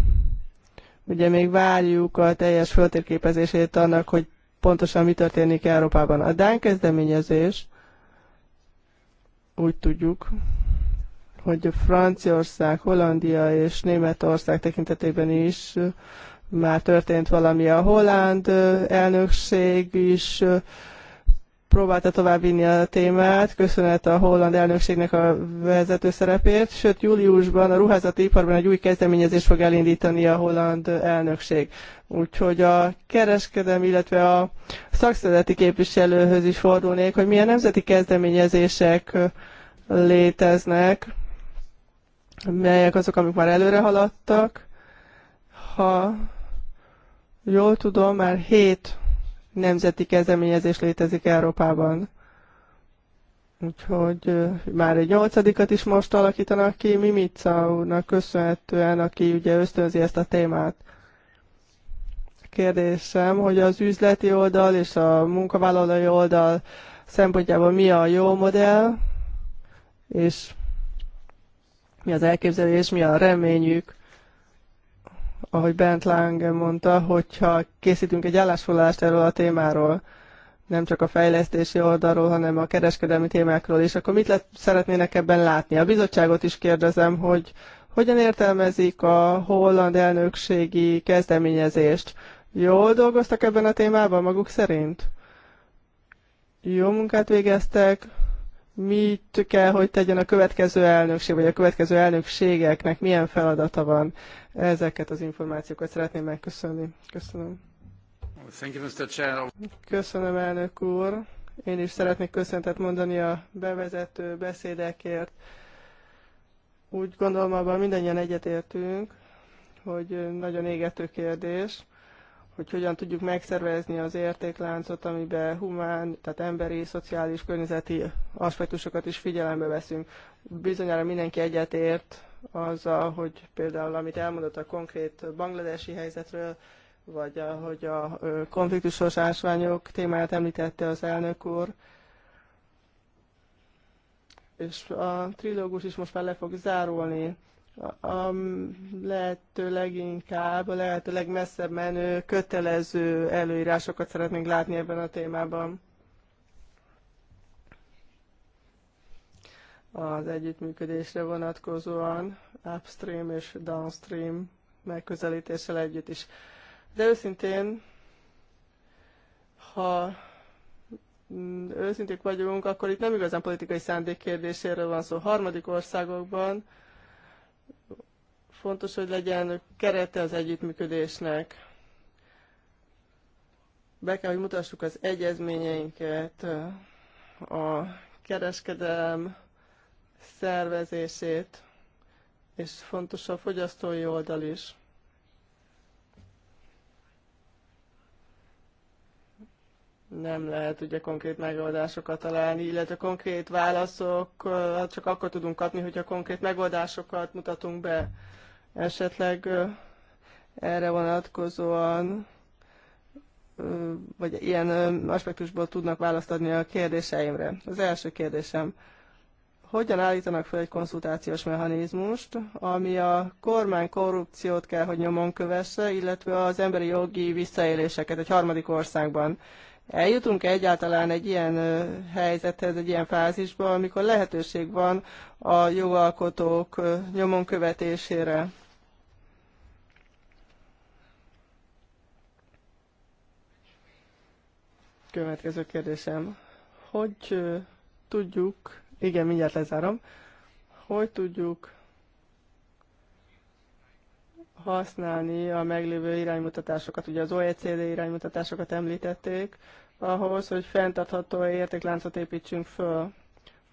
ugye még várjuk a teljes föltérképezését annak, hogy pontosan mi történik Európában. A Dán kezdeményezés úgy tudjuk, hogy Franciaország, Hollandia és Németország tekintetében is már történt valami. A holland elnökség is próbálta továbbvinni a témát, köszönet a holland elnökségnek a vezető szerepét. sőt júliusban a ruházati iparban egy új kezdeményezést fog elindítani a holland elnökség. Úgyhogy a kereskedem, illetve a szakszereti képviselőhöz is fordulnék, hogy milyen nemzeti kezdeményezések léteznek, melyek azok, amik már előre haladtak. Ha jól tudom, már hét nemzeti kezdeményezés létezik Európában. Úgyhogy már egy nyolcadikat is most alakítanak ki, Mimica úrnak köszönhetően, aki ugye ösztönzi ezt a témát. Kérdésem, hogy az üzleti oldal és a munkavállalói oldal szempontjából mi a jó modell, és mi az elképzelés, mi a reményük ahogy Bent Lang mondta, hogyha készítünk egy állásfoglalást erről a témáról, nem csak a fejlesztési oldalról, hanem a kereskedelmi témákról is, akkor mit lett, szeretnének ebben látni? A bizottságot is kérdezem, hogy hogyan értelmezik a holland elnökségi kezdeményezést? Jól dolgoztak ebben a témában maguk szerint? Jó munkát végeztek, mit kell, hogy tegyen a következő elnökség, vagy a következő elnökségeknek milyen feladata van. Ezeket az információkat szeretném megköszönni. Köszönöm. Köszönöm, elnök úr. Én is szeretnék köszöntet mondani a bevezető beszédekért. Úgy gondolom, abban mindannyian egyetértünk, hogy nagyon égető kérdés hogy hogyan tudjuk megszervezni az értékláncot, amiben humán, tehát emberi, szociális, környezeti aspektusokat is figyelembe veszünk. Bizonyára mindenki egyetért azzal, hogy például amit elmondott a konkrét bangladesi helyzetről, vagy ahogy a konfliktusos ásványok témáját említette az elnök úr, és a trilógus is most már le fog zárulni a lehető leginkább, a lehető legmesszebb menő kötelező előírásokat szeretnénk látni ebben a témában. Az együttműködésre vonatkozóan upstream és downstream megközelítéssel együtt is. De őszintén, ha őszinték vagyunk, akkor itt nem igazán politikai szándék kérdéséről van szó. Harmadik országokban Fontos, hogy legyen kerete az együttműködésnek. Be kell, hogy mutassuk az egyezményeinket, a kereskedelem szervezését, és fontos a fogyasztói oldal is. nem lehet ugye konkrét megoldásokat találni, illetve konkrét válaszok hát csak akkor tudunk kapni, hogyha konkrét megoldásokat mutatunk be. Esetleg erre vonatkozóan vagy ilyen aspektusból tudnak választ adni a kérdéseimre. Az első kérdésem, hogyan állítanak fel egy konszultációs mechanizmust, ami a kormány korrupciót kell, hogy nyomon kövesse, illetve az emberi jogi visszaéléseket egy harmadik országban. Eljutunk -e egyáltalán egy ilyen helyzethez, egy ilyen fázisba, amikor lehetőség van a jogalkotók nyomon követésére? következő kérdésem. Hogy tudjuk, igen, mindjárt lezárom, hogy tudjuk használni a meglévő iránymutatásokat, ugye az OECD iránymutatásokat említették, ahhoz, hogy fenntartható értékláncot építsünk föl.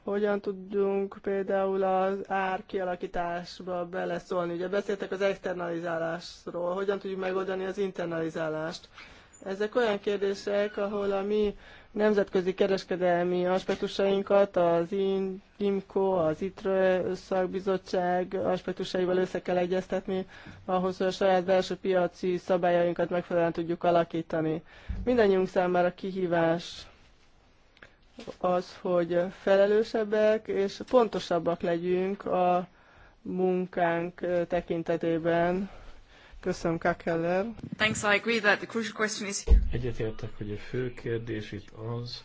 Hogyan tudjunk például az ár kialakításba beleszólni? Ugye beszéltek az externalizálásról, hogyan tudjuk megoldani az internalizálást? Ezek olyan kérdések, ahol a mi nemzetközi kereskedelmi aspektusainkat az IMCO, az ITRE szakbizottság aspektusaival össze kell egyeztetni, ahhoz, hogy a saját belső piaci szabályainkat megfelelően tudjuk alakítani. Mindennyiunk számára kihívás az, hogy felelősebbek és pontosabbak legyünk a munkánk tekintetében Köszönöm, Kakeller.
Thanks, I agree that the crucial question is...
Egyetértek, hogy a fő kérdés itt az,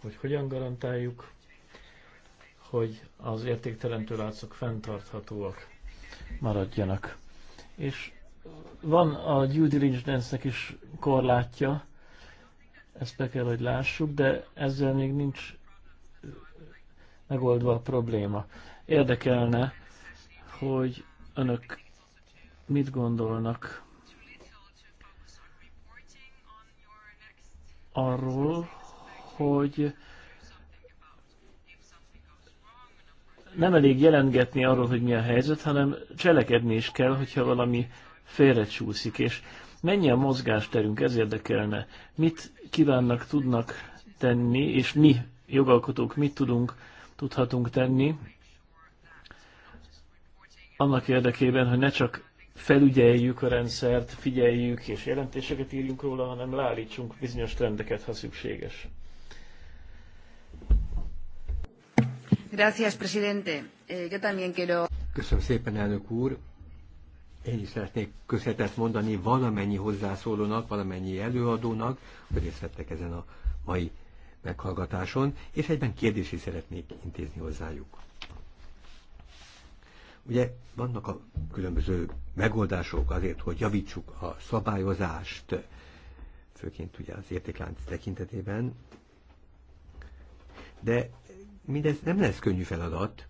hogy hogyan garantáljuk, hogy az értékteremtő láncok fenntarthatóak maradjanak. És van a due diligence-nek is korlátja, ezt be kell, hogy lássuk, de ezzel még nincs megoldva a probléma. Érdekelne, hogy önök mit gondolnak arról, hogy nem elég jelentgetni arról, hogy mi a helyzet, hanem cselekedni is kell, hogyha valami félrecsúszik. És mennyi a mozgásterünk, ez érdekelne. Mit kívánnak, tudnak tenni, és mi, jogalkotók, mit tudunk, tudhatunk tenni annak érdekében, hogy ne csak felügyeljük a rendszert, figyeljük és jelentéseket írjunk róla, hanem leállítsunk bizonyos trendeket, ha szükséges.
Gracias, presidente. Eh, yo también quiero...
Köszönöm szépen, elnök úr. Én is szeretnék köszönetet mondani valamennyi hozzászólónak, valamennyi előadónak, hogy részt vettek ezen a mai meghallgatáson, és egyben kérdést is szeretnék intézni hozzájuk. Ugye vannak a különböző megoldások azért, hogy javítsuk a szabályozást, főként ugye az értéklánc tekintetében, de mindez nem lesz könnyű feladat,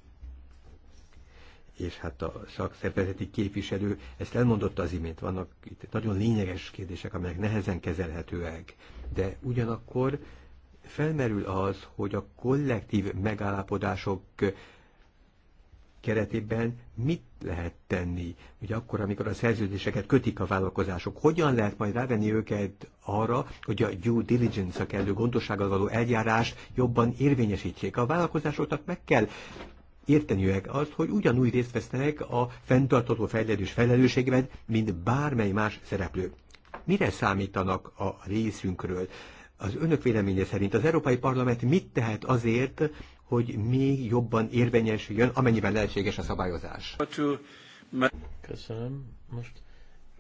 és hát a szakszervezeti képviselő ezt elmondotta az imént, vannak itt nagyon lényeges kérdések, amelyek nehezen kezelhetőek, de ugyanakkor felmerül az, hogy a kollektív megállapodások keretében mit lehet tenni? Ugye akkor, amikor a szerződéseket kötik a vállalkozások, hogyan lehet majd rávenni őket arra, hogy a due diligence, a kellő gondossággal való eljárást jobban érvényesítsék? A vállalkozásoknak meg kell érteniük azt, hogy ugyanúgy részt vesznek a fenntartató fejlődés felelősségben, mint bármely más szereplő. Mire számítanak a részünkről? Az önök véleménye szerint az Európai Parlament mit tehet azért, hogy még jobban érvényesüljön, amennyiben lehetséges a szabályozás.
Köszönöm. Most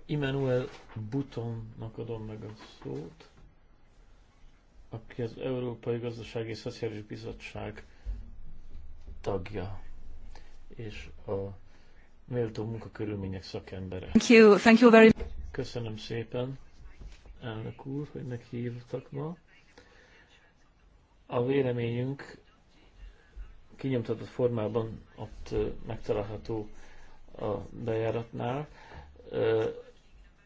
Immanuel Butonnak adom meg a szót, aki az Európai Gazdasági és Szociális Bizottság tagja, és a méltó munkakörülmények szakembere. Thank you. Thank you very... Köszönöm szépen, elnök úr, hogy meghívtak ma. A véleményünk kinyomtatott formában ott megtalálható a bejáratnál.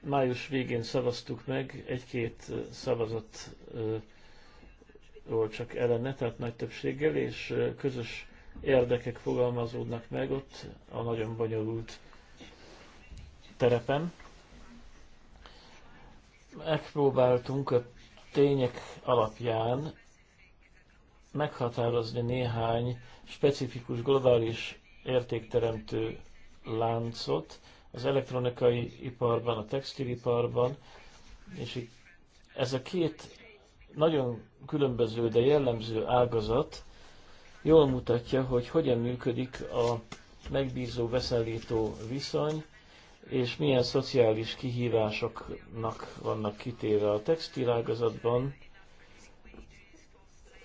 Május végén szavaztuk meg, egy-két szavazat volt csak ellene, tehát nagy többséggel, és közös érdekek fogalmazódnak meg ott a nagyon bonyolult terepen. Megpróbáltunk a tények alapján meghatározni néhány specifikus globális értékteremtő láncot az elektronikai iparban, a textiliparban, és itt ez a két nagyon különböző, de jellemző ágazat jól mutatja, hogy hogyan működik a megbízó veszelító viszony, és milyen szociális kihívásoknak vannak kitéve a textilágazatban.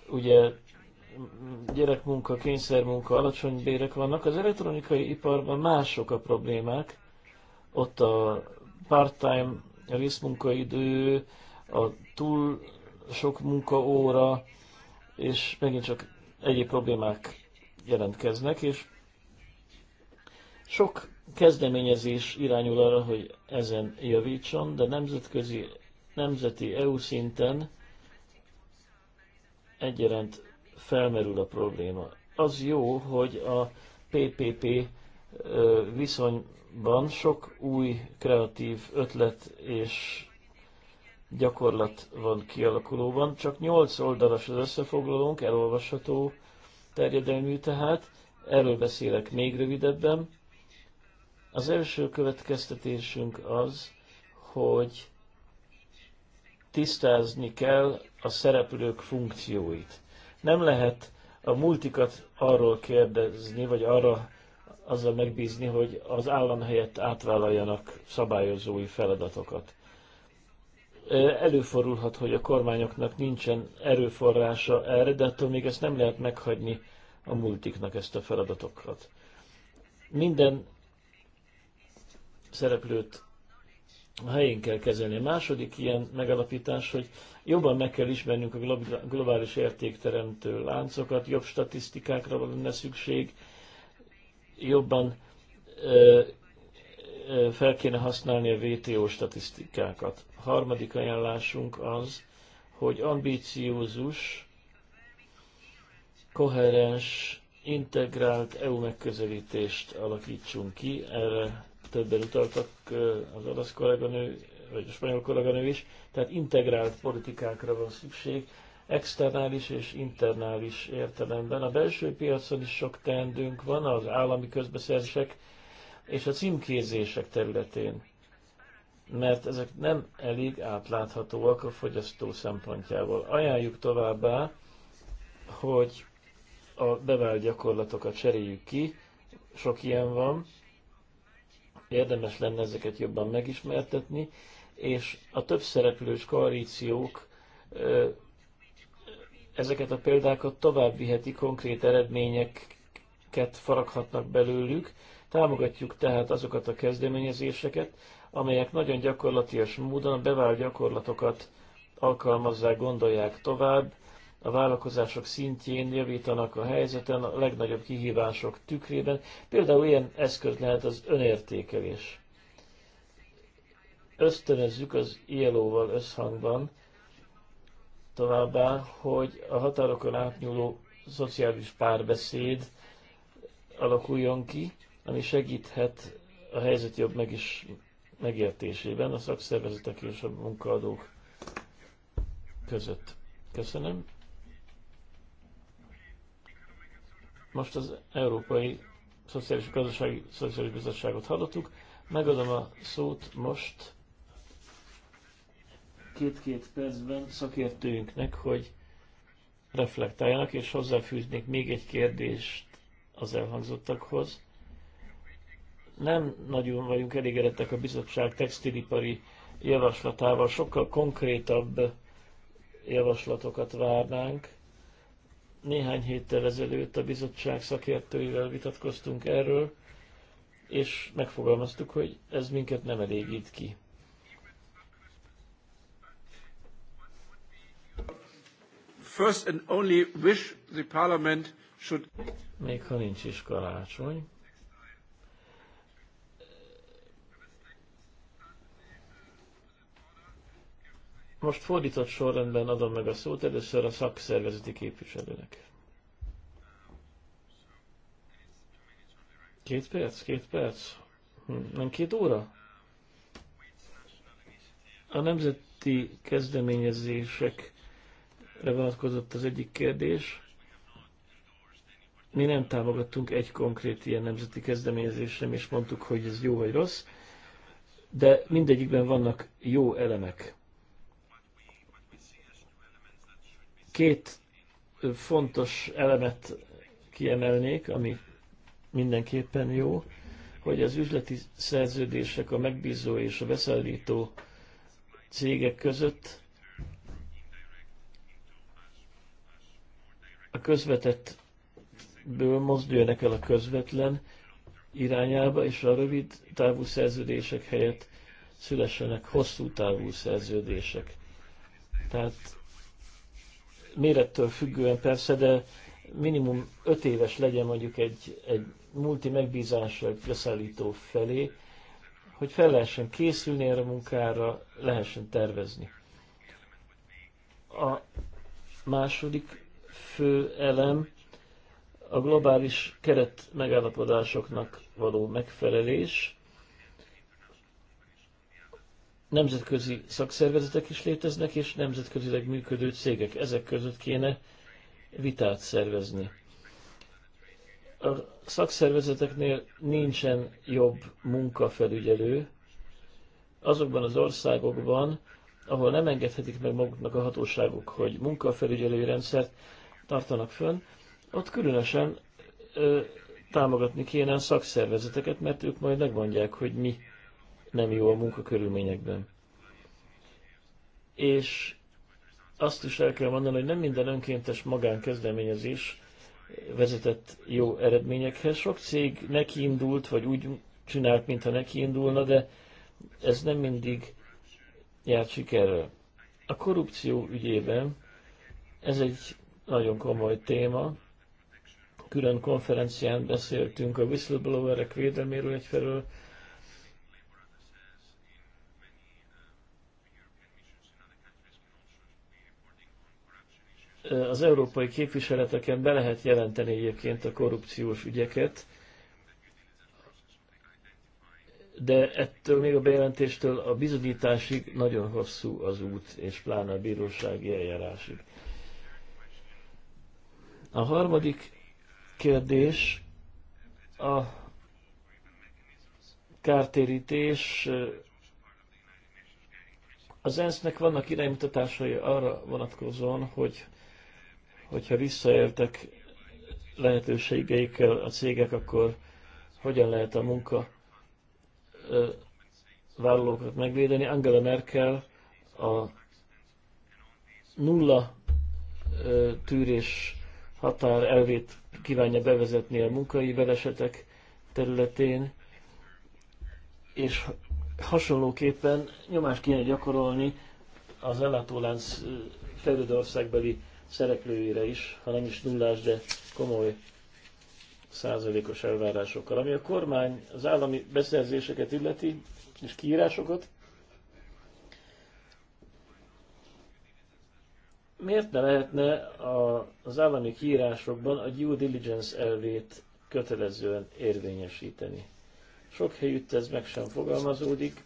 Ugye gyerekmunka, kényszermunka, alacsony bérek vannak. Az elektronikai iparban mások a problémák. Ott a part-time a részmunkaidő, a túl sok munkaóra, és megint csak egyéb problémák jelentkeznek, és sok kezdeményezés irányul arra, hogy ezen javítson, de nemzetközi, nemzeti EU szinten egyaránt felmerül a probléma. Az jó, hogy a PPP viszonyban sok új kreatív ötlet és gyakorlat van kialakulóban. Csak 8 oldalas az összefoglalónk, elolvasható terjedelmű tehát. Erről beszélek még rövidebben. Az első következtetésünk az, hogy tisztázni kell a szereplők funkcióit. Nem lehet a multikat arról kérdezni, vagy arra azzal megbízni, hogy az állam helyett átvállaljanak szabályozói feladatokat. Előfordulhat, hogy a kormányoknak nincsen erőforrása erre, de attól még ezt nem lehet meghagyni a multiknak ezt a feladatokat. Minden szereplőt a helyén kell kezelni. A második ilyen megalapítás, hogy jobban meg kell ismernünk a globális értékteremtő láncokat, jobb statisztikákra van lenne szükség, jobban ö, ö, fel kéne használni a WTO statisztikákat. A harmadik ajánlásunk az, hogy ambíciózus, koherens, integrált EU megközelítést alakítsunk ki, erre többen utaltak az olasz kolléganő, vagy a spanyol kolléganő is, tehát integrált politikákra van szükség, externális és internális értelemben. A belső piacon is sok teendőnk van, az állami közbeszerzések és a címkézések területén, mert ezek nem elég átláthatóak a fogyasztó szempontjából. Ajánljuk továbbá, hogy a bevált gyakorlatokat cseréljük ki, sok ilyen van, érdemes lenne ezeket jobban megismertetni, és a több szereplős koalíciók ezeket a példákat tovább viheti, konkrét eredményeket faraghatnak belőlük. Támogatjuk tehát azokat a kezdeményezéseket, amelyek nagyon gyakorlatias módon a bevált gyakorlatokat alkalmazzák, gondolják tovább, a vállalkozások szintjén javítanak a helyzeten a legnagyobb kihívások tükrében. Például ilyen eszköz lehet az önértékelés. Ösztönözzük az ILO-val összhangban továbbá, hogy a határokon átnyúló szociális párbeszéd alakuljon ki, ami segíthet a helyzet jobb meg is megértésében a szakszervezetek és a munkaadók között. Köszönöm. Most az Európai Szociális Gazdasági Szociális Bizottságot hallottuk. Megadom a szót most két-két percben szakértőinknek, hogy reflektáljanak, és hozzáfűznék még egy kérdést az elhangzottakhoz. Nem nagyon vagyunk elégedettek a bizottság textilipari javaslatával, sokkal konkrétabb javaslatokat várnánk néhány héttel ezelőtt a bizottság szakértőivel vitatkoztunk erről, és megfogalmaztuk, hogy ez minket nem elégít ki.
First and only wish the parliament should...
Még ha nincs is karácsony, Most fordított sorrendben adom meg a szót, először a szakszervezeti képviselőnek. Két perc? Két perc? Hm, nem két óra? A nemzeti kezdeményezésekre vonatkozott az egyik kérdés. Mi nem támogattunk egy konkrét ilyen nemzeti kezdeményezést, és mondtuk, hogy ez jó vagy rossz, de mindegyikben vannak jó elemek Két fontos elemet kiemelnék, ami mindenképpen jó, hogy az üzleti szerződések a megbízó és a beszállító cégek között a közvetettből mozduljanak el a közvetlen irányába, és a rövid távú szerződések helyett szülessenek hosszú távú szerződések. Tehát mérettől függően persze, de minimum 5 éves legyen mondjuk egy, egy multi megbízás, egy beszállító felé, hogy fel lehessen készülni erre a munkára, lehessen tervezni. A második fő elem a globális keret megállapodásoknak való megfelelés, Nemzetközi szakszervezetek is léteznek, és nemzetközileg működő cégek. Ezek között kéne vitát szervezni. A szakszervezeteknél nincsen jobb munkafelügyelő. Azokban az országokban, ahol nem engedhetik meg maguknak a hatóságok, hogy munkafelügyelői rendszert tartanak fönn, ott különösen ö, támogatni kéne a szakszervezeteket, mert ők majd megmondják, hogy mi nem jó a munkakörülményekben. És azt is el kell mondani, hogy nem minden önkéntes magánkezdeményezés vezetett jó eredményekhez. Sok cég nekiindult, vagy úgy csinált, mintha nekiindulna, de ez nem mindig járt sikerrel. A korrupció ügyében ez egy nagyon komoly téma. Külön konferencián beszéltünk a whistleblowerek védelméről egyfelől, az európai képviseleteken be lehet jelenteni egyébként a korrupciós ügyeket, de ettől még a bejelentéstől a bizonyításig nagyon hosszú az út, és pláne a bírósági eljárásig. A harmadik kérdés a kártérítés. Az ENSZ-nek vannak iránymutatásai arra vonatkozóan, hogy hogyha visszaéltek lehetőségeikkel a cégek, akkor hogyan lehet a munka vállalókat megvédeni. Angela Merkel a nulla tűrés határ elvét kívánja bevezetni a munkai belesetek területén, és hasonlóképpen nyomást kéne gyakorolni az ellátólánc fejlődő országbeli szereplőire is, ha nem is nullás, de komoly százalékos elvárásokkal. Ami a kormány az állami beszerzéseket illeti, és kiírásokat, miért ne lehetne az állami kiírásokban a due diligence elvét kötelezően érvényesíteni? Sok helyütt ez meg sem fogalmazódik.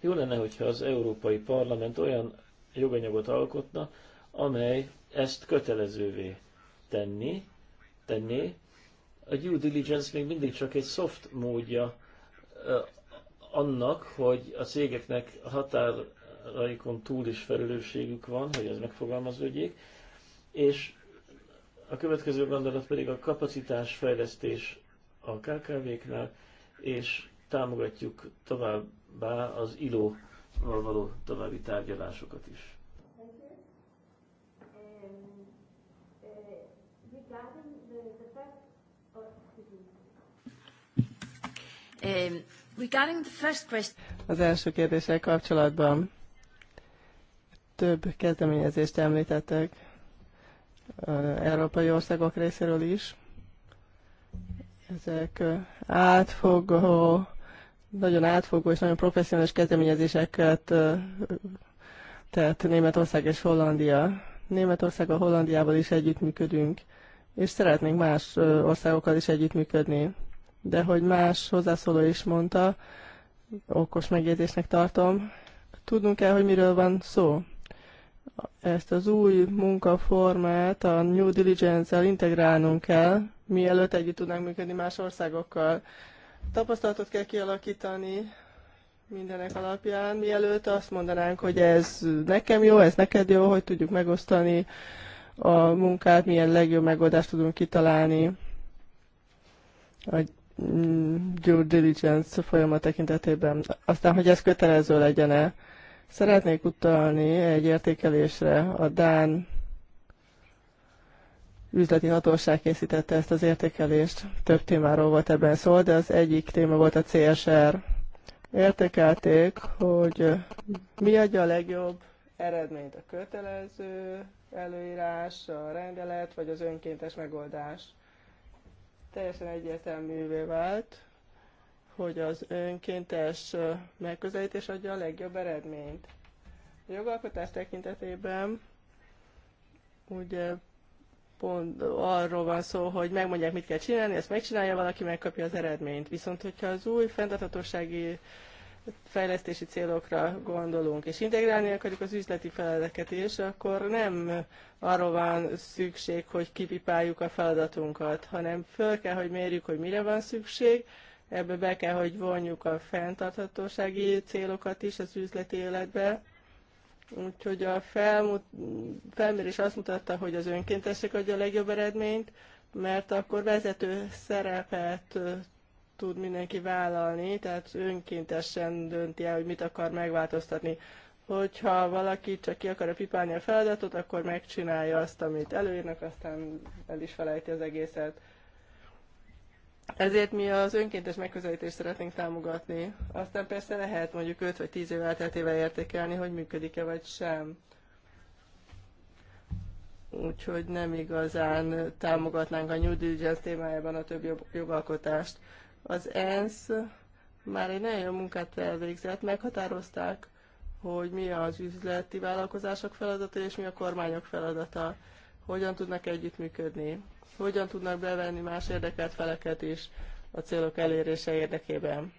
Jó lenne, hogyha az Európai Parlament olyan joganyagot alkotna, amely ezt kötelezővé tenni, tenné. A due diligence még mindig csak egy soft módja annak, hogy a cégeknek határaikon túl is felelősségük van, hogy ez megfogalmazódjék, és a következő gondolat pedig a kapacitásfejlesztés a KKV-knál, és támogatjuk továbbá az ILO való további tárgyalásokat is.
Az első kérdéssel kapcsolatban több kezdeményezést említettek európai országok részéről is. Ezek átfogó nagyon átfogó és nagyon professzionális kezdeményezéseket tett Németország és Hollandia. Németország a Hollandiával is együttműködünk, és szeretnénk más országokkal is együttműködni. De hogy más hozzászóló is mondta, okos megjegyzésnek tartom, tudnunk kell, hogy miről van szó. Ezt az új munkaformát a New Diligence-el integrálnunk kell, mielőtt együtt tudnánk működni más országokkal Tapasztalatot kell kialakítani mindenek alapján, mielőtt azt mondanánk, hogy ez nekem jó, ez neked jó, hogy tudjuk megosztani a munkát, milyen legjobb megoldást tudunk kitalálni a due diligence folyamat tekintetében. Aztán, hogy ez kötelező legyen-e. Szeretnék utalni egy értékelésre a Dán üzleti hatóság készítette ezt az értékelést. Több témáról volt ebben szó, de az egyik téma volt a CSR. Értékelték, hogy mi adja a legjobb eredményt a kötelező előírás, a rendelet vagy az önkéntes megoldás. Teljesen egyértelművé vált, hogy az önkéntes megközelítés adja a legjobb eredményt. A jogalkotás tekintetében ugye pont arról van szó, hogy megmondják, mit kell csinálni, ezt megcsinálja valaki, megkapja az eredményt. Viszont, hogyha az új fenntarthatósági fejlesztési célokra gondolunk, és integrálni akarjuk az üzleti feladatokat is, akkor nem arról van szükség, hogy kipipáljuk a feladatunkat, hanem föl kell, hogy mérjük, hogy mire van szükség, ebbe be kell, hogy vonjuk a fenntarthatósági célokat is az üzleti életbe, Úgyhogy a felmut, felmérés azt mutatta, hogy az önkéntesek adja a legjobb eredményt, mert akkor vezető szerepet tud mindenki vállalni, tehát önkéntesen dönti el, hogy mit akar megváltoztatni. Hogyha valaki csak ki akar pipálni a feladatot, akkor megcsinálja azt, amit előírnak, aztán el is felejti az egészet. Ezért mi az önkéntes megközelítést szeretnénk támogatni. Aztán persze lehet mondjuk 5 vagy 10 év elteltével értékelni, hogy működik-e vagy sem. Úgyhogy nem igazán támogatnánk a New Diligence témájában a több jogalkotást. Az ENSZ már egy nagyon jó munkát elvégzett, meghatározták, hogy mi az üzleti vállalkozások feladata és mi a kormányok feladata, hogyan tudnak együttműködni hogyan tudnak bevenni más érdekelt feleket is a célok elérése érdekében.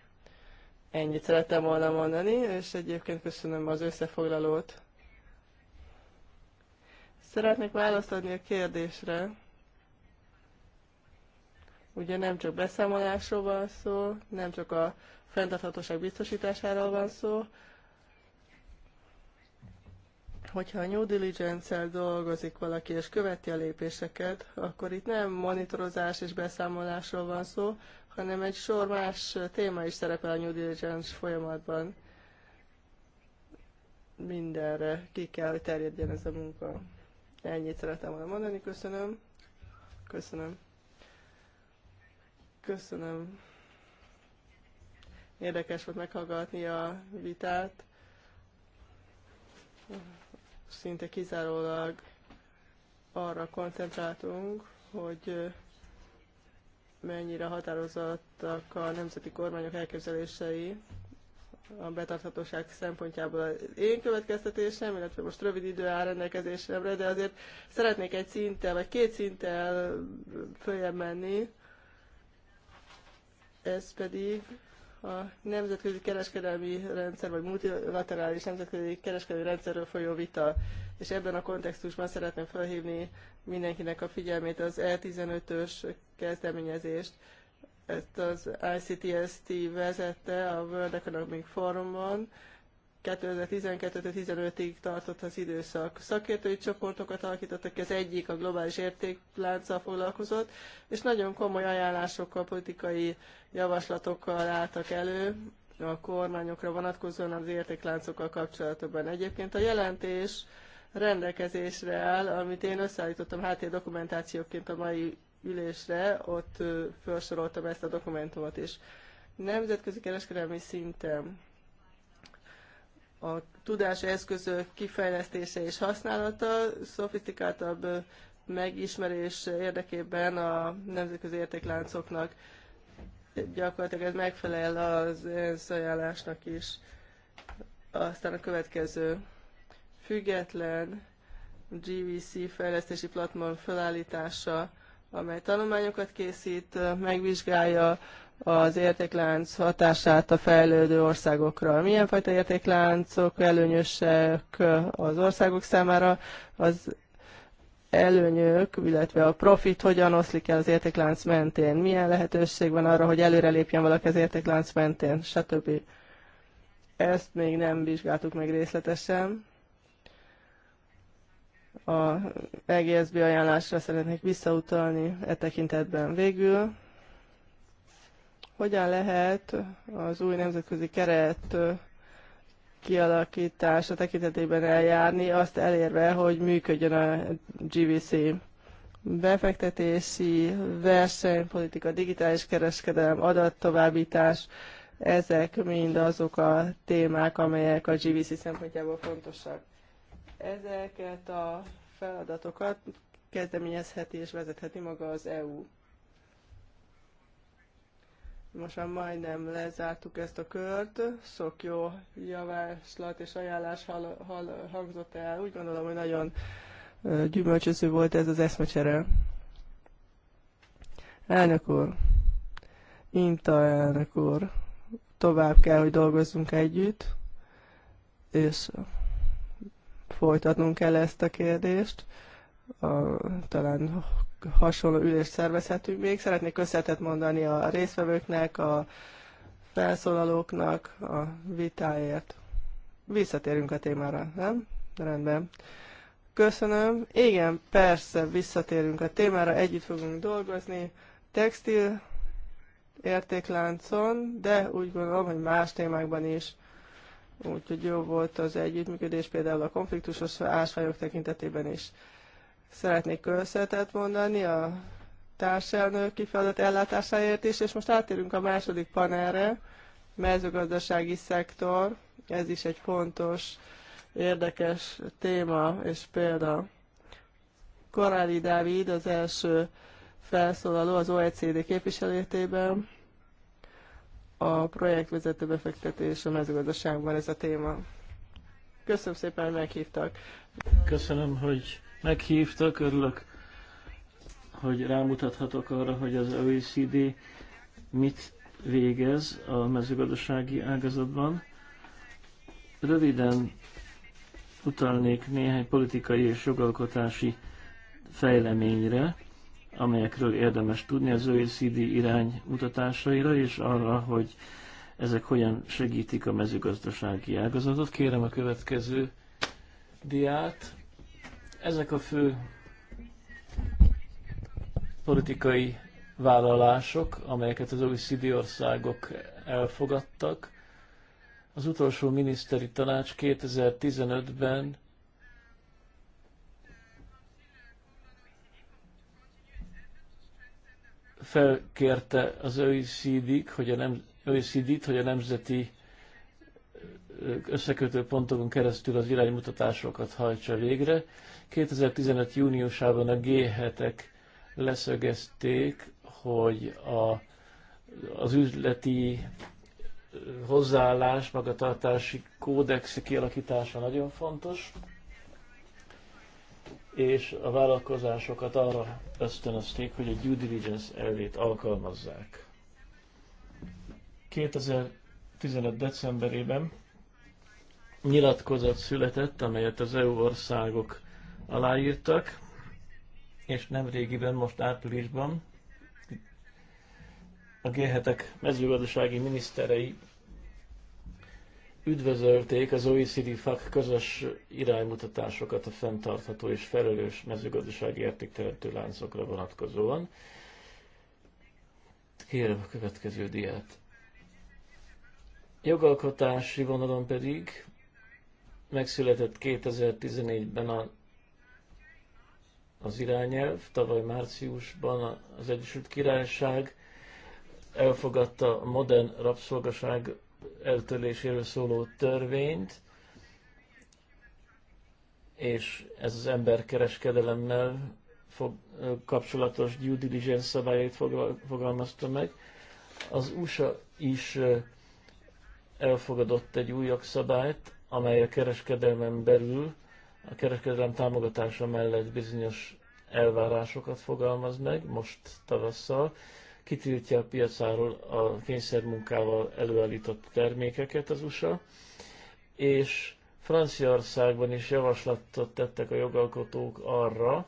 Ennyit szerettem volna mondani, és egyébként köszönöm az összefoglalót. Szeretnék választ adni a kérdésre. Ugye nem csak beszámolásról van szó, nem csak a fenntarthatóság biztosításáról van szó, hogyha a New Diligence-el dolgozik valaki és követi a lépéseket, akkor itt nem monitorozás és beszámolásról van szó, hanem egy sor más téma is szerepel a New Diligence folyamatban. Mindenre ki kell, hogy terjedjen ez a munka. Ennyit szeretem volna mondani, köszönöm. Köszönöm. Köszönöm. Érdekes volt meghallgatni a vitát. Uh-huh szinte kizárólag arra koncentráltunk, hogy mennyire határozottak a nemzeti kormányok elképzelései a betarthatóság szempontjából az én következtetésem, illetve most rövid idő áll rendelkezésemre, de azért szeretnék egy szinttel, vagy két szinttel följebb menni, ez pedig a nemzetközi kereskedelmi rendszer, vagy multilaterális nemzetközi kereskedelmi rendszerről folyó vita, és ebben a kontextusban szeretném felhívni mindenkinek a figyelmét az E15-ös kezdeményezést. Ezt az ICTST vezette a World Economic Forumon, 2012-15-ig tartott az időszak. Szakértői csoportokat alakítottak, ez egyik a globális értéklánccal foglalkozott, és nagyon komoly ajánlásokkal, politikai javaslatokkal álltak elő a kormányokra vonatkozóan az értékláncokkal kapcsolatban. Egyébként a jelentés rendelkezésre áll, amit én összeállítottam háttér dokumentációként a mai ülésre, ott felsoroltam ezt a dokumentumot is. Nemzetközi kereskedelmi szinten a tudás eszközök kifejlesztése és használata szofisztikáltabb megismerés érdekében a nemzetközi értékláncoknak gyakorlatilag ez megfelel az ENSZ ajánlásnak is. Aztán a következő független GVC fejlesztési platform felállítása, amely tanulmányokat készít, megvizsgálja az értéklánc hatását a fejlődő országokra. Milyen fajta értékláncok előnyösek az országok számára, az előnyök, illetve a profit hogyan oszlik el az értéklánc mentén, milyen lehetőség van arra, hogy előrelépjen valaki az értéklánc mentén, stb. Ezt még nem vizsgáltuk meg részletesen. A EGSB ajánlásra szeretnék visszautalni e tekintetben végül. Hogyan lehet az új nemzetközi keret kialakítása tekintetében eljárni, azt elérve, hogy működjön a GVC befektetési, versenypolitika, digitális kereskedelem, adattovábbítás, ezek mind azok a témák, amelyek a GVC szempontjából fontosak. Ezeket a feladatokat kezdeményezheti és vezetheti maga az EU. Most már majdnem lezártuk ezt a kört, sok jó javaslat és ajánlás hal, hal, hangzott el. Úgy gondolom, hogy nagyon gyümölcsöző volt ez az eszmecsere. Elnök úr, Inta elnök úr, tovább kell, hogy dolgozzunk együtt, és folytatnunk kell ezt a kérdést. A, talán hasonló ülést szervezhetünk még. Szeretnék összetett mondani a résztvevőknek, a felszólalóknak a vitáért. Visszatérünk a témára, nem? Rendben. Köszönöm. Igen, persze, visszatérünk a témára, együtt fogunk dolgozni. Textil értékláncon, de úgy gondolom, hogy más témákban is. Úgyhogy jó volt az együttműködés, például a konfliktusos ásványok tekintetében is. Szeretnék köszönetet mondani a társelnök kifejezett ellátásáért is, és most átérünk a második panelre, mezőgazdasági szektor, ez is egy fontos, érdekes téma és példa. Koráli Dávid az első felszólaló az OECD képviseletében, a projektvezető befektetés a mezőgazdaságban ez a téma. Köszönöm szépen, hogy meghívtak. Köszönöm, hogy
meghívtak, örülök, hogy rámutathatok arra, hogy az OECD mit végez a mezőgazdasági ágazatban. Röviden utalnék néhány politikai és jogalkotási fejleményre, amelyekről érdemes tudni az OECD irány mutatásaira, és arra, hogy ezek hogyan segítik a mezőgazdasági ágazatot. Kérem a következő diát. Ezek a fő politikai vállalások, amelyeket az OECD országok elfogadtak. Az utolsó miniszteri tanács 2015-ben felkérte az OECD-t, hogy a, nem, OECD hogy a nemzeti összekötő pontokon keresztül az iránymutatásokat hajtsa végre. 2015. júniusában a G7-ek leszögezték, hogy a, az üzleti hozzáállás, magatartási kódex kialakítása nagyon fontos, és a vállalkozásokat arra ösztönözték, hogy a due diligence elvét alkalmazzák. 2015. decemberében nyilatkozat született, amelyet az EU országok aláírtak, és nem régiben, most áprilisban a g mezőgazdasági miniszterei üdvözölték az OECD fak közös iránymutatásokat a fenntartható és felelős mezőgazdasági értékteremtő láncokra vonatkozóan. Kérem a következő diát. Jogalkotási vonalon pedig megszületett 2014-ben a az irányelv. Tavaly márciusban az Egyesült Királyság elfogadta a modern rabszolgaság eltöléséről szóló törvényt, és ez az emberkereskedelemmel fog, kapcsolatos due diligence szabályait fogalmazta meg. Az USA is elfogadott egy új jogszabályt, amely a kereskedelmen belül a kereskedelem támogatása mellett bizonyos elvárásokat fogalmaz meg, most tavasszal, kitiltja a piacáról a kényszermunkával előállított termékeket az USA, és Franciaországban is javaslatot tettek a jogalkotók arra,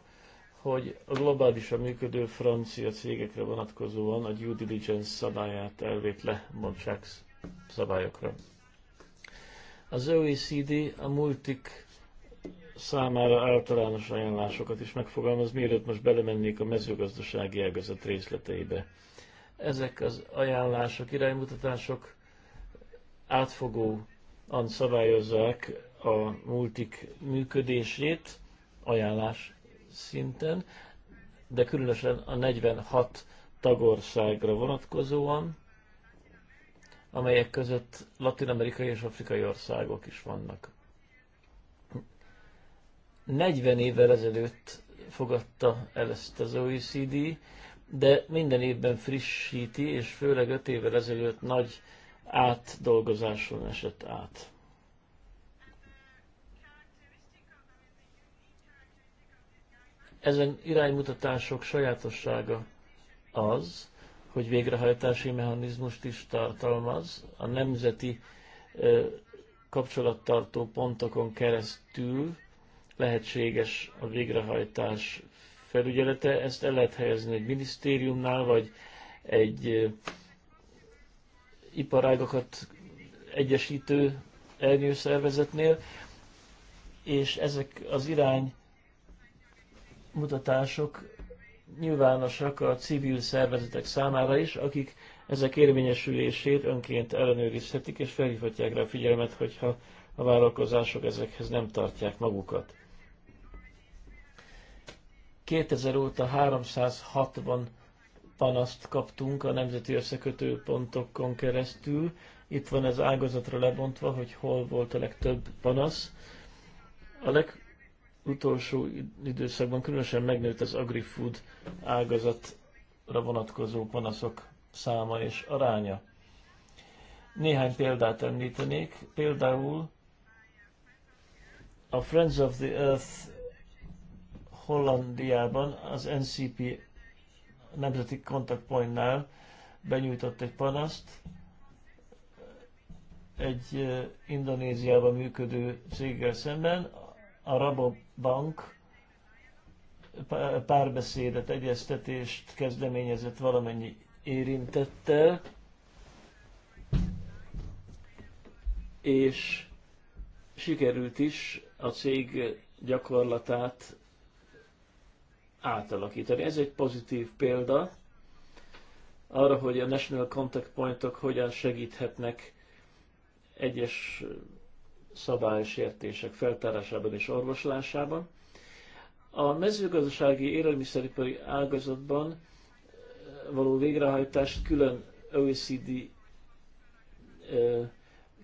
hogy a globálisan működő francia cégekre vonatkozóan a due diligence szabályát elvét lebontsák szabályokra. Az OECD a multik számára általános ajánlásokat is megfogalmaz, mielőtt most belemennék a mezőgazdasági ágazat részleteibe. Ezek az ajánlások, iránymutatások átfogóan szabályozzák a multik működését ajánlás szinten, de különösen a 46 tagországra vonatkozóan, amelyek között latin-amerikai és afrikai országok is vannak. 40 évvel ezelőtt fogadta el ezt az OECD, de minden évben frissíti, és főleg 5 évvel ezelőtt nagy átdolgozáson esett át. Ezen iránymutatások sajátossága az, hogy végrehajtási mechanizmust is tartalmaz, a nemzeti kapcsolattartó pontokon keresztül lehetséges a végrehajtás felügyelete. Ezt el lehet helyezni egy minisztériumnál, vagy egy iparágokat egyesítő ernyőszervezetnél, és ezek az irány mutatások nyilvánosak a civil szervezetek számára is, akik ezek érvényesülését önként ellenőrizhetik, és felhívhatják rá a figyelmet, hogyha a vállalkozások ezekhez nem tartják magukat. 2000 óta 360 panaszt kaptunk a nemzeti pontokon keresztül. Itt van ez ágazatra lebontva, hogy hol volt a legtöbb panasz. A legutolsó időszakban különösen megnőtt az agrifood ágazatra vonatkozó panaszok száma és aránya. Néhány példát említenék. Például a Friends of the Earth Hollandiában az NCP Nemzeti Pointnál benyújtott egy panaszt, egy Indonéziában működő céggel szemben, a Rabobank párbeszédet, egyeztetést kezdeményezett valamennyi érintettel, és sikerült is a cég gyakorlatát átalakítani. Ez egy pozitív példa arra, hogy a National Contact Pointok hogyan segíthetnek egyes szabálysértések feltárásában és orvoslásában. A mezőgazdasági élelmiszeripari ágazatban eh, való végrehajtást külön OECD eh,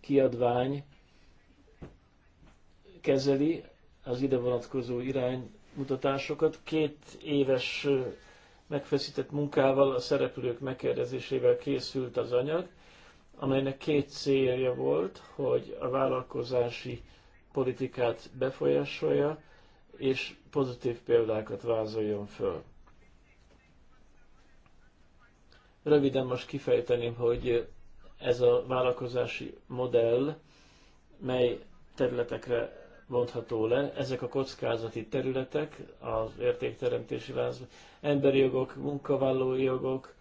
kiadvány kezeli, az ide vonatkozó irány mutatásokat. Két éves megfeszített munkával, a szereplők megkérdezésével készült az anyag, amelynek két célja volt, hogy a vállalkozási politikát befolyásolja, és pozitív példákat vázoljon föl. Röviden most kifejteném, hogy ez a vállalkozási modell mely területekre mondható le. Ezek a kockázati területek, az értékteremtési láz, emberi jogok, munkavállalói jogok,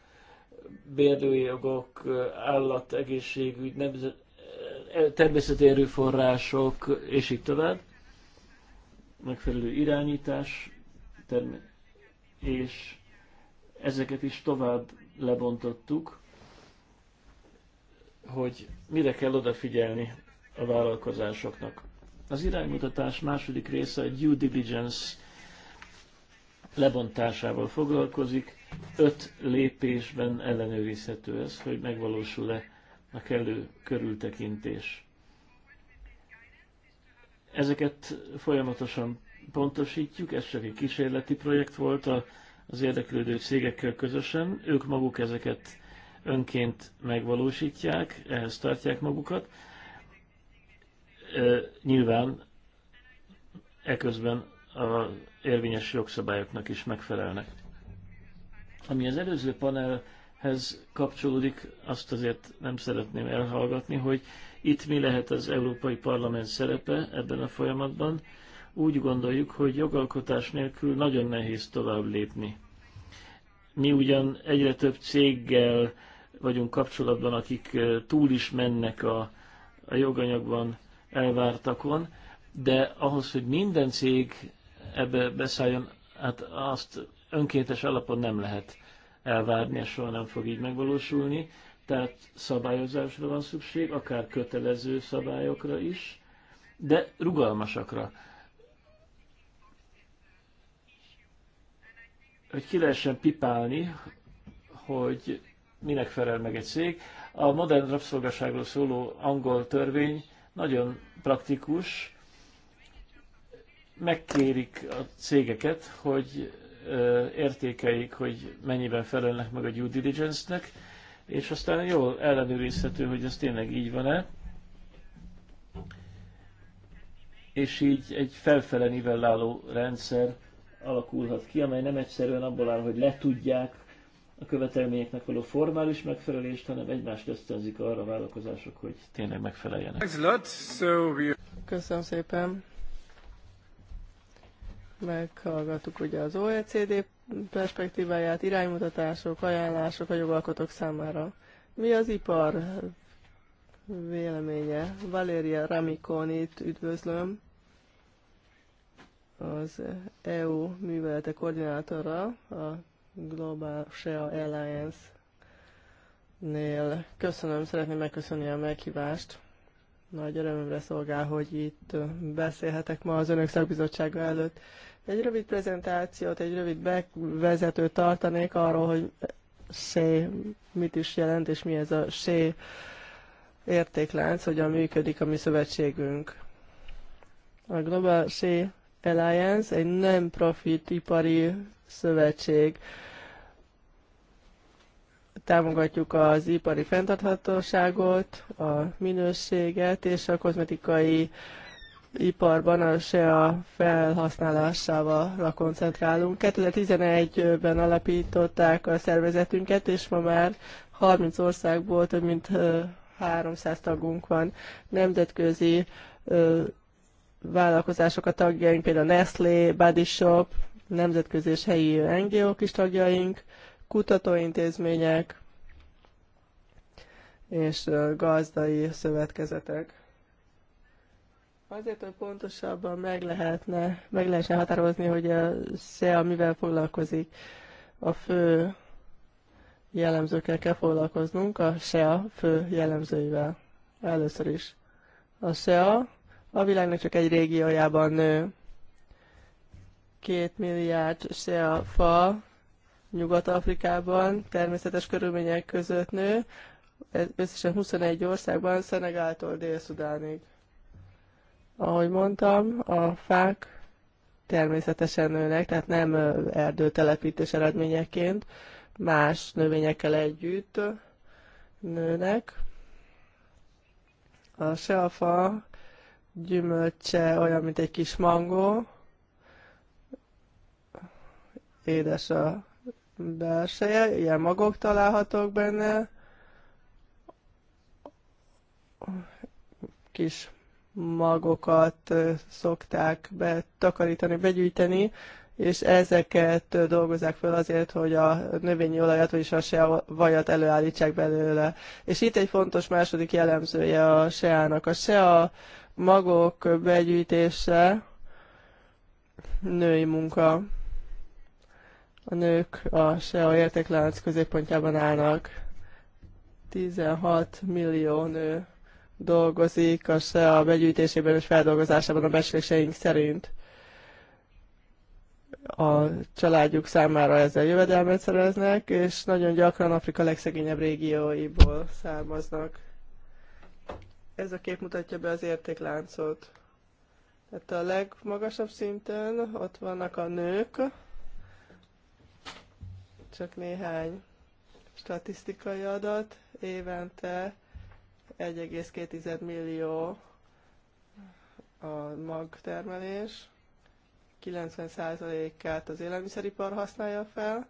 bérlői jogok, állategészségügy, nemzet, eh, természeti erőforrások, és így tovább. Megfelelő irányítás, és ezeket is tovább lebontottuk, hogy mire kell odafigyelni a vállalkozásoknak. Az iránymutatás második része a due diligence lebontásával foglalkozik. Öt lépésben ellenőrizhető ez, hogy megvalósul-e a kellő körültekintés. Ezeket folyamatosan pontosítjuk, ez csak egy kísérleti projekt volt az érdeklődő cégekkel közösen. Ők maguk ezeket önként megvalósítják, ehhez tartják magukat nyilván eközben a érvényes jogszabályoknak is megfelelnek. Ami az előző panelhez kapcsolódik, azt azért nem szeretném elhallgatni, hogy itt mi lehet az Európai Parlament szerepe ebben a folyamatban. Úgy gondoljuk, hogy jogalkotás nélkül nagyon nehéz tovább lépni. Mi ugyan egyre több céggel vagyunk kapcsolatban, akik túl is mennek a, a joganyagban elvártakon, de ahhoz, hogy minden cég ebbe beszálljon, hát azt önkéntes alapon nem lehet elvárni, és soha nem fog így megvalósulni. Tehát szabályozásra van szükség, akár kötelező szabályokra is, de rugalmasakra. Hogy ki lehessen pipálni, hogy minek felel meg egy cég. A modern rabszolgaságról szóló angol törvény nagyon praktikus, megkérik a cégeket, hogy értékeljék, hogy mennyiben felelnek meg a due diligence-nek, és aztán jól ellenőrizhető, hogy ez tényleg így van-e, és így egy felfele nivelláló rendszer alakulhat ki, amely nem egyszerűen abból áll, hogy letudják a követelményeknek való formális megfelelést, hanem egymást ösztönzik arra a vállalkozások, hogy tényleg megfeleljenek.
Köszönöm szépen! Meghallgattuk ugye az OECD perspektíváját, iránymutatások, ajánlások a jogalkotók számára. Mi az ipar véleménye? Valéria Ramikonit üdvözlöm, az EU művelete koordinátora, a Global Share Alliance-nél. Köszönöm, szeretném megköszönni a meghívást. Nagy örömömre szolgál, hogy itt beszélhetek ma az Önök szakbizottsága előtt. Egy rövid prezentációt, egy rövid bevezetőt tartanék arról, hogy sé mit is jelent, és mi ez a sé értéklánc, hogyan működik a mi szövetségünk. A Global Sé Alliance egy nem profit ipari szövetség. Támogatjuk az ipari fenntarthatóságot, a minőséget és a kozmetikai iparban a SEA felhasználásával koncentrálunk. 2011-ben alapították a szervezetünket, és ma már 30 országból több mint 300 tagunk van. Nemzetközi vállalkozások a tagjaink, például Nestlé, Body Shop, nemzetközi és helyi NGO-k is tagjaink, kutatóintézmények és gazdai szövetkezetek. Azért, hogy pontosabban meg lehetne, meg lehetne határozni, hogy a SEA mivel foglalkozik, a fő jellemzőkkel kell foglalkoznunk, a SEA fő jellemzőivel. Először is. A SEA a világnak csak egy régiójában nő. Két milliárd a fa Nyugat-Afrikában természetes körülmények között nő, összesen 21 országban, Szenegáltól Dél-Szudánig. Ahogy mondtam, a fák természetesen nőnek, tehát nem erdőtelepítés eredményeként, más növényekkel együtt nőnek. A seafa gyümölcse olyan, mint egy kis mangó, édes a belseje, ilyen magok találhatók benne, kis magokat szokták betakarítani, begyűjteni, és ezeket dolgozzák fel azért, hogy a növényi olajat, vagyis a vajat előállítsák belőle. És itt egy fontos második jellemzője a seának. A sea magok begyűjtése, női munka. A nők a SEO értéklánc középpontjában állnak. 16 millió nő dolgozik a SEO begyűjtésében és feldolgozásában a becsléseink szerint. A családjuk számára ezzel jövedelmet szereznek, és nagyon gyakran Afrika legszegényebb régióiból származnak. Ez a kép mutatja be az értékláncot. Tehát a legmagasabb szinten ott vannak a nők, csak néhány statisztikai adat, évente 1,2 millió a magtermelés, 90%-át az élelmiszeripar használja fel,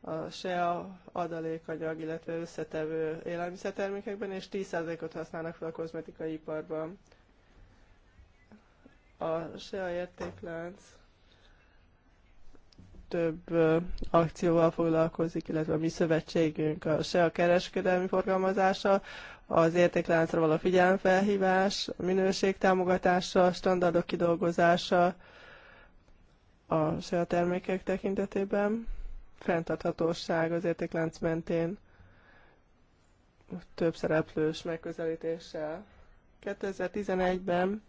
a a adalékanyag, illetve összetevő élelmiszertermékekben, és 10%-ot használnak fel a kozmetikai iparban. A a értéklánc több akcióval foglalkozik, illetve a mi szövetségünk a a kereskedelmi forgalmazása, az értékláncra való figyelemfelhívás, a standardok kidolgozása a a termékek tekintetében fenntarthatóság az értéklánc mentén több szereplős megközelítéssel. 2011-ben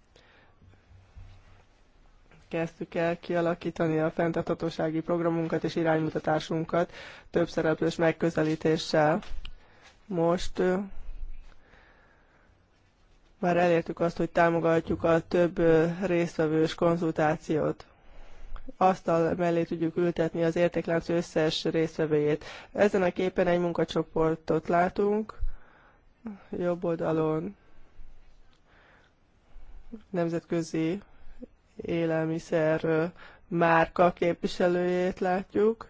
kezdtük el kialakítani a fenntarthatósági programunkat és iránymutatásunkat több szereplős megközelítéssel. Most már elértük azt, hogy támogatjuk a több résztvevős konzultációt asztal mellé tudjuk ültetni az értéklánc összes részvevőjét. Ezen a képen egy munkacsoportot látunk, jobb oldalon nemzetközi élelmiszer márka képviselőjét látjuk,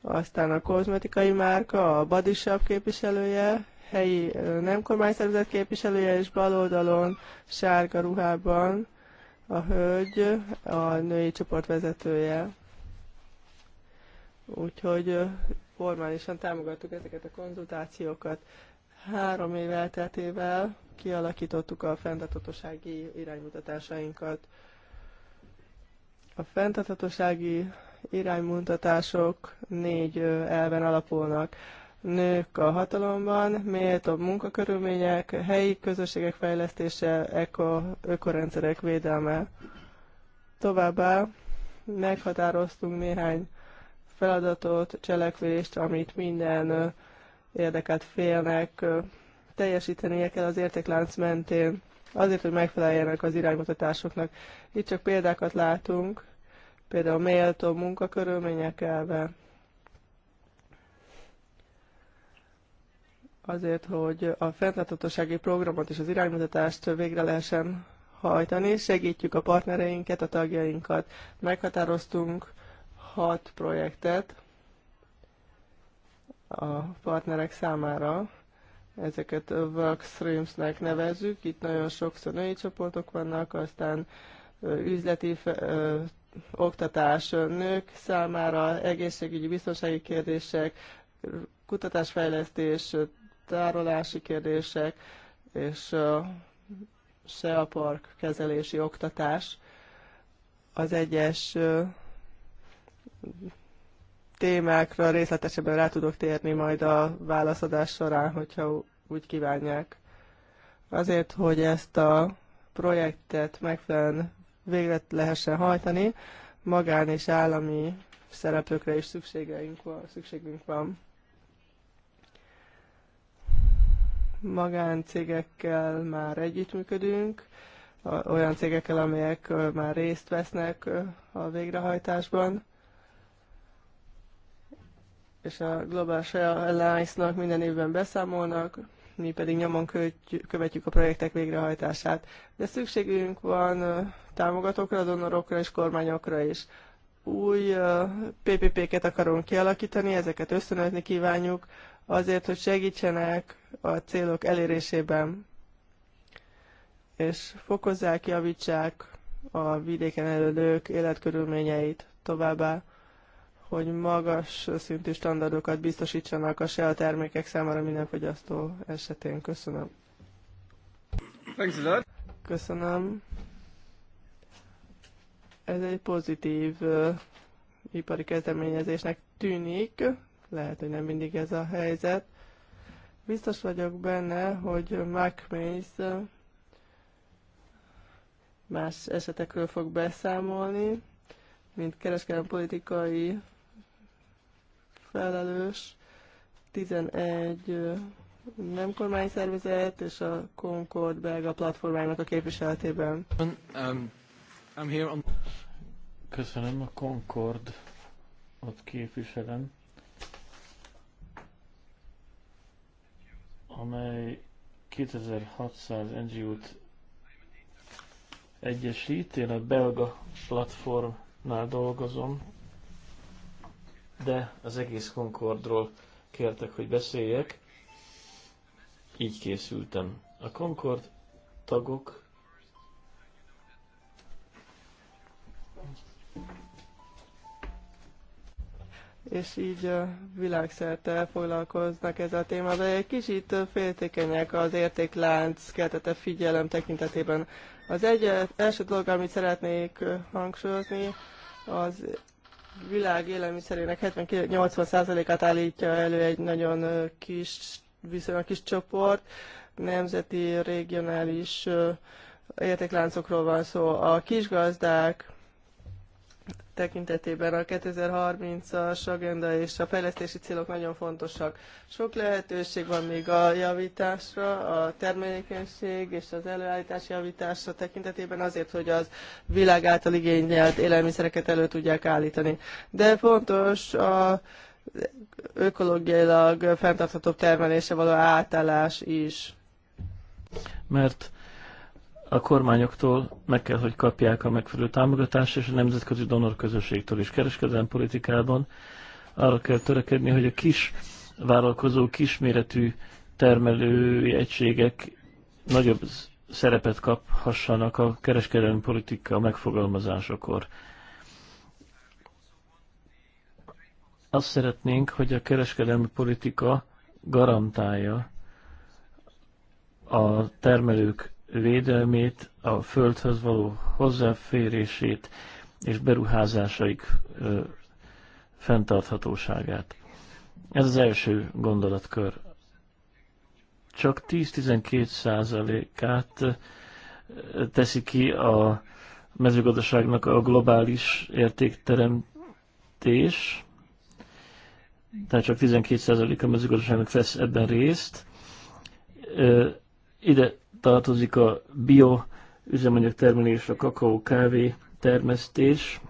aztán a kozmetikai márka, a body shop képviselője, helyi nem kormányszervezet képviselője, és bal oldalon sárga ruhában a hölgy, a női csoport vezetője. Úgyhogy formálisan támogattuk ezeket a konzultációkat. Három év elteltével kialakítottuk a fenntartatósági iránymutatásainkat. A fenntartatósági iránymutatások négy elven alapulnak nők a hatalomban, méltóbb munkakörülmények, helyi közösségek fejlesztése, eko, ökorendszerek védelme. Továbbá meghatároztunk néhány feladatot, cselekvést, amit minden érdekelt félnek teljesítenie kell az értéklánc mentén, azért, hogy megfeleljenek az iránymutatásoknak. Itt csak példákat látunk, például méltó munkakörülmények elve, azért, hogy a fenntarthatósági programot és az iránymutatást végre lehessen hajtani. Segítjük a partnereinket, a tagjainkat. Meghatároztunk hat projektet a partnerek számára. Ezeket workstreamsnek nevezzük. Itt nagyon sokszor női csoportok vannak, aztán üzleti ö, oktatás nők számára, egészségügyi, biztonsági kérdések, kutatásfejlesztés, tárolási kérdések, és se a park kezelési oktatás az egyes témákra részletesebben rá tudok térni majd a válaszadás során, hogyha úgy kívánják. Azért, hogy ezt a projektet megfelelően végre lehessen hajtani, magán és állami szereplőkre is szükségünk van. magáncégekkel már együttműködünk, olyan cégekkel, amelyek már részt vesznek a végrehajtásban, és a Global Share Alliance-nak minden évben beszámolnak, mi pedig nyomon követjük a projektek végrehajtását. De szükségünk van támogatókra, donorokra és kormányokra is. Új PPP-ket akarunk kialakítani, ezeket ösztönözni kívánjuk, azért, hogy segítsenek a célok elérésében, és fokozzák, javítsák a vidéken elődők életkörülményeit továbbá, hogy magas szintű standardokat biztosítsanak a SEA termékek számára minden fogyasztó esetén. Köszönöm. Köszönöm. Ez egy pozitív uh, ipari kezdeményezésnek tűnik, lehet, hogy nem mindig ez a helyzet. Biztos vagyok benne, hogy Mark más esetekről fog beszámolni, mint kereskedelmi politikai felelős, 11 nem kormány szervezet és a Concord belga platformának a képviseletében.
Um, um, Köszönöm, a Concord ott képviselem. amely 2600 NGO-t egyesít. Én a belga platformnál dolgozom, de az egész Concordról kértek, hogy beszéljek. Így készültem. A Concord tagok
és így világszerte foglalkoznak ezzel a témával. Egy kicsit féltékenyek az értéklánc keltete figyelem tekintetében. Az egy, első dolog, amit szeretnék hangsúlyozni, az világ élelmiszerének 70-80%-át állítja elő egy nagyon kis, viszonylag kis csoport, nemzeti, regionális értékláncokról van szó. A kisgazdák tekintetében a 2030-as agenda és a fejlesztési célok nagyon fontosak. Sok lehetőség van még a javításra, a termelékenység és az előállítás javítása tekintetében azért, hogy az világ által igényelt élelmiszereket elő tudják állítani. De fontos a ökológiailag fenntarthatóbb termelése való átállás is.
Mert a kormányoktól meg kell, hogy kapják a megfelelő támogatást, és a nemzetközi donor közösségtől is kereskedelmi politikában arra kell törekedni, hogy a kis vállalkozó, kisméretű termelői egységek nagyobb szerepet kaphassanak a kereskedelmi politika megfogalmazásakor. Azt szeretnénk, hogy a kereskedelmi politika garantálja a termelők védelmét, a földhöz való hozzáférését és beruházásaik ö, fenntarthatóságát. Ez az első gondolatkör. Csak 10-12 százalékát teszi ki a mezőgazdaságnak a globális értékteremtés, tehát csak 12% százalék a mezőgazdaságnak vesz ebben részt. Ide tartozik a bio üzemanyag termelés, a kakaó, kávé termesztés.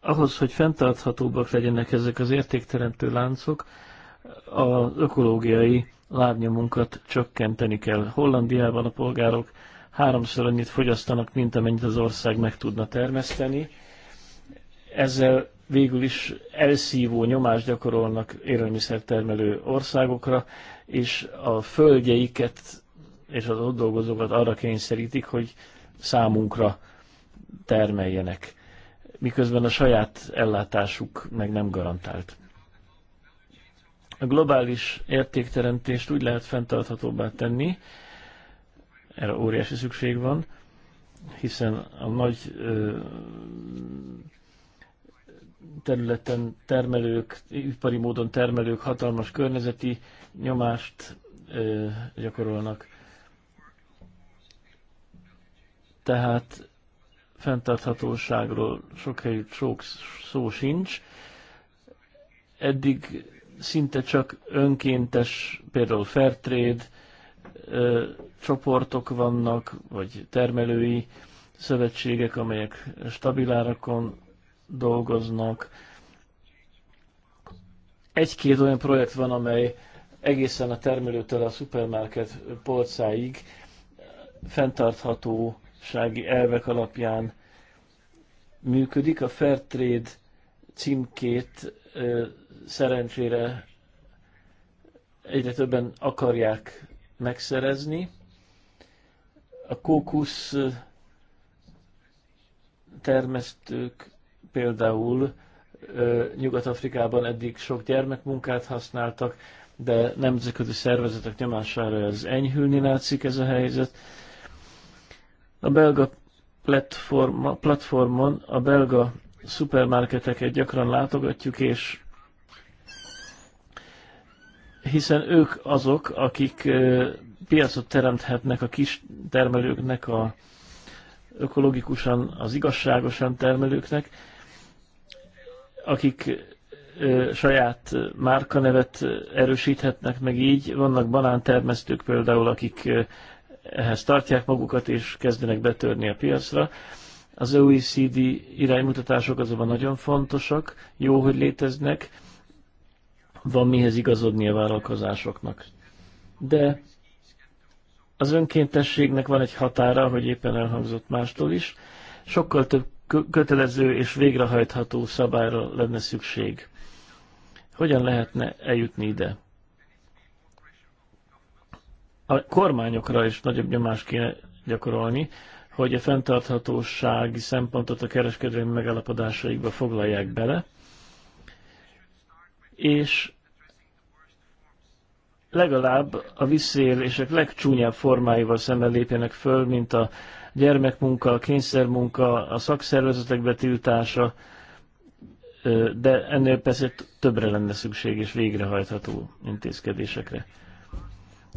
Ahhoz, hogy fenntarthatóbbak legyenek ezek az értékteremtő láncok, az ökológiai lábnyomunkat csökkenteni kell. Hollandiában a polgárok háromszor annyit fogyasztanak, mint amennyit az ország meg tudna termeszteni. Ezzel végül is elszívó nyomást gyakorolnak élelmiszertermelő országokra, és a földjeiket és az ott dolgozókat arra kényszerítik, hogy számunkra termeljenek, miközben a saját ellátásuk meg nem garantált. A globális értékteremtést úgy lehet fenntarthatóbbá tenni, erre óriási szükség van, hiszen a nagy ö, területen termelők, ipari módon termelők hatalmas környezeti nyomást ö, gyakorolnak. Tehát fenntarthatóságról sok helyütt sok szó sincs. Eddig szinte csak önkéntes, például Fairtrade ö, csoportok vannak, vagy termelői szövetségek, amelyek stabilárakon dolgoznak. Egy-két olyan projekt van, amely egészen a termelőtől a szupermarket polcáig fenntarthatósági elvek alapján működik. A Fairtrade címkét szerencsére egyre többen akarják megszerezni. A kókusz termesztők például Nyugat-Afrikában eddig sok gyermekmunkát használtak, de nemzetközi szervezetek nyomására ez enyhülni látszik ez a helyzet. A belga platforma, platformon a belga szupermarketeket gyakran látogatjuk, és hiszen ők azok, akik piacot teremthetnek a kis termelőknek, a ökológikusan, az igazságosan termelőknek, akik saját márkanevet erősíthetnek meg így. Vannak banántermesztők például, akik ehhez tartják magukat és kezdenek betörni a piacra. Az OECD iránymutatások azonban nagyon fontosak, jó, hogy léteznek, van mihez igazodni a vállalkozásoknak. De az önkéntességnek van egy határa, hogy éppen elhangzott mástól is. Sokkal több kötelező és végrehajtható szabályra lenne szükség. Hogyan lehetne eljutni ide? A kormányokra is nagyobb nyomást kéne gyakorolni, hogy a fenntarthatósági szempontot a kereskedelmi megállapodásaikba foglalják bele, és legalább a visszaélések legcsúnyább formáival szemben lépjenek föl, mint a gyermekmunka, a kényszermunka, a szakszervezetek betiltása, de ennél persze többre lenne szükség és végrehajtható intézkedésekre.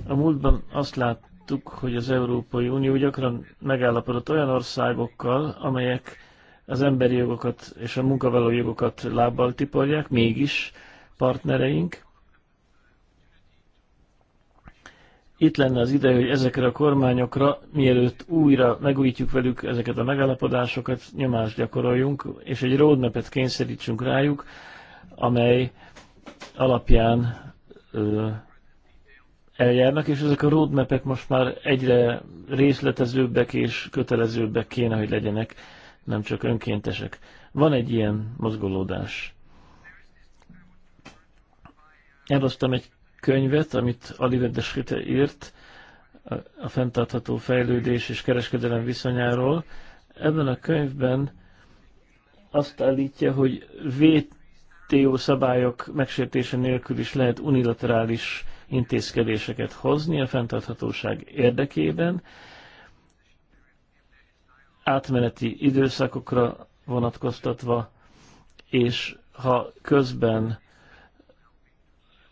A múltban azt láttuk, hogy az Európai Unió gyakran megállapodott olyan országokkal, amelyek az emberi jogokat és a munkavállaló jogokat lábbal tiporják, mégis partnereink, itt lenne az ideje, hogy ezekre a kormányokra, mielőtt újra megújítjuk velük ezeket a megállapodásokat, nyomást gyakoroljunk, és egy roadmapet kényszerítsünk rájuk, amely alapján ö, eljárnak, és ezek a roadmapek most már egyre részletezőbbek és kötelezőbbek kéne, hogy legyenek, nem csak önkéntesek. Van egy ilyen mozgolódás. Elosztam egy könyvet, amit Ali Vendeskite írt a fenntartható fejlődés és kereskedelem viszonyáról. Ebben a könyvben azt állítja, hogy VTO szabályok megsértése nélkül is lehet unilaterális intézkedéseket hozni a fenntarthatóság érdekében, átmeneti időszakokra vonatkoztatva, és ha közben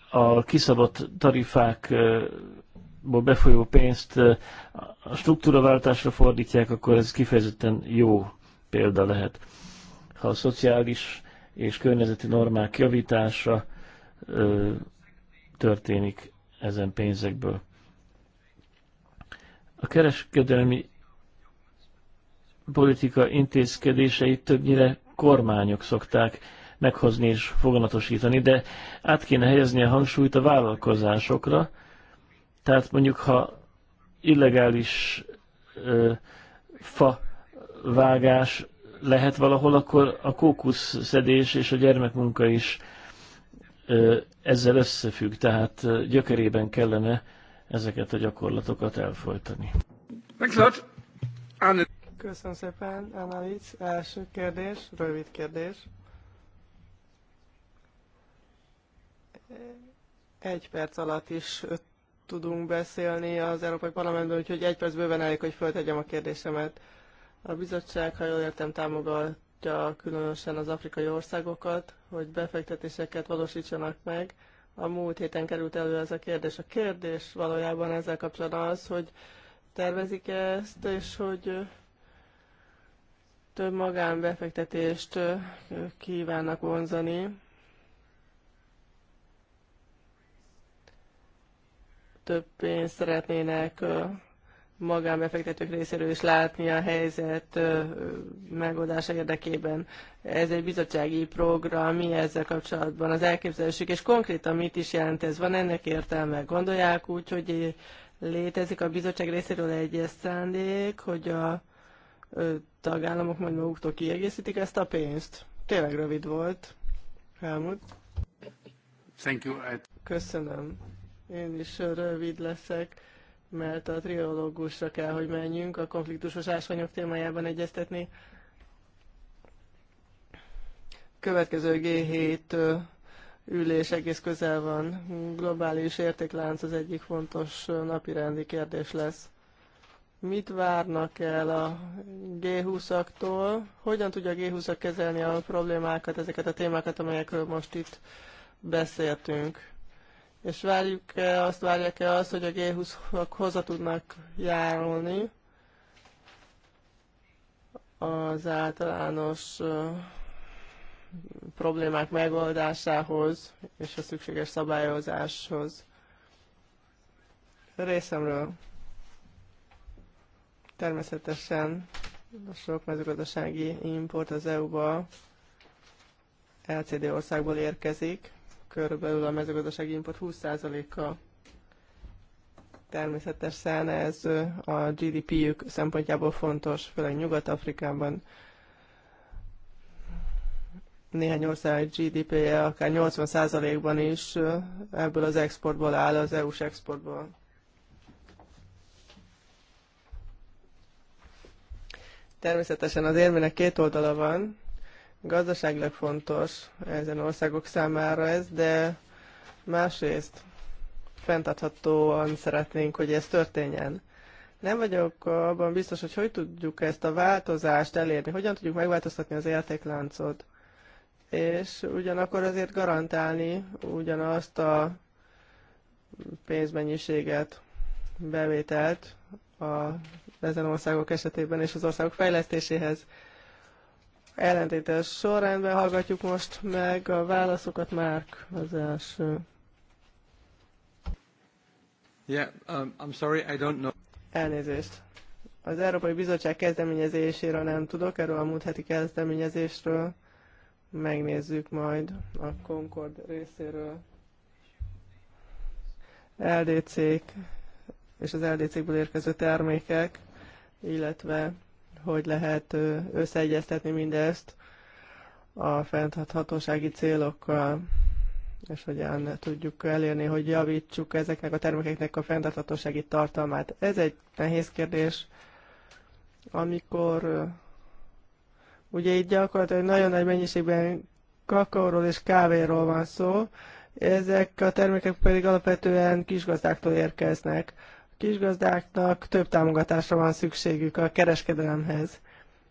a kiszabott tarifákból befolyó pénzt a struktúraváltásra fordítják, akkor ez kifejezetten jó példa lehet. Ha a szociális és környezeti normák javítása ö, történik ezen pénzekből. A kereskedelmi politika intézkedéseit többnyire kormányok szokták meghozni és foganatosítani, de át kéne helyezni a hangsúlyt a vállalkozásokra. Tehát mondjuk, ha illegális ö, fa vágás lehet valahol, akkor a kókusz szedés és a gyermekmunka is ö, ezzel összefügg, tehát gyökerében kellene ezeket a gyakorlatokat elfolytani.
Köszönöm szépen, Analic. Első kérdés, rövid kérdés. egy perc alatt is tudunk beszélni az Európai Parlamentben, úgyhogy egy perc bőven elég, hogy föltegyem a kérdésemet. A bizottság, ha jól értem, támogatja különösen az afrikai országokat, hogy befektetéseket valósítsanak meg. A múlt héten került elő ez a kérdés. A kérdés valójában ezzel kapcsolatban az, hogy tervezik -e ezt, és hogy több magánbefektetést kívánnak vonzani több pénzt szeretnének magánbefektetők részéről is látni a helyzet megoldása érdekében. Ez egy bizottsági program, mi ezzel kapcsolatban az elképzelésük, és konkrétan mit is jelent ez? Van ennek értelme? Gondolják úgy, hogy létezik a bizottság részéről egy szándék, hogy a tagállamok majd maguktól kiegészítik ezt a pénzt? Tényleg rövid volt. Helmut. Thank you. Köszönöm. Én is rövid leszek, mert a triológusra kell, hogy menjünk a konfliktusos ásványok témájában egyeztetni. Következő G7 ülés egész közel van. Globális értéklánc az egyik fontos napirendi kérdés lesz. Mit várnak el a G20-aktól? Hogyan tudja a G20-ak kezelni a problémákat, ezeket a témákat, amelyekről most itt beszéltünk? és várjuk-e, azt várják-e azt, hogy a G20-ak hozzá tudnak járulni az általános e, problémák megoldásához és a szükséges szabályozáshoz. Részemről természetesen a sok mezőgazdasági import az EU-ba LCD országból érkezik, körülbelül a mezőgazdasági import 20%-a. Természetesen ez a GDP-jük szempontjából fontos, főleg Nyugat-Afrikában. Néhány ország GDP-je akár 80%-ban is ebből az exportból áll, az EU-s exportból. Természetesen az érmének két oldala van, Gazdaságilag fontos ezen országok számára ez, de másrészt fenntarthatóan szeretnénk, hogy ez történjen. Nem vagyok abban biztos, hogy hogy tudjuk ezt a változást elérni, hogyan tudjuk megváltoztatni az értékláncot, és ugyanakkor azért garantálni ugyanazt a pénzmennyiséget, bevételt a ezen országok esetében és az országok fejlesztéséhez. Ellentétes sorrendben hallgatjuk most meg a válaszokat. Márk az első.
Yeah, um, I'm sorry, I don't know. Elnézést.
Az Európai Bizottság kezdeményezéséről nem tudok, erről a múlt heti kezdeményezésről megnézzük majd a Concord részéről. ldc és az LDC-ből érkező termékek, illetve hogy lehet összeegyeztetni mindezt a fenntarthatósági célokkal, és hogyan tudjuk elérni, hogy javítsuk ezeknek a termékeknek a fenntarthatósági tartalmát. Ez egy nehéz kérdés, amikor ugye itt gyakorlatilag nagyon nagy mennyiségben kakaóról és kávéról van szó, ezek a termékek pedig alapvetően kisgazdáktól érkeznek kisgazdáknak több támogatásra van szükségük a kereskedelemhez.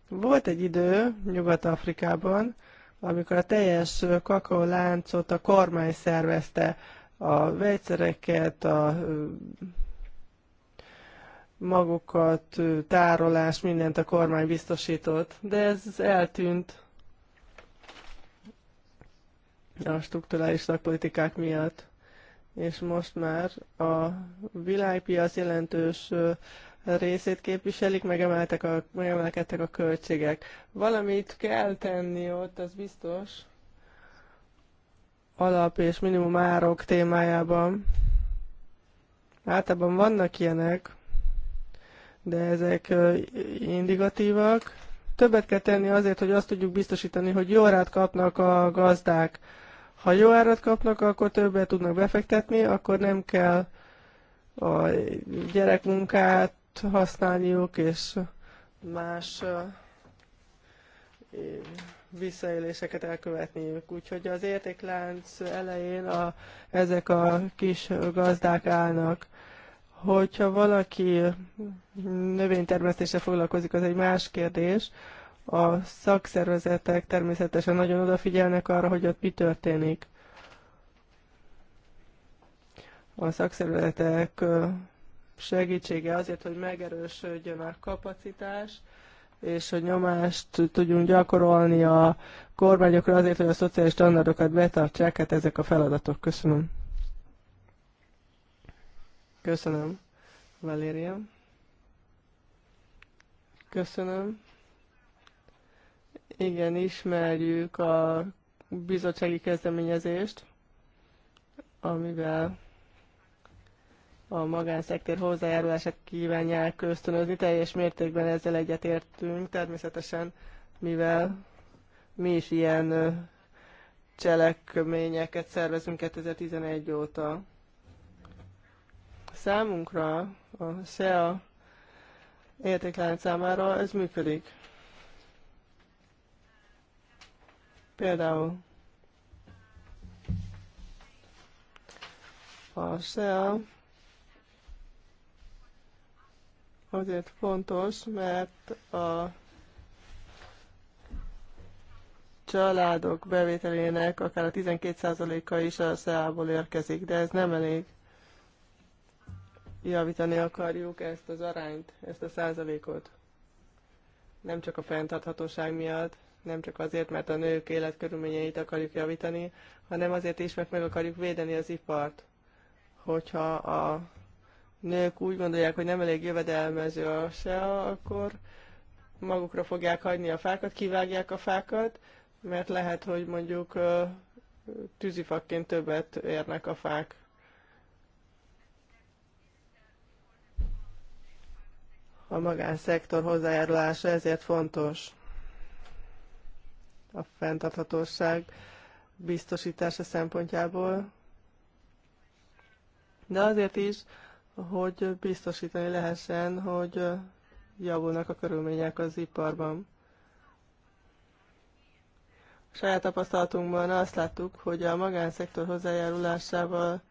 Volt egy idő Nyugat-Afrikában, amikor a teljes kakaoláncot a kormány szervezte, a vegyszereket, a magukat, tárolás, mindent a kormány biztosított, de ez eltűnt a strukturális szakpolitikák miatt és most már a világpiac jelentős részét képviselik, megemeltek a, megemelkedtek a költségek. Valamit kell tenni ott, az biztos, alap és minimum árok témájában. Általában vannak ilyenek, de ezek indikatívak. Többet kell tenni azért, hogy azt tudjuk biztosítani, hogy jó rát kapnak a gazdák ha jó árat kapnak, akkor többet tudnak befektetni, akkor nem kell a gyerekmunkát használniuk, és más visszaéléseket elkövetniük. Úgyhogy az értéklánc elején a, ezek a kis gazdák állnak. Hogyha valaki növénytermesztéssel foglalkozik, az egy más kérdés, a szakszervezetek természetesen nagyon odafigyelnek arra, hogy ott mi történik. A szakszervezetek segítsége azért, hogy megerősödjön a kapacitás, és hogy nyomást tudjunk gyakorolni a kormányokra azért, hogy a szociális standardokat betartsák, hát ezek a feladatok. Köszönöm. Köszönöm, Valéria. Köszönöm. Igen, ismerjük a bizottsági kezdeményezést, amivel a magánszektor hozzájárulását kívánják ösztönözni. Teljes mértékben ezzel egyetértünk, természetesen, mivel mi is ilyen cselekményeket szervezünk 2011 óta. Számunkra, a SEA értéklánc számára ez működik. Például a SEA azért fontos, mert a családok bevételének akár a 12%-a is a SEA-ból érkezik, de ez nem elég. Javítani akarjuk ezt az arányt, ezt a százalékot. Nem csak a fenntarthatóság miatt, nem csak azért, mert a nők életkörülményeit akarjuk javítani, hanem azért is, mert meg akarjuk védeni az ipart. Hogyha a nők úgy gondolják, hogy nem elég jövedelmező a se, akkor magukra fogják hagyni a fákat, kivágják a fákat, mert lehet, hogy mondjuk tűzifakként többet érnek a fák. A magánszektor hozzájárulása ezért fontos a fenntarthatóság biztosítása szempontjából, de azért is, hogy biztosítani lehessen, hogy javulnak a körülmények az iparban. A saját tapasztalatunkban azt láttuk, hogy a magánszektor hozzájárulásával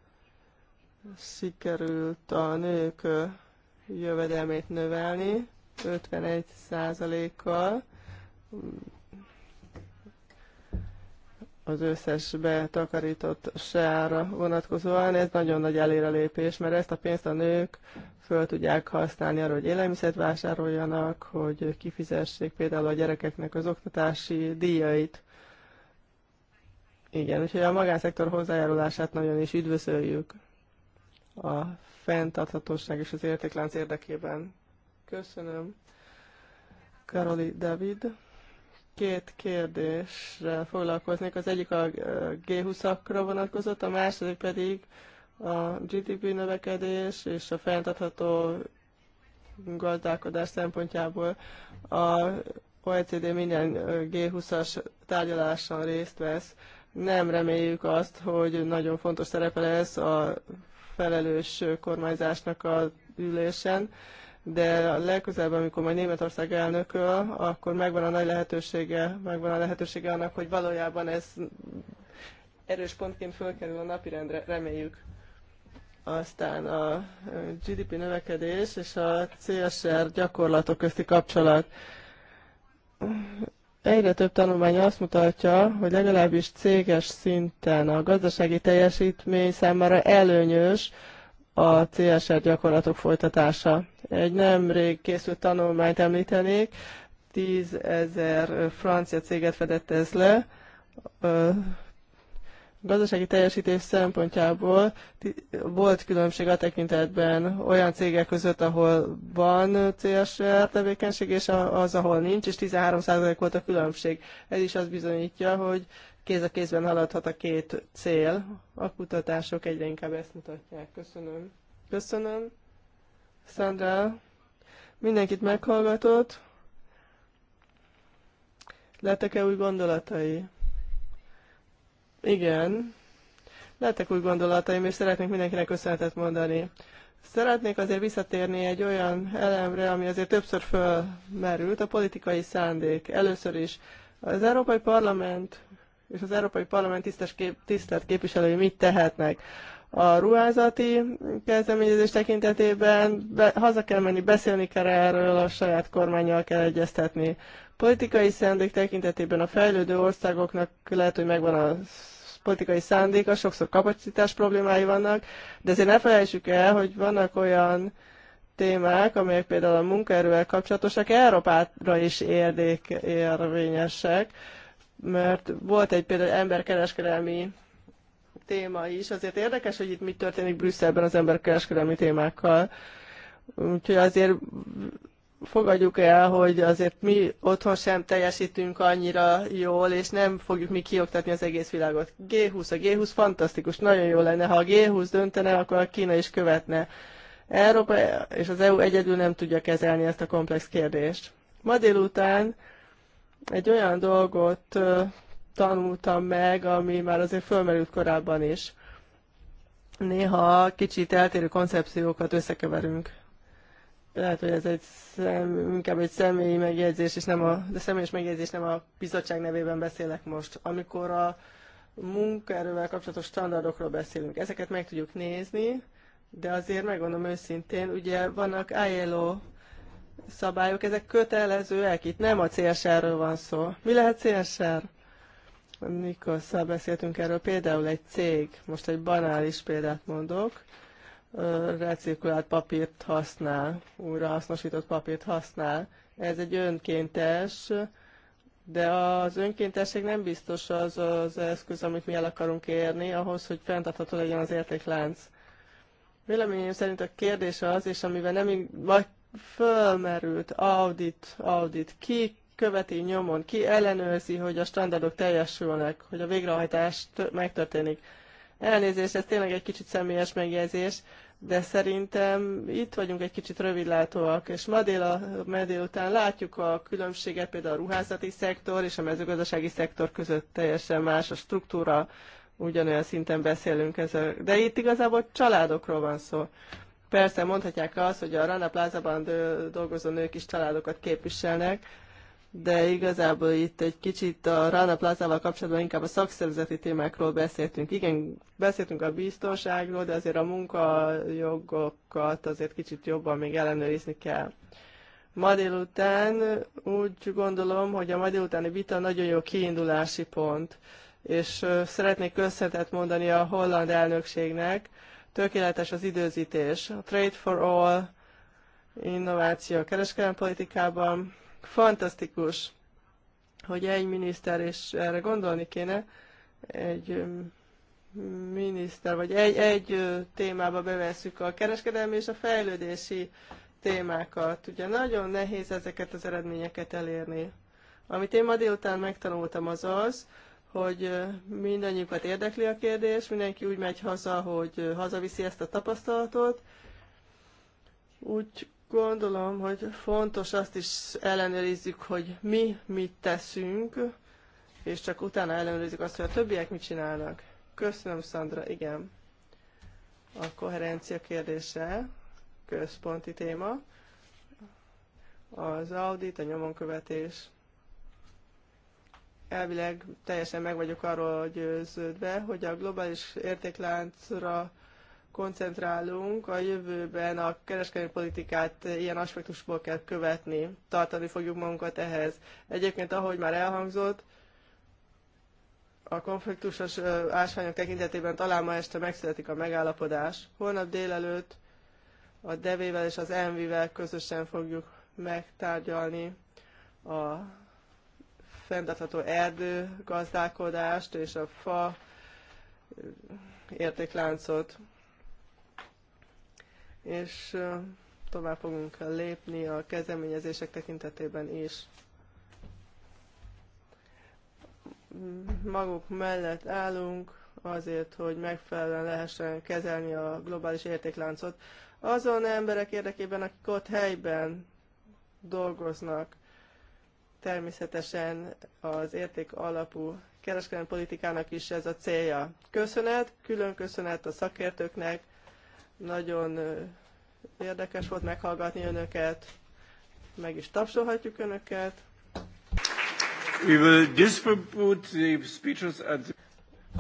sikerült a nők jövedelmét növelni 51%-kal, az összes betakarított seára vonatkozóan. Ez nagyon nagy előrelépés, mert ezt a pénzt a nők föl tudják használni arra, hogy élelmiszert vásároljanak, hogy kifizessék például a gyerekeknek az oktatási díjait. Igen, úgyhogy a magánszektor hozzájárulását nagyon is üdvözöljük a fenntarthatóság és az értéklánc érdekében. Köszönöm. Karoli David két kérdésre foglalkoznék. Az egyik a e, G20-akra vonatkozott, a második pedig a GDP növekedés és a fenntartható gazdálkodás szempontjából a OECD minden e, G20-as tárgyaláson részt vesz. Nem reméljük azt, hogy nagyon fontos szerepe lesz a felelős kormányzásnak a ülésen, de a legközelebb, amikor majd Németország elnököl, akkor megvan a nagy lehetősége, megvan a lehetősége annak, hogy valójában ez erős pontként fölkerül a napirendre, reméljük. Aztán a GDP növekedés és a CSR gyakorlatok közti kapcsolat. Egyre több tanulmány azt mutatja, hogy legalábbis céges szinten a gazdasági teljesítmény számára előnyös, a CSR gyakorlatok folytatása. Egy nemrég készült tanulmányt említenék, 10 ezer francia céget fedett ez le, gazdasági teljesítés szempontjából volt különbség a tekintetben olyan cégek között, ahol van CSR tevékenység, és az, ahol nincs, és 13% volt a különbség. Ez is azt bizonyítja, hogy kéz a kézben haladhat a két cél. A kutatások egyre inkább ezt mutatják. Köszönöm. Köszönöm. Sandra, mindenkit meghallgatott. Lettek-e új gondolatai? Igen. Lettek új gondolataim, és szeretnék mindenkinek köszönetet mondani. Szeretnék azért visszatérni egy olyan elemre, ami azért többször fölmerült, a politikai szándék. Először is az Európai Parlament és az Európai Parlament tisztes kép, tisztelt képviselői mit tehetnek. A ruházati kezdeményezés tekintetében be, haza kell menni, beszélni kell erről, a saját kormányjal kell egyeztetni. Politikai szándék tekintetében a fejlődő országoknak lehet, hogy megvan a politikai szándéka, sokszor kapacitás problémái vannak, de azért ne felejtsük el, hogy vannak olyan témák, amelyek például a munkaerővel kapcsolatosak, Európára is érdék érvényesek, mert volt egy például emberkereskedelmi téma is, azért érdekes, hogy itt mi történik Brüsszelben az emberkereskedelmi témákkal. Úgyhogy azért fogadjuk el, hogy azért mi otthon sem teljesítünk annyira jól, és nem fogjuk mi kioktatni az egész világot. G20, a G20 fantasztikus, nagyon jó lenne, ha a G20 döntene, akkor a Kína is követne. Európa és az EU egyedül nem tudja kezelni ezt a komplex kérdést. Ma délután egy olyan dolgot tanultam meg, ami már azért fölmerült korábban is. Néha kicsit eltérő koncepciókat összekeverünk. Lehet, hogy ez egy szem, inkább egy személyi megjegyzés, és nem a, de személyes megjegyzés nem a bizottság nevében beszélek most. Amikor a munkaerővel kapcsolatos standardokról beszélünk, ezeket meg tudjuk nézni, de azért megmondom őszintén, ugye vannak ILO szabályok, ezek kötelezőek, itt nem a CSR-ről van szó. Mi lehet CSR? mikor beszéltünk erről, például egy cég, most egy banális példát mondok, recirkulált papírt használ, hasznosított papírt használ. Ez egy önkéntes, de az önkéntesség nem biztos az az eszköz, amit mi el akarunk érni, ahhoz, hogy fenntartható legyen az értéklánc. Véleményem szerint a kérdés az, és amivel nem, vagy fölmerült audit, audit, ki követi nyomon, ki ellenőrzi, hogy a standardok teljesülnek, hogy a végrehajtás megtörténik. Elnézést, ez tényleg egy kicsit személyes megjegyzés, de szerintem itt vagyunk egy kicsit rövidlátóak, és ma, dél, ma délután látjuk a különbséget például a ruházati szektor és a mezőgazdasági szektor között teljesen más a struktúra, ugyanolyan szinten beszélünk ezzel. De itt igazából családokról van szó. Persze mondhatják azt, hogy a Rana Plaza-ban dolgozó nők is családokat képviselnek, de igazából itt egy kicsit a Rana Plaza-val kapcsolatban inkább a szakszervezeti témákról beszéltünk. Igen, beszéltünk a biztonságról, de azért a munkajogokat azért kicsit jobban még ellenőrizni kell. Ma délután úgy gondolom, hogy a ma délutáni vita nagyon jó kiindulási pont, és szeretnék köszönetet mondani a holland elnökségnek, tökéletes az időzítés. A Trade for All innováció a kereskedelmi politikában fantasztikus, hogy egy miniszter, és erre gondolni kéne, egy mm, miniszter, vagy egy, egy témába bevesszük a kereskedelmi és a fejlődési témákat. Ugye nagyon nehéz ezeket az eredményeket elérni. Amit én ma délután megtanultam az az, hogy mindannyiukat érdekli a kérdés, mindenki úgy megy haza, hogy hazaviszi ezt a tapasztalatot. Úgy gondolom, hogy fontos azt is ellenőrizzük, hogy mi mit teszünk, és csak utána ellenőrizzük azt, hogy a többiek mit csinálnak. Köszönöm, Szandra, igen. A koherencia kérdése, központi téma, az audit, a nyomonkövetés, elvileg teljesen meg vagyok arról győződve, hogy a globális értékláncra koncentrálunk, a jövőben a kereskedelmi politikát ilyen aspektusból kell követni, tartani fogjuk magunkat ehhez. Egyébként, ahogy már elhangzott, a konfliktusos ásványok tekintetében talán ma este megszületik a megállapodás. Holnap délelőtt a devével és az envivel közösen fogjuk megtárgyalni a fenntartható erdőgazdálkodást és a fa értékláncot. És tovább fogunk lépni a kezdeményezések tekintetében is. Maguk mellett állunk azért, hogy megfelelően lehessen kezelni a globális értékláncot. Azon emberek érdekében, akik ott helyben dolgoznak, Természetesen az érték alapú kereskedelmi politikának is ez a célja. Köszönet, külön köszönet a szakértőknek, nagyon érdekes volt meghallgatni önöket, meg is tapsolhatjuk önöket.
We will the speeches at the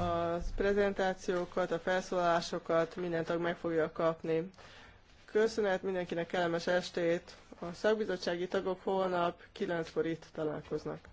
a prezentációkat, a felszólásokat minden tag meg fogja kapni. Köszönet mindenkinek kellemes estét! A szakbizottsági tagok holnap 9-kor itt találkoznak.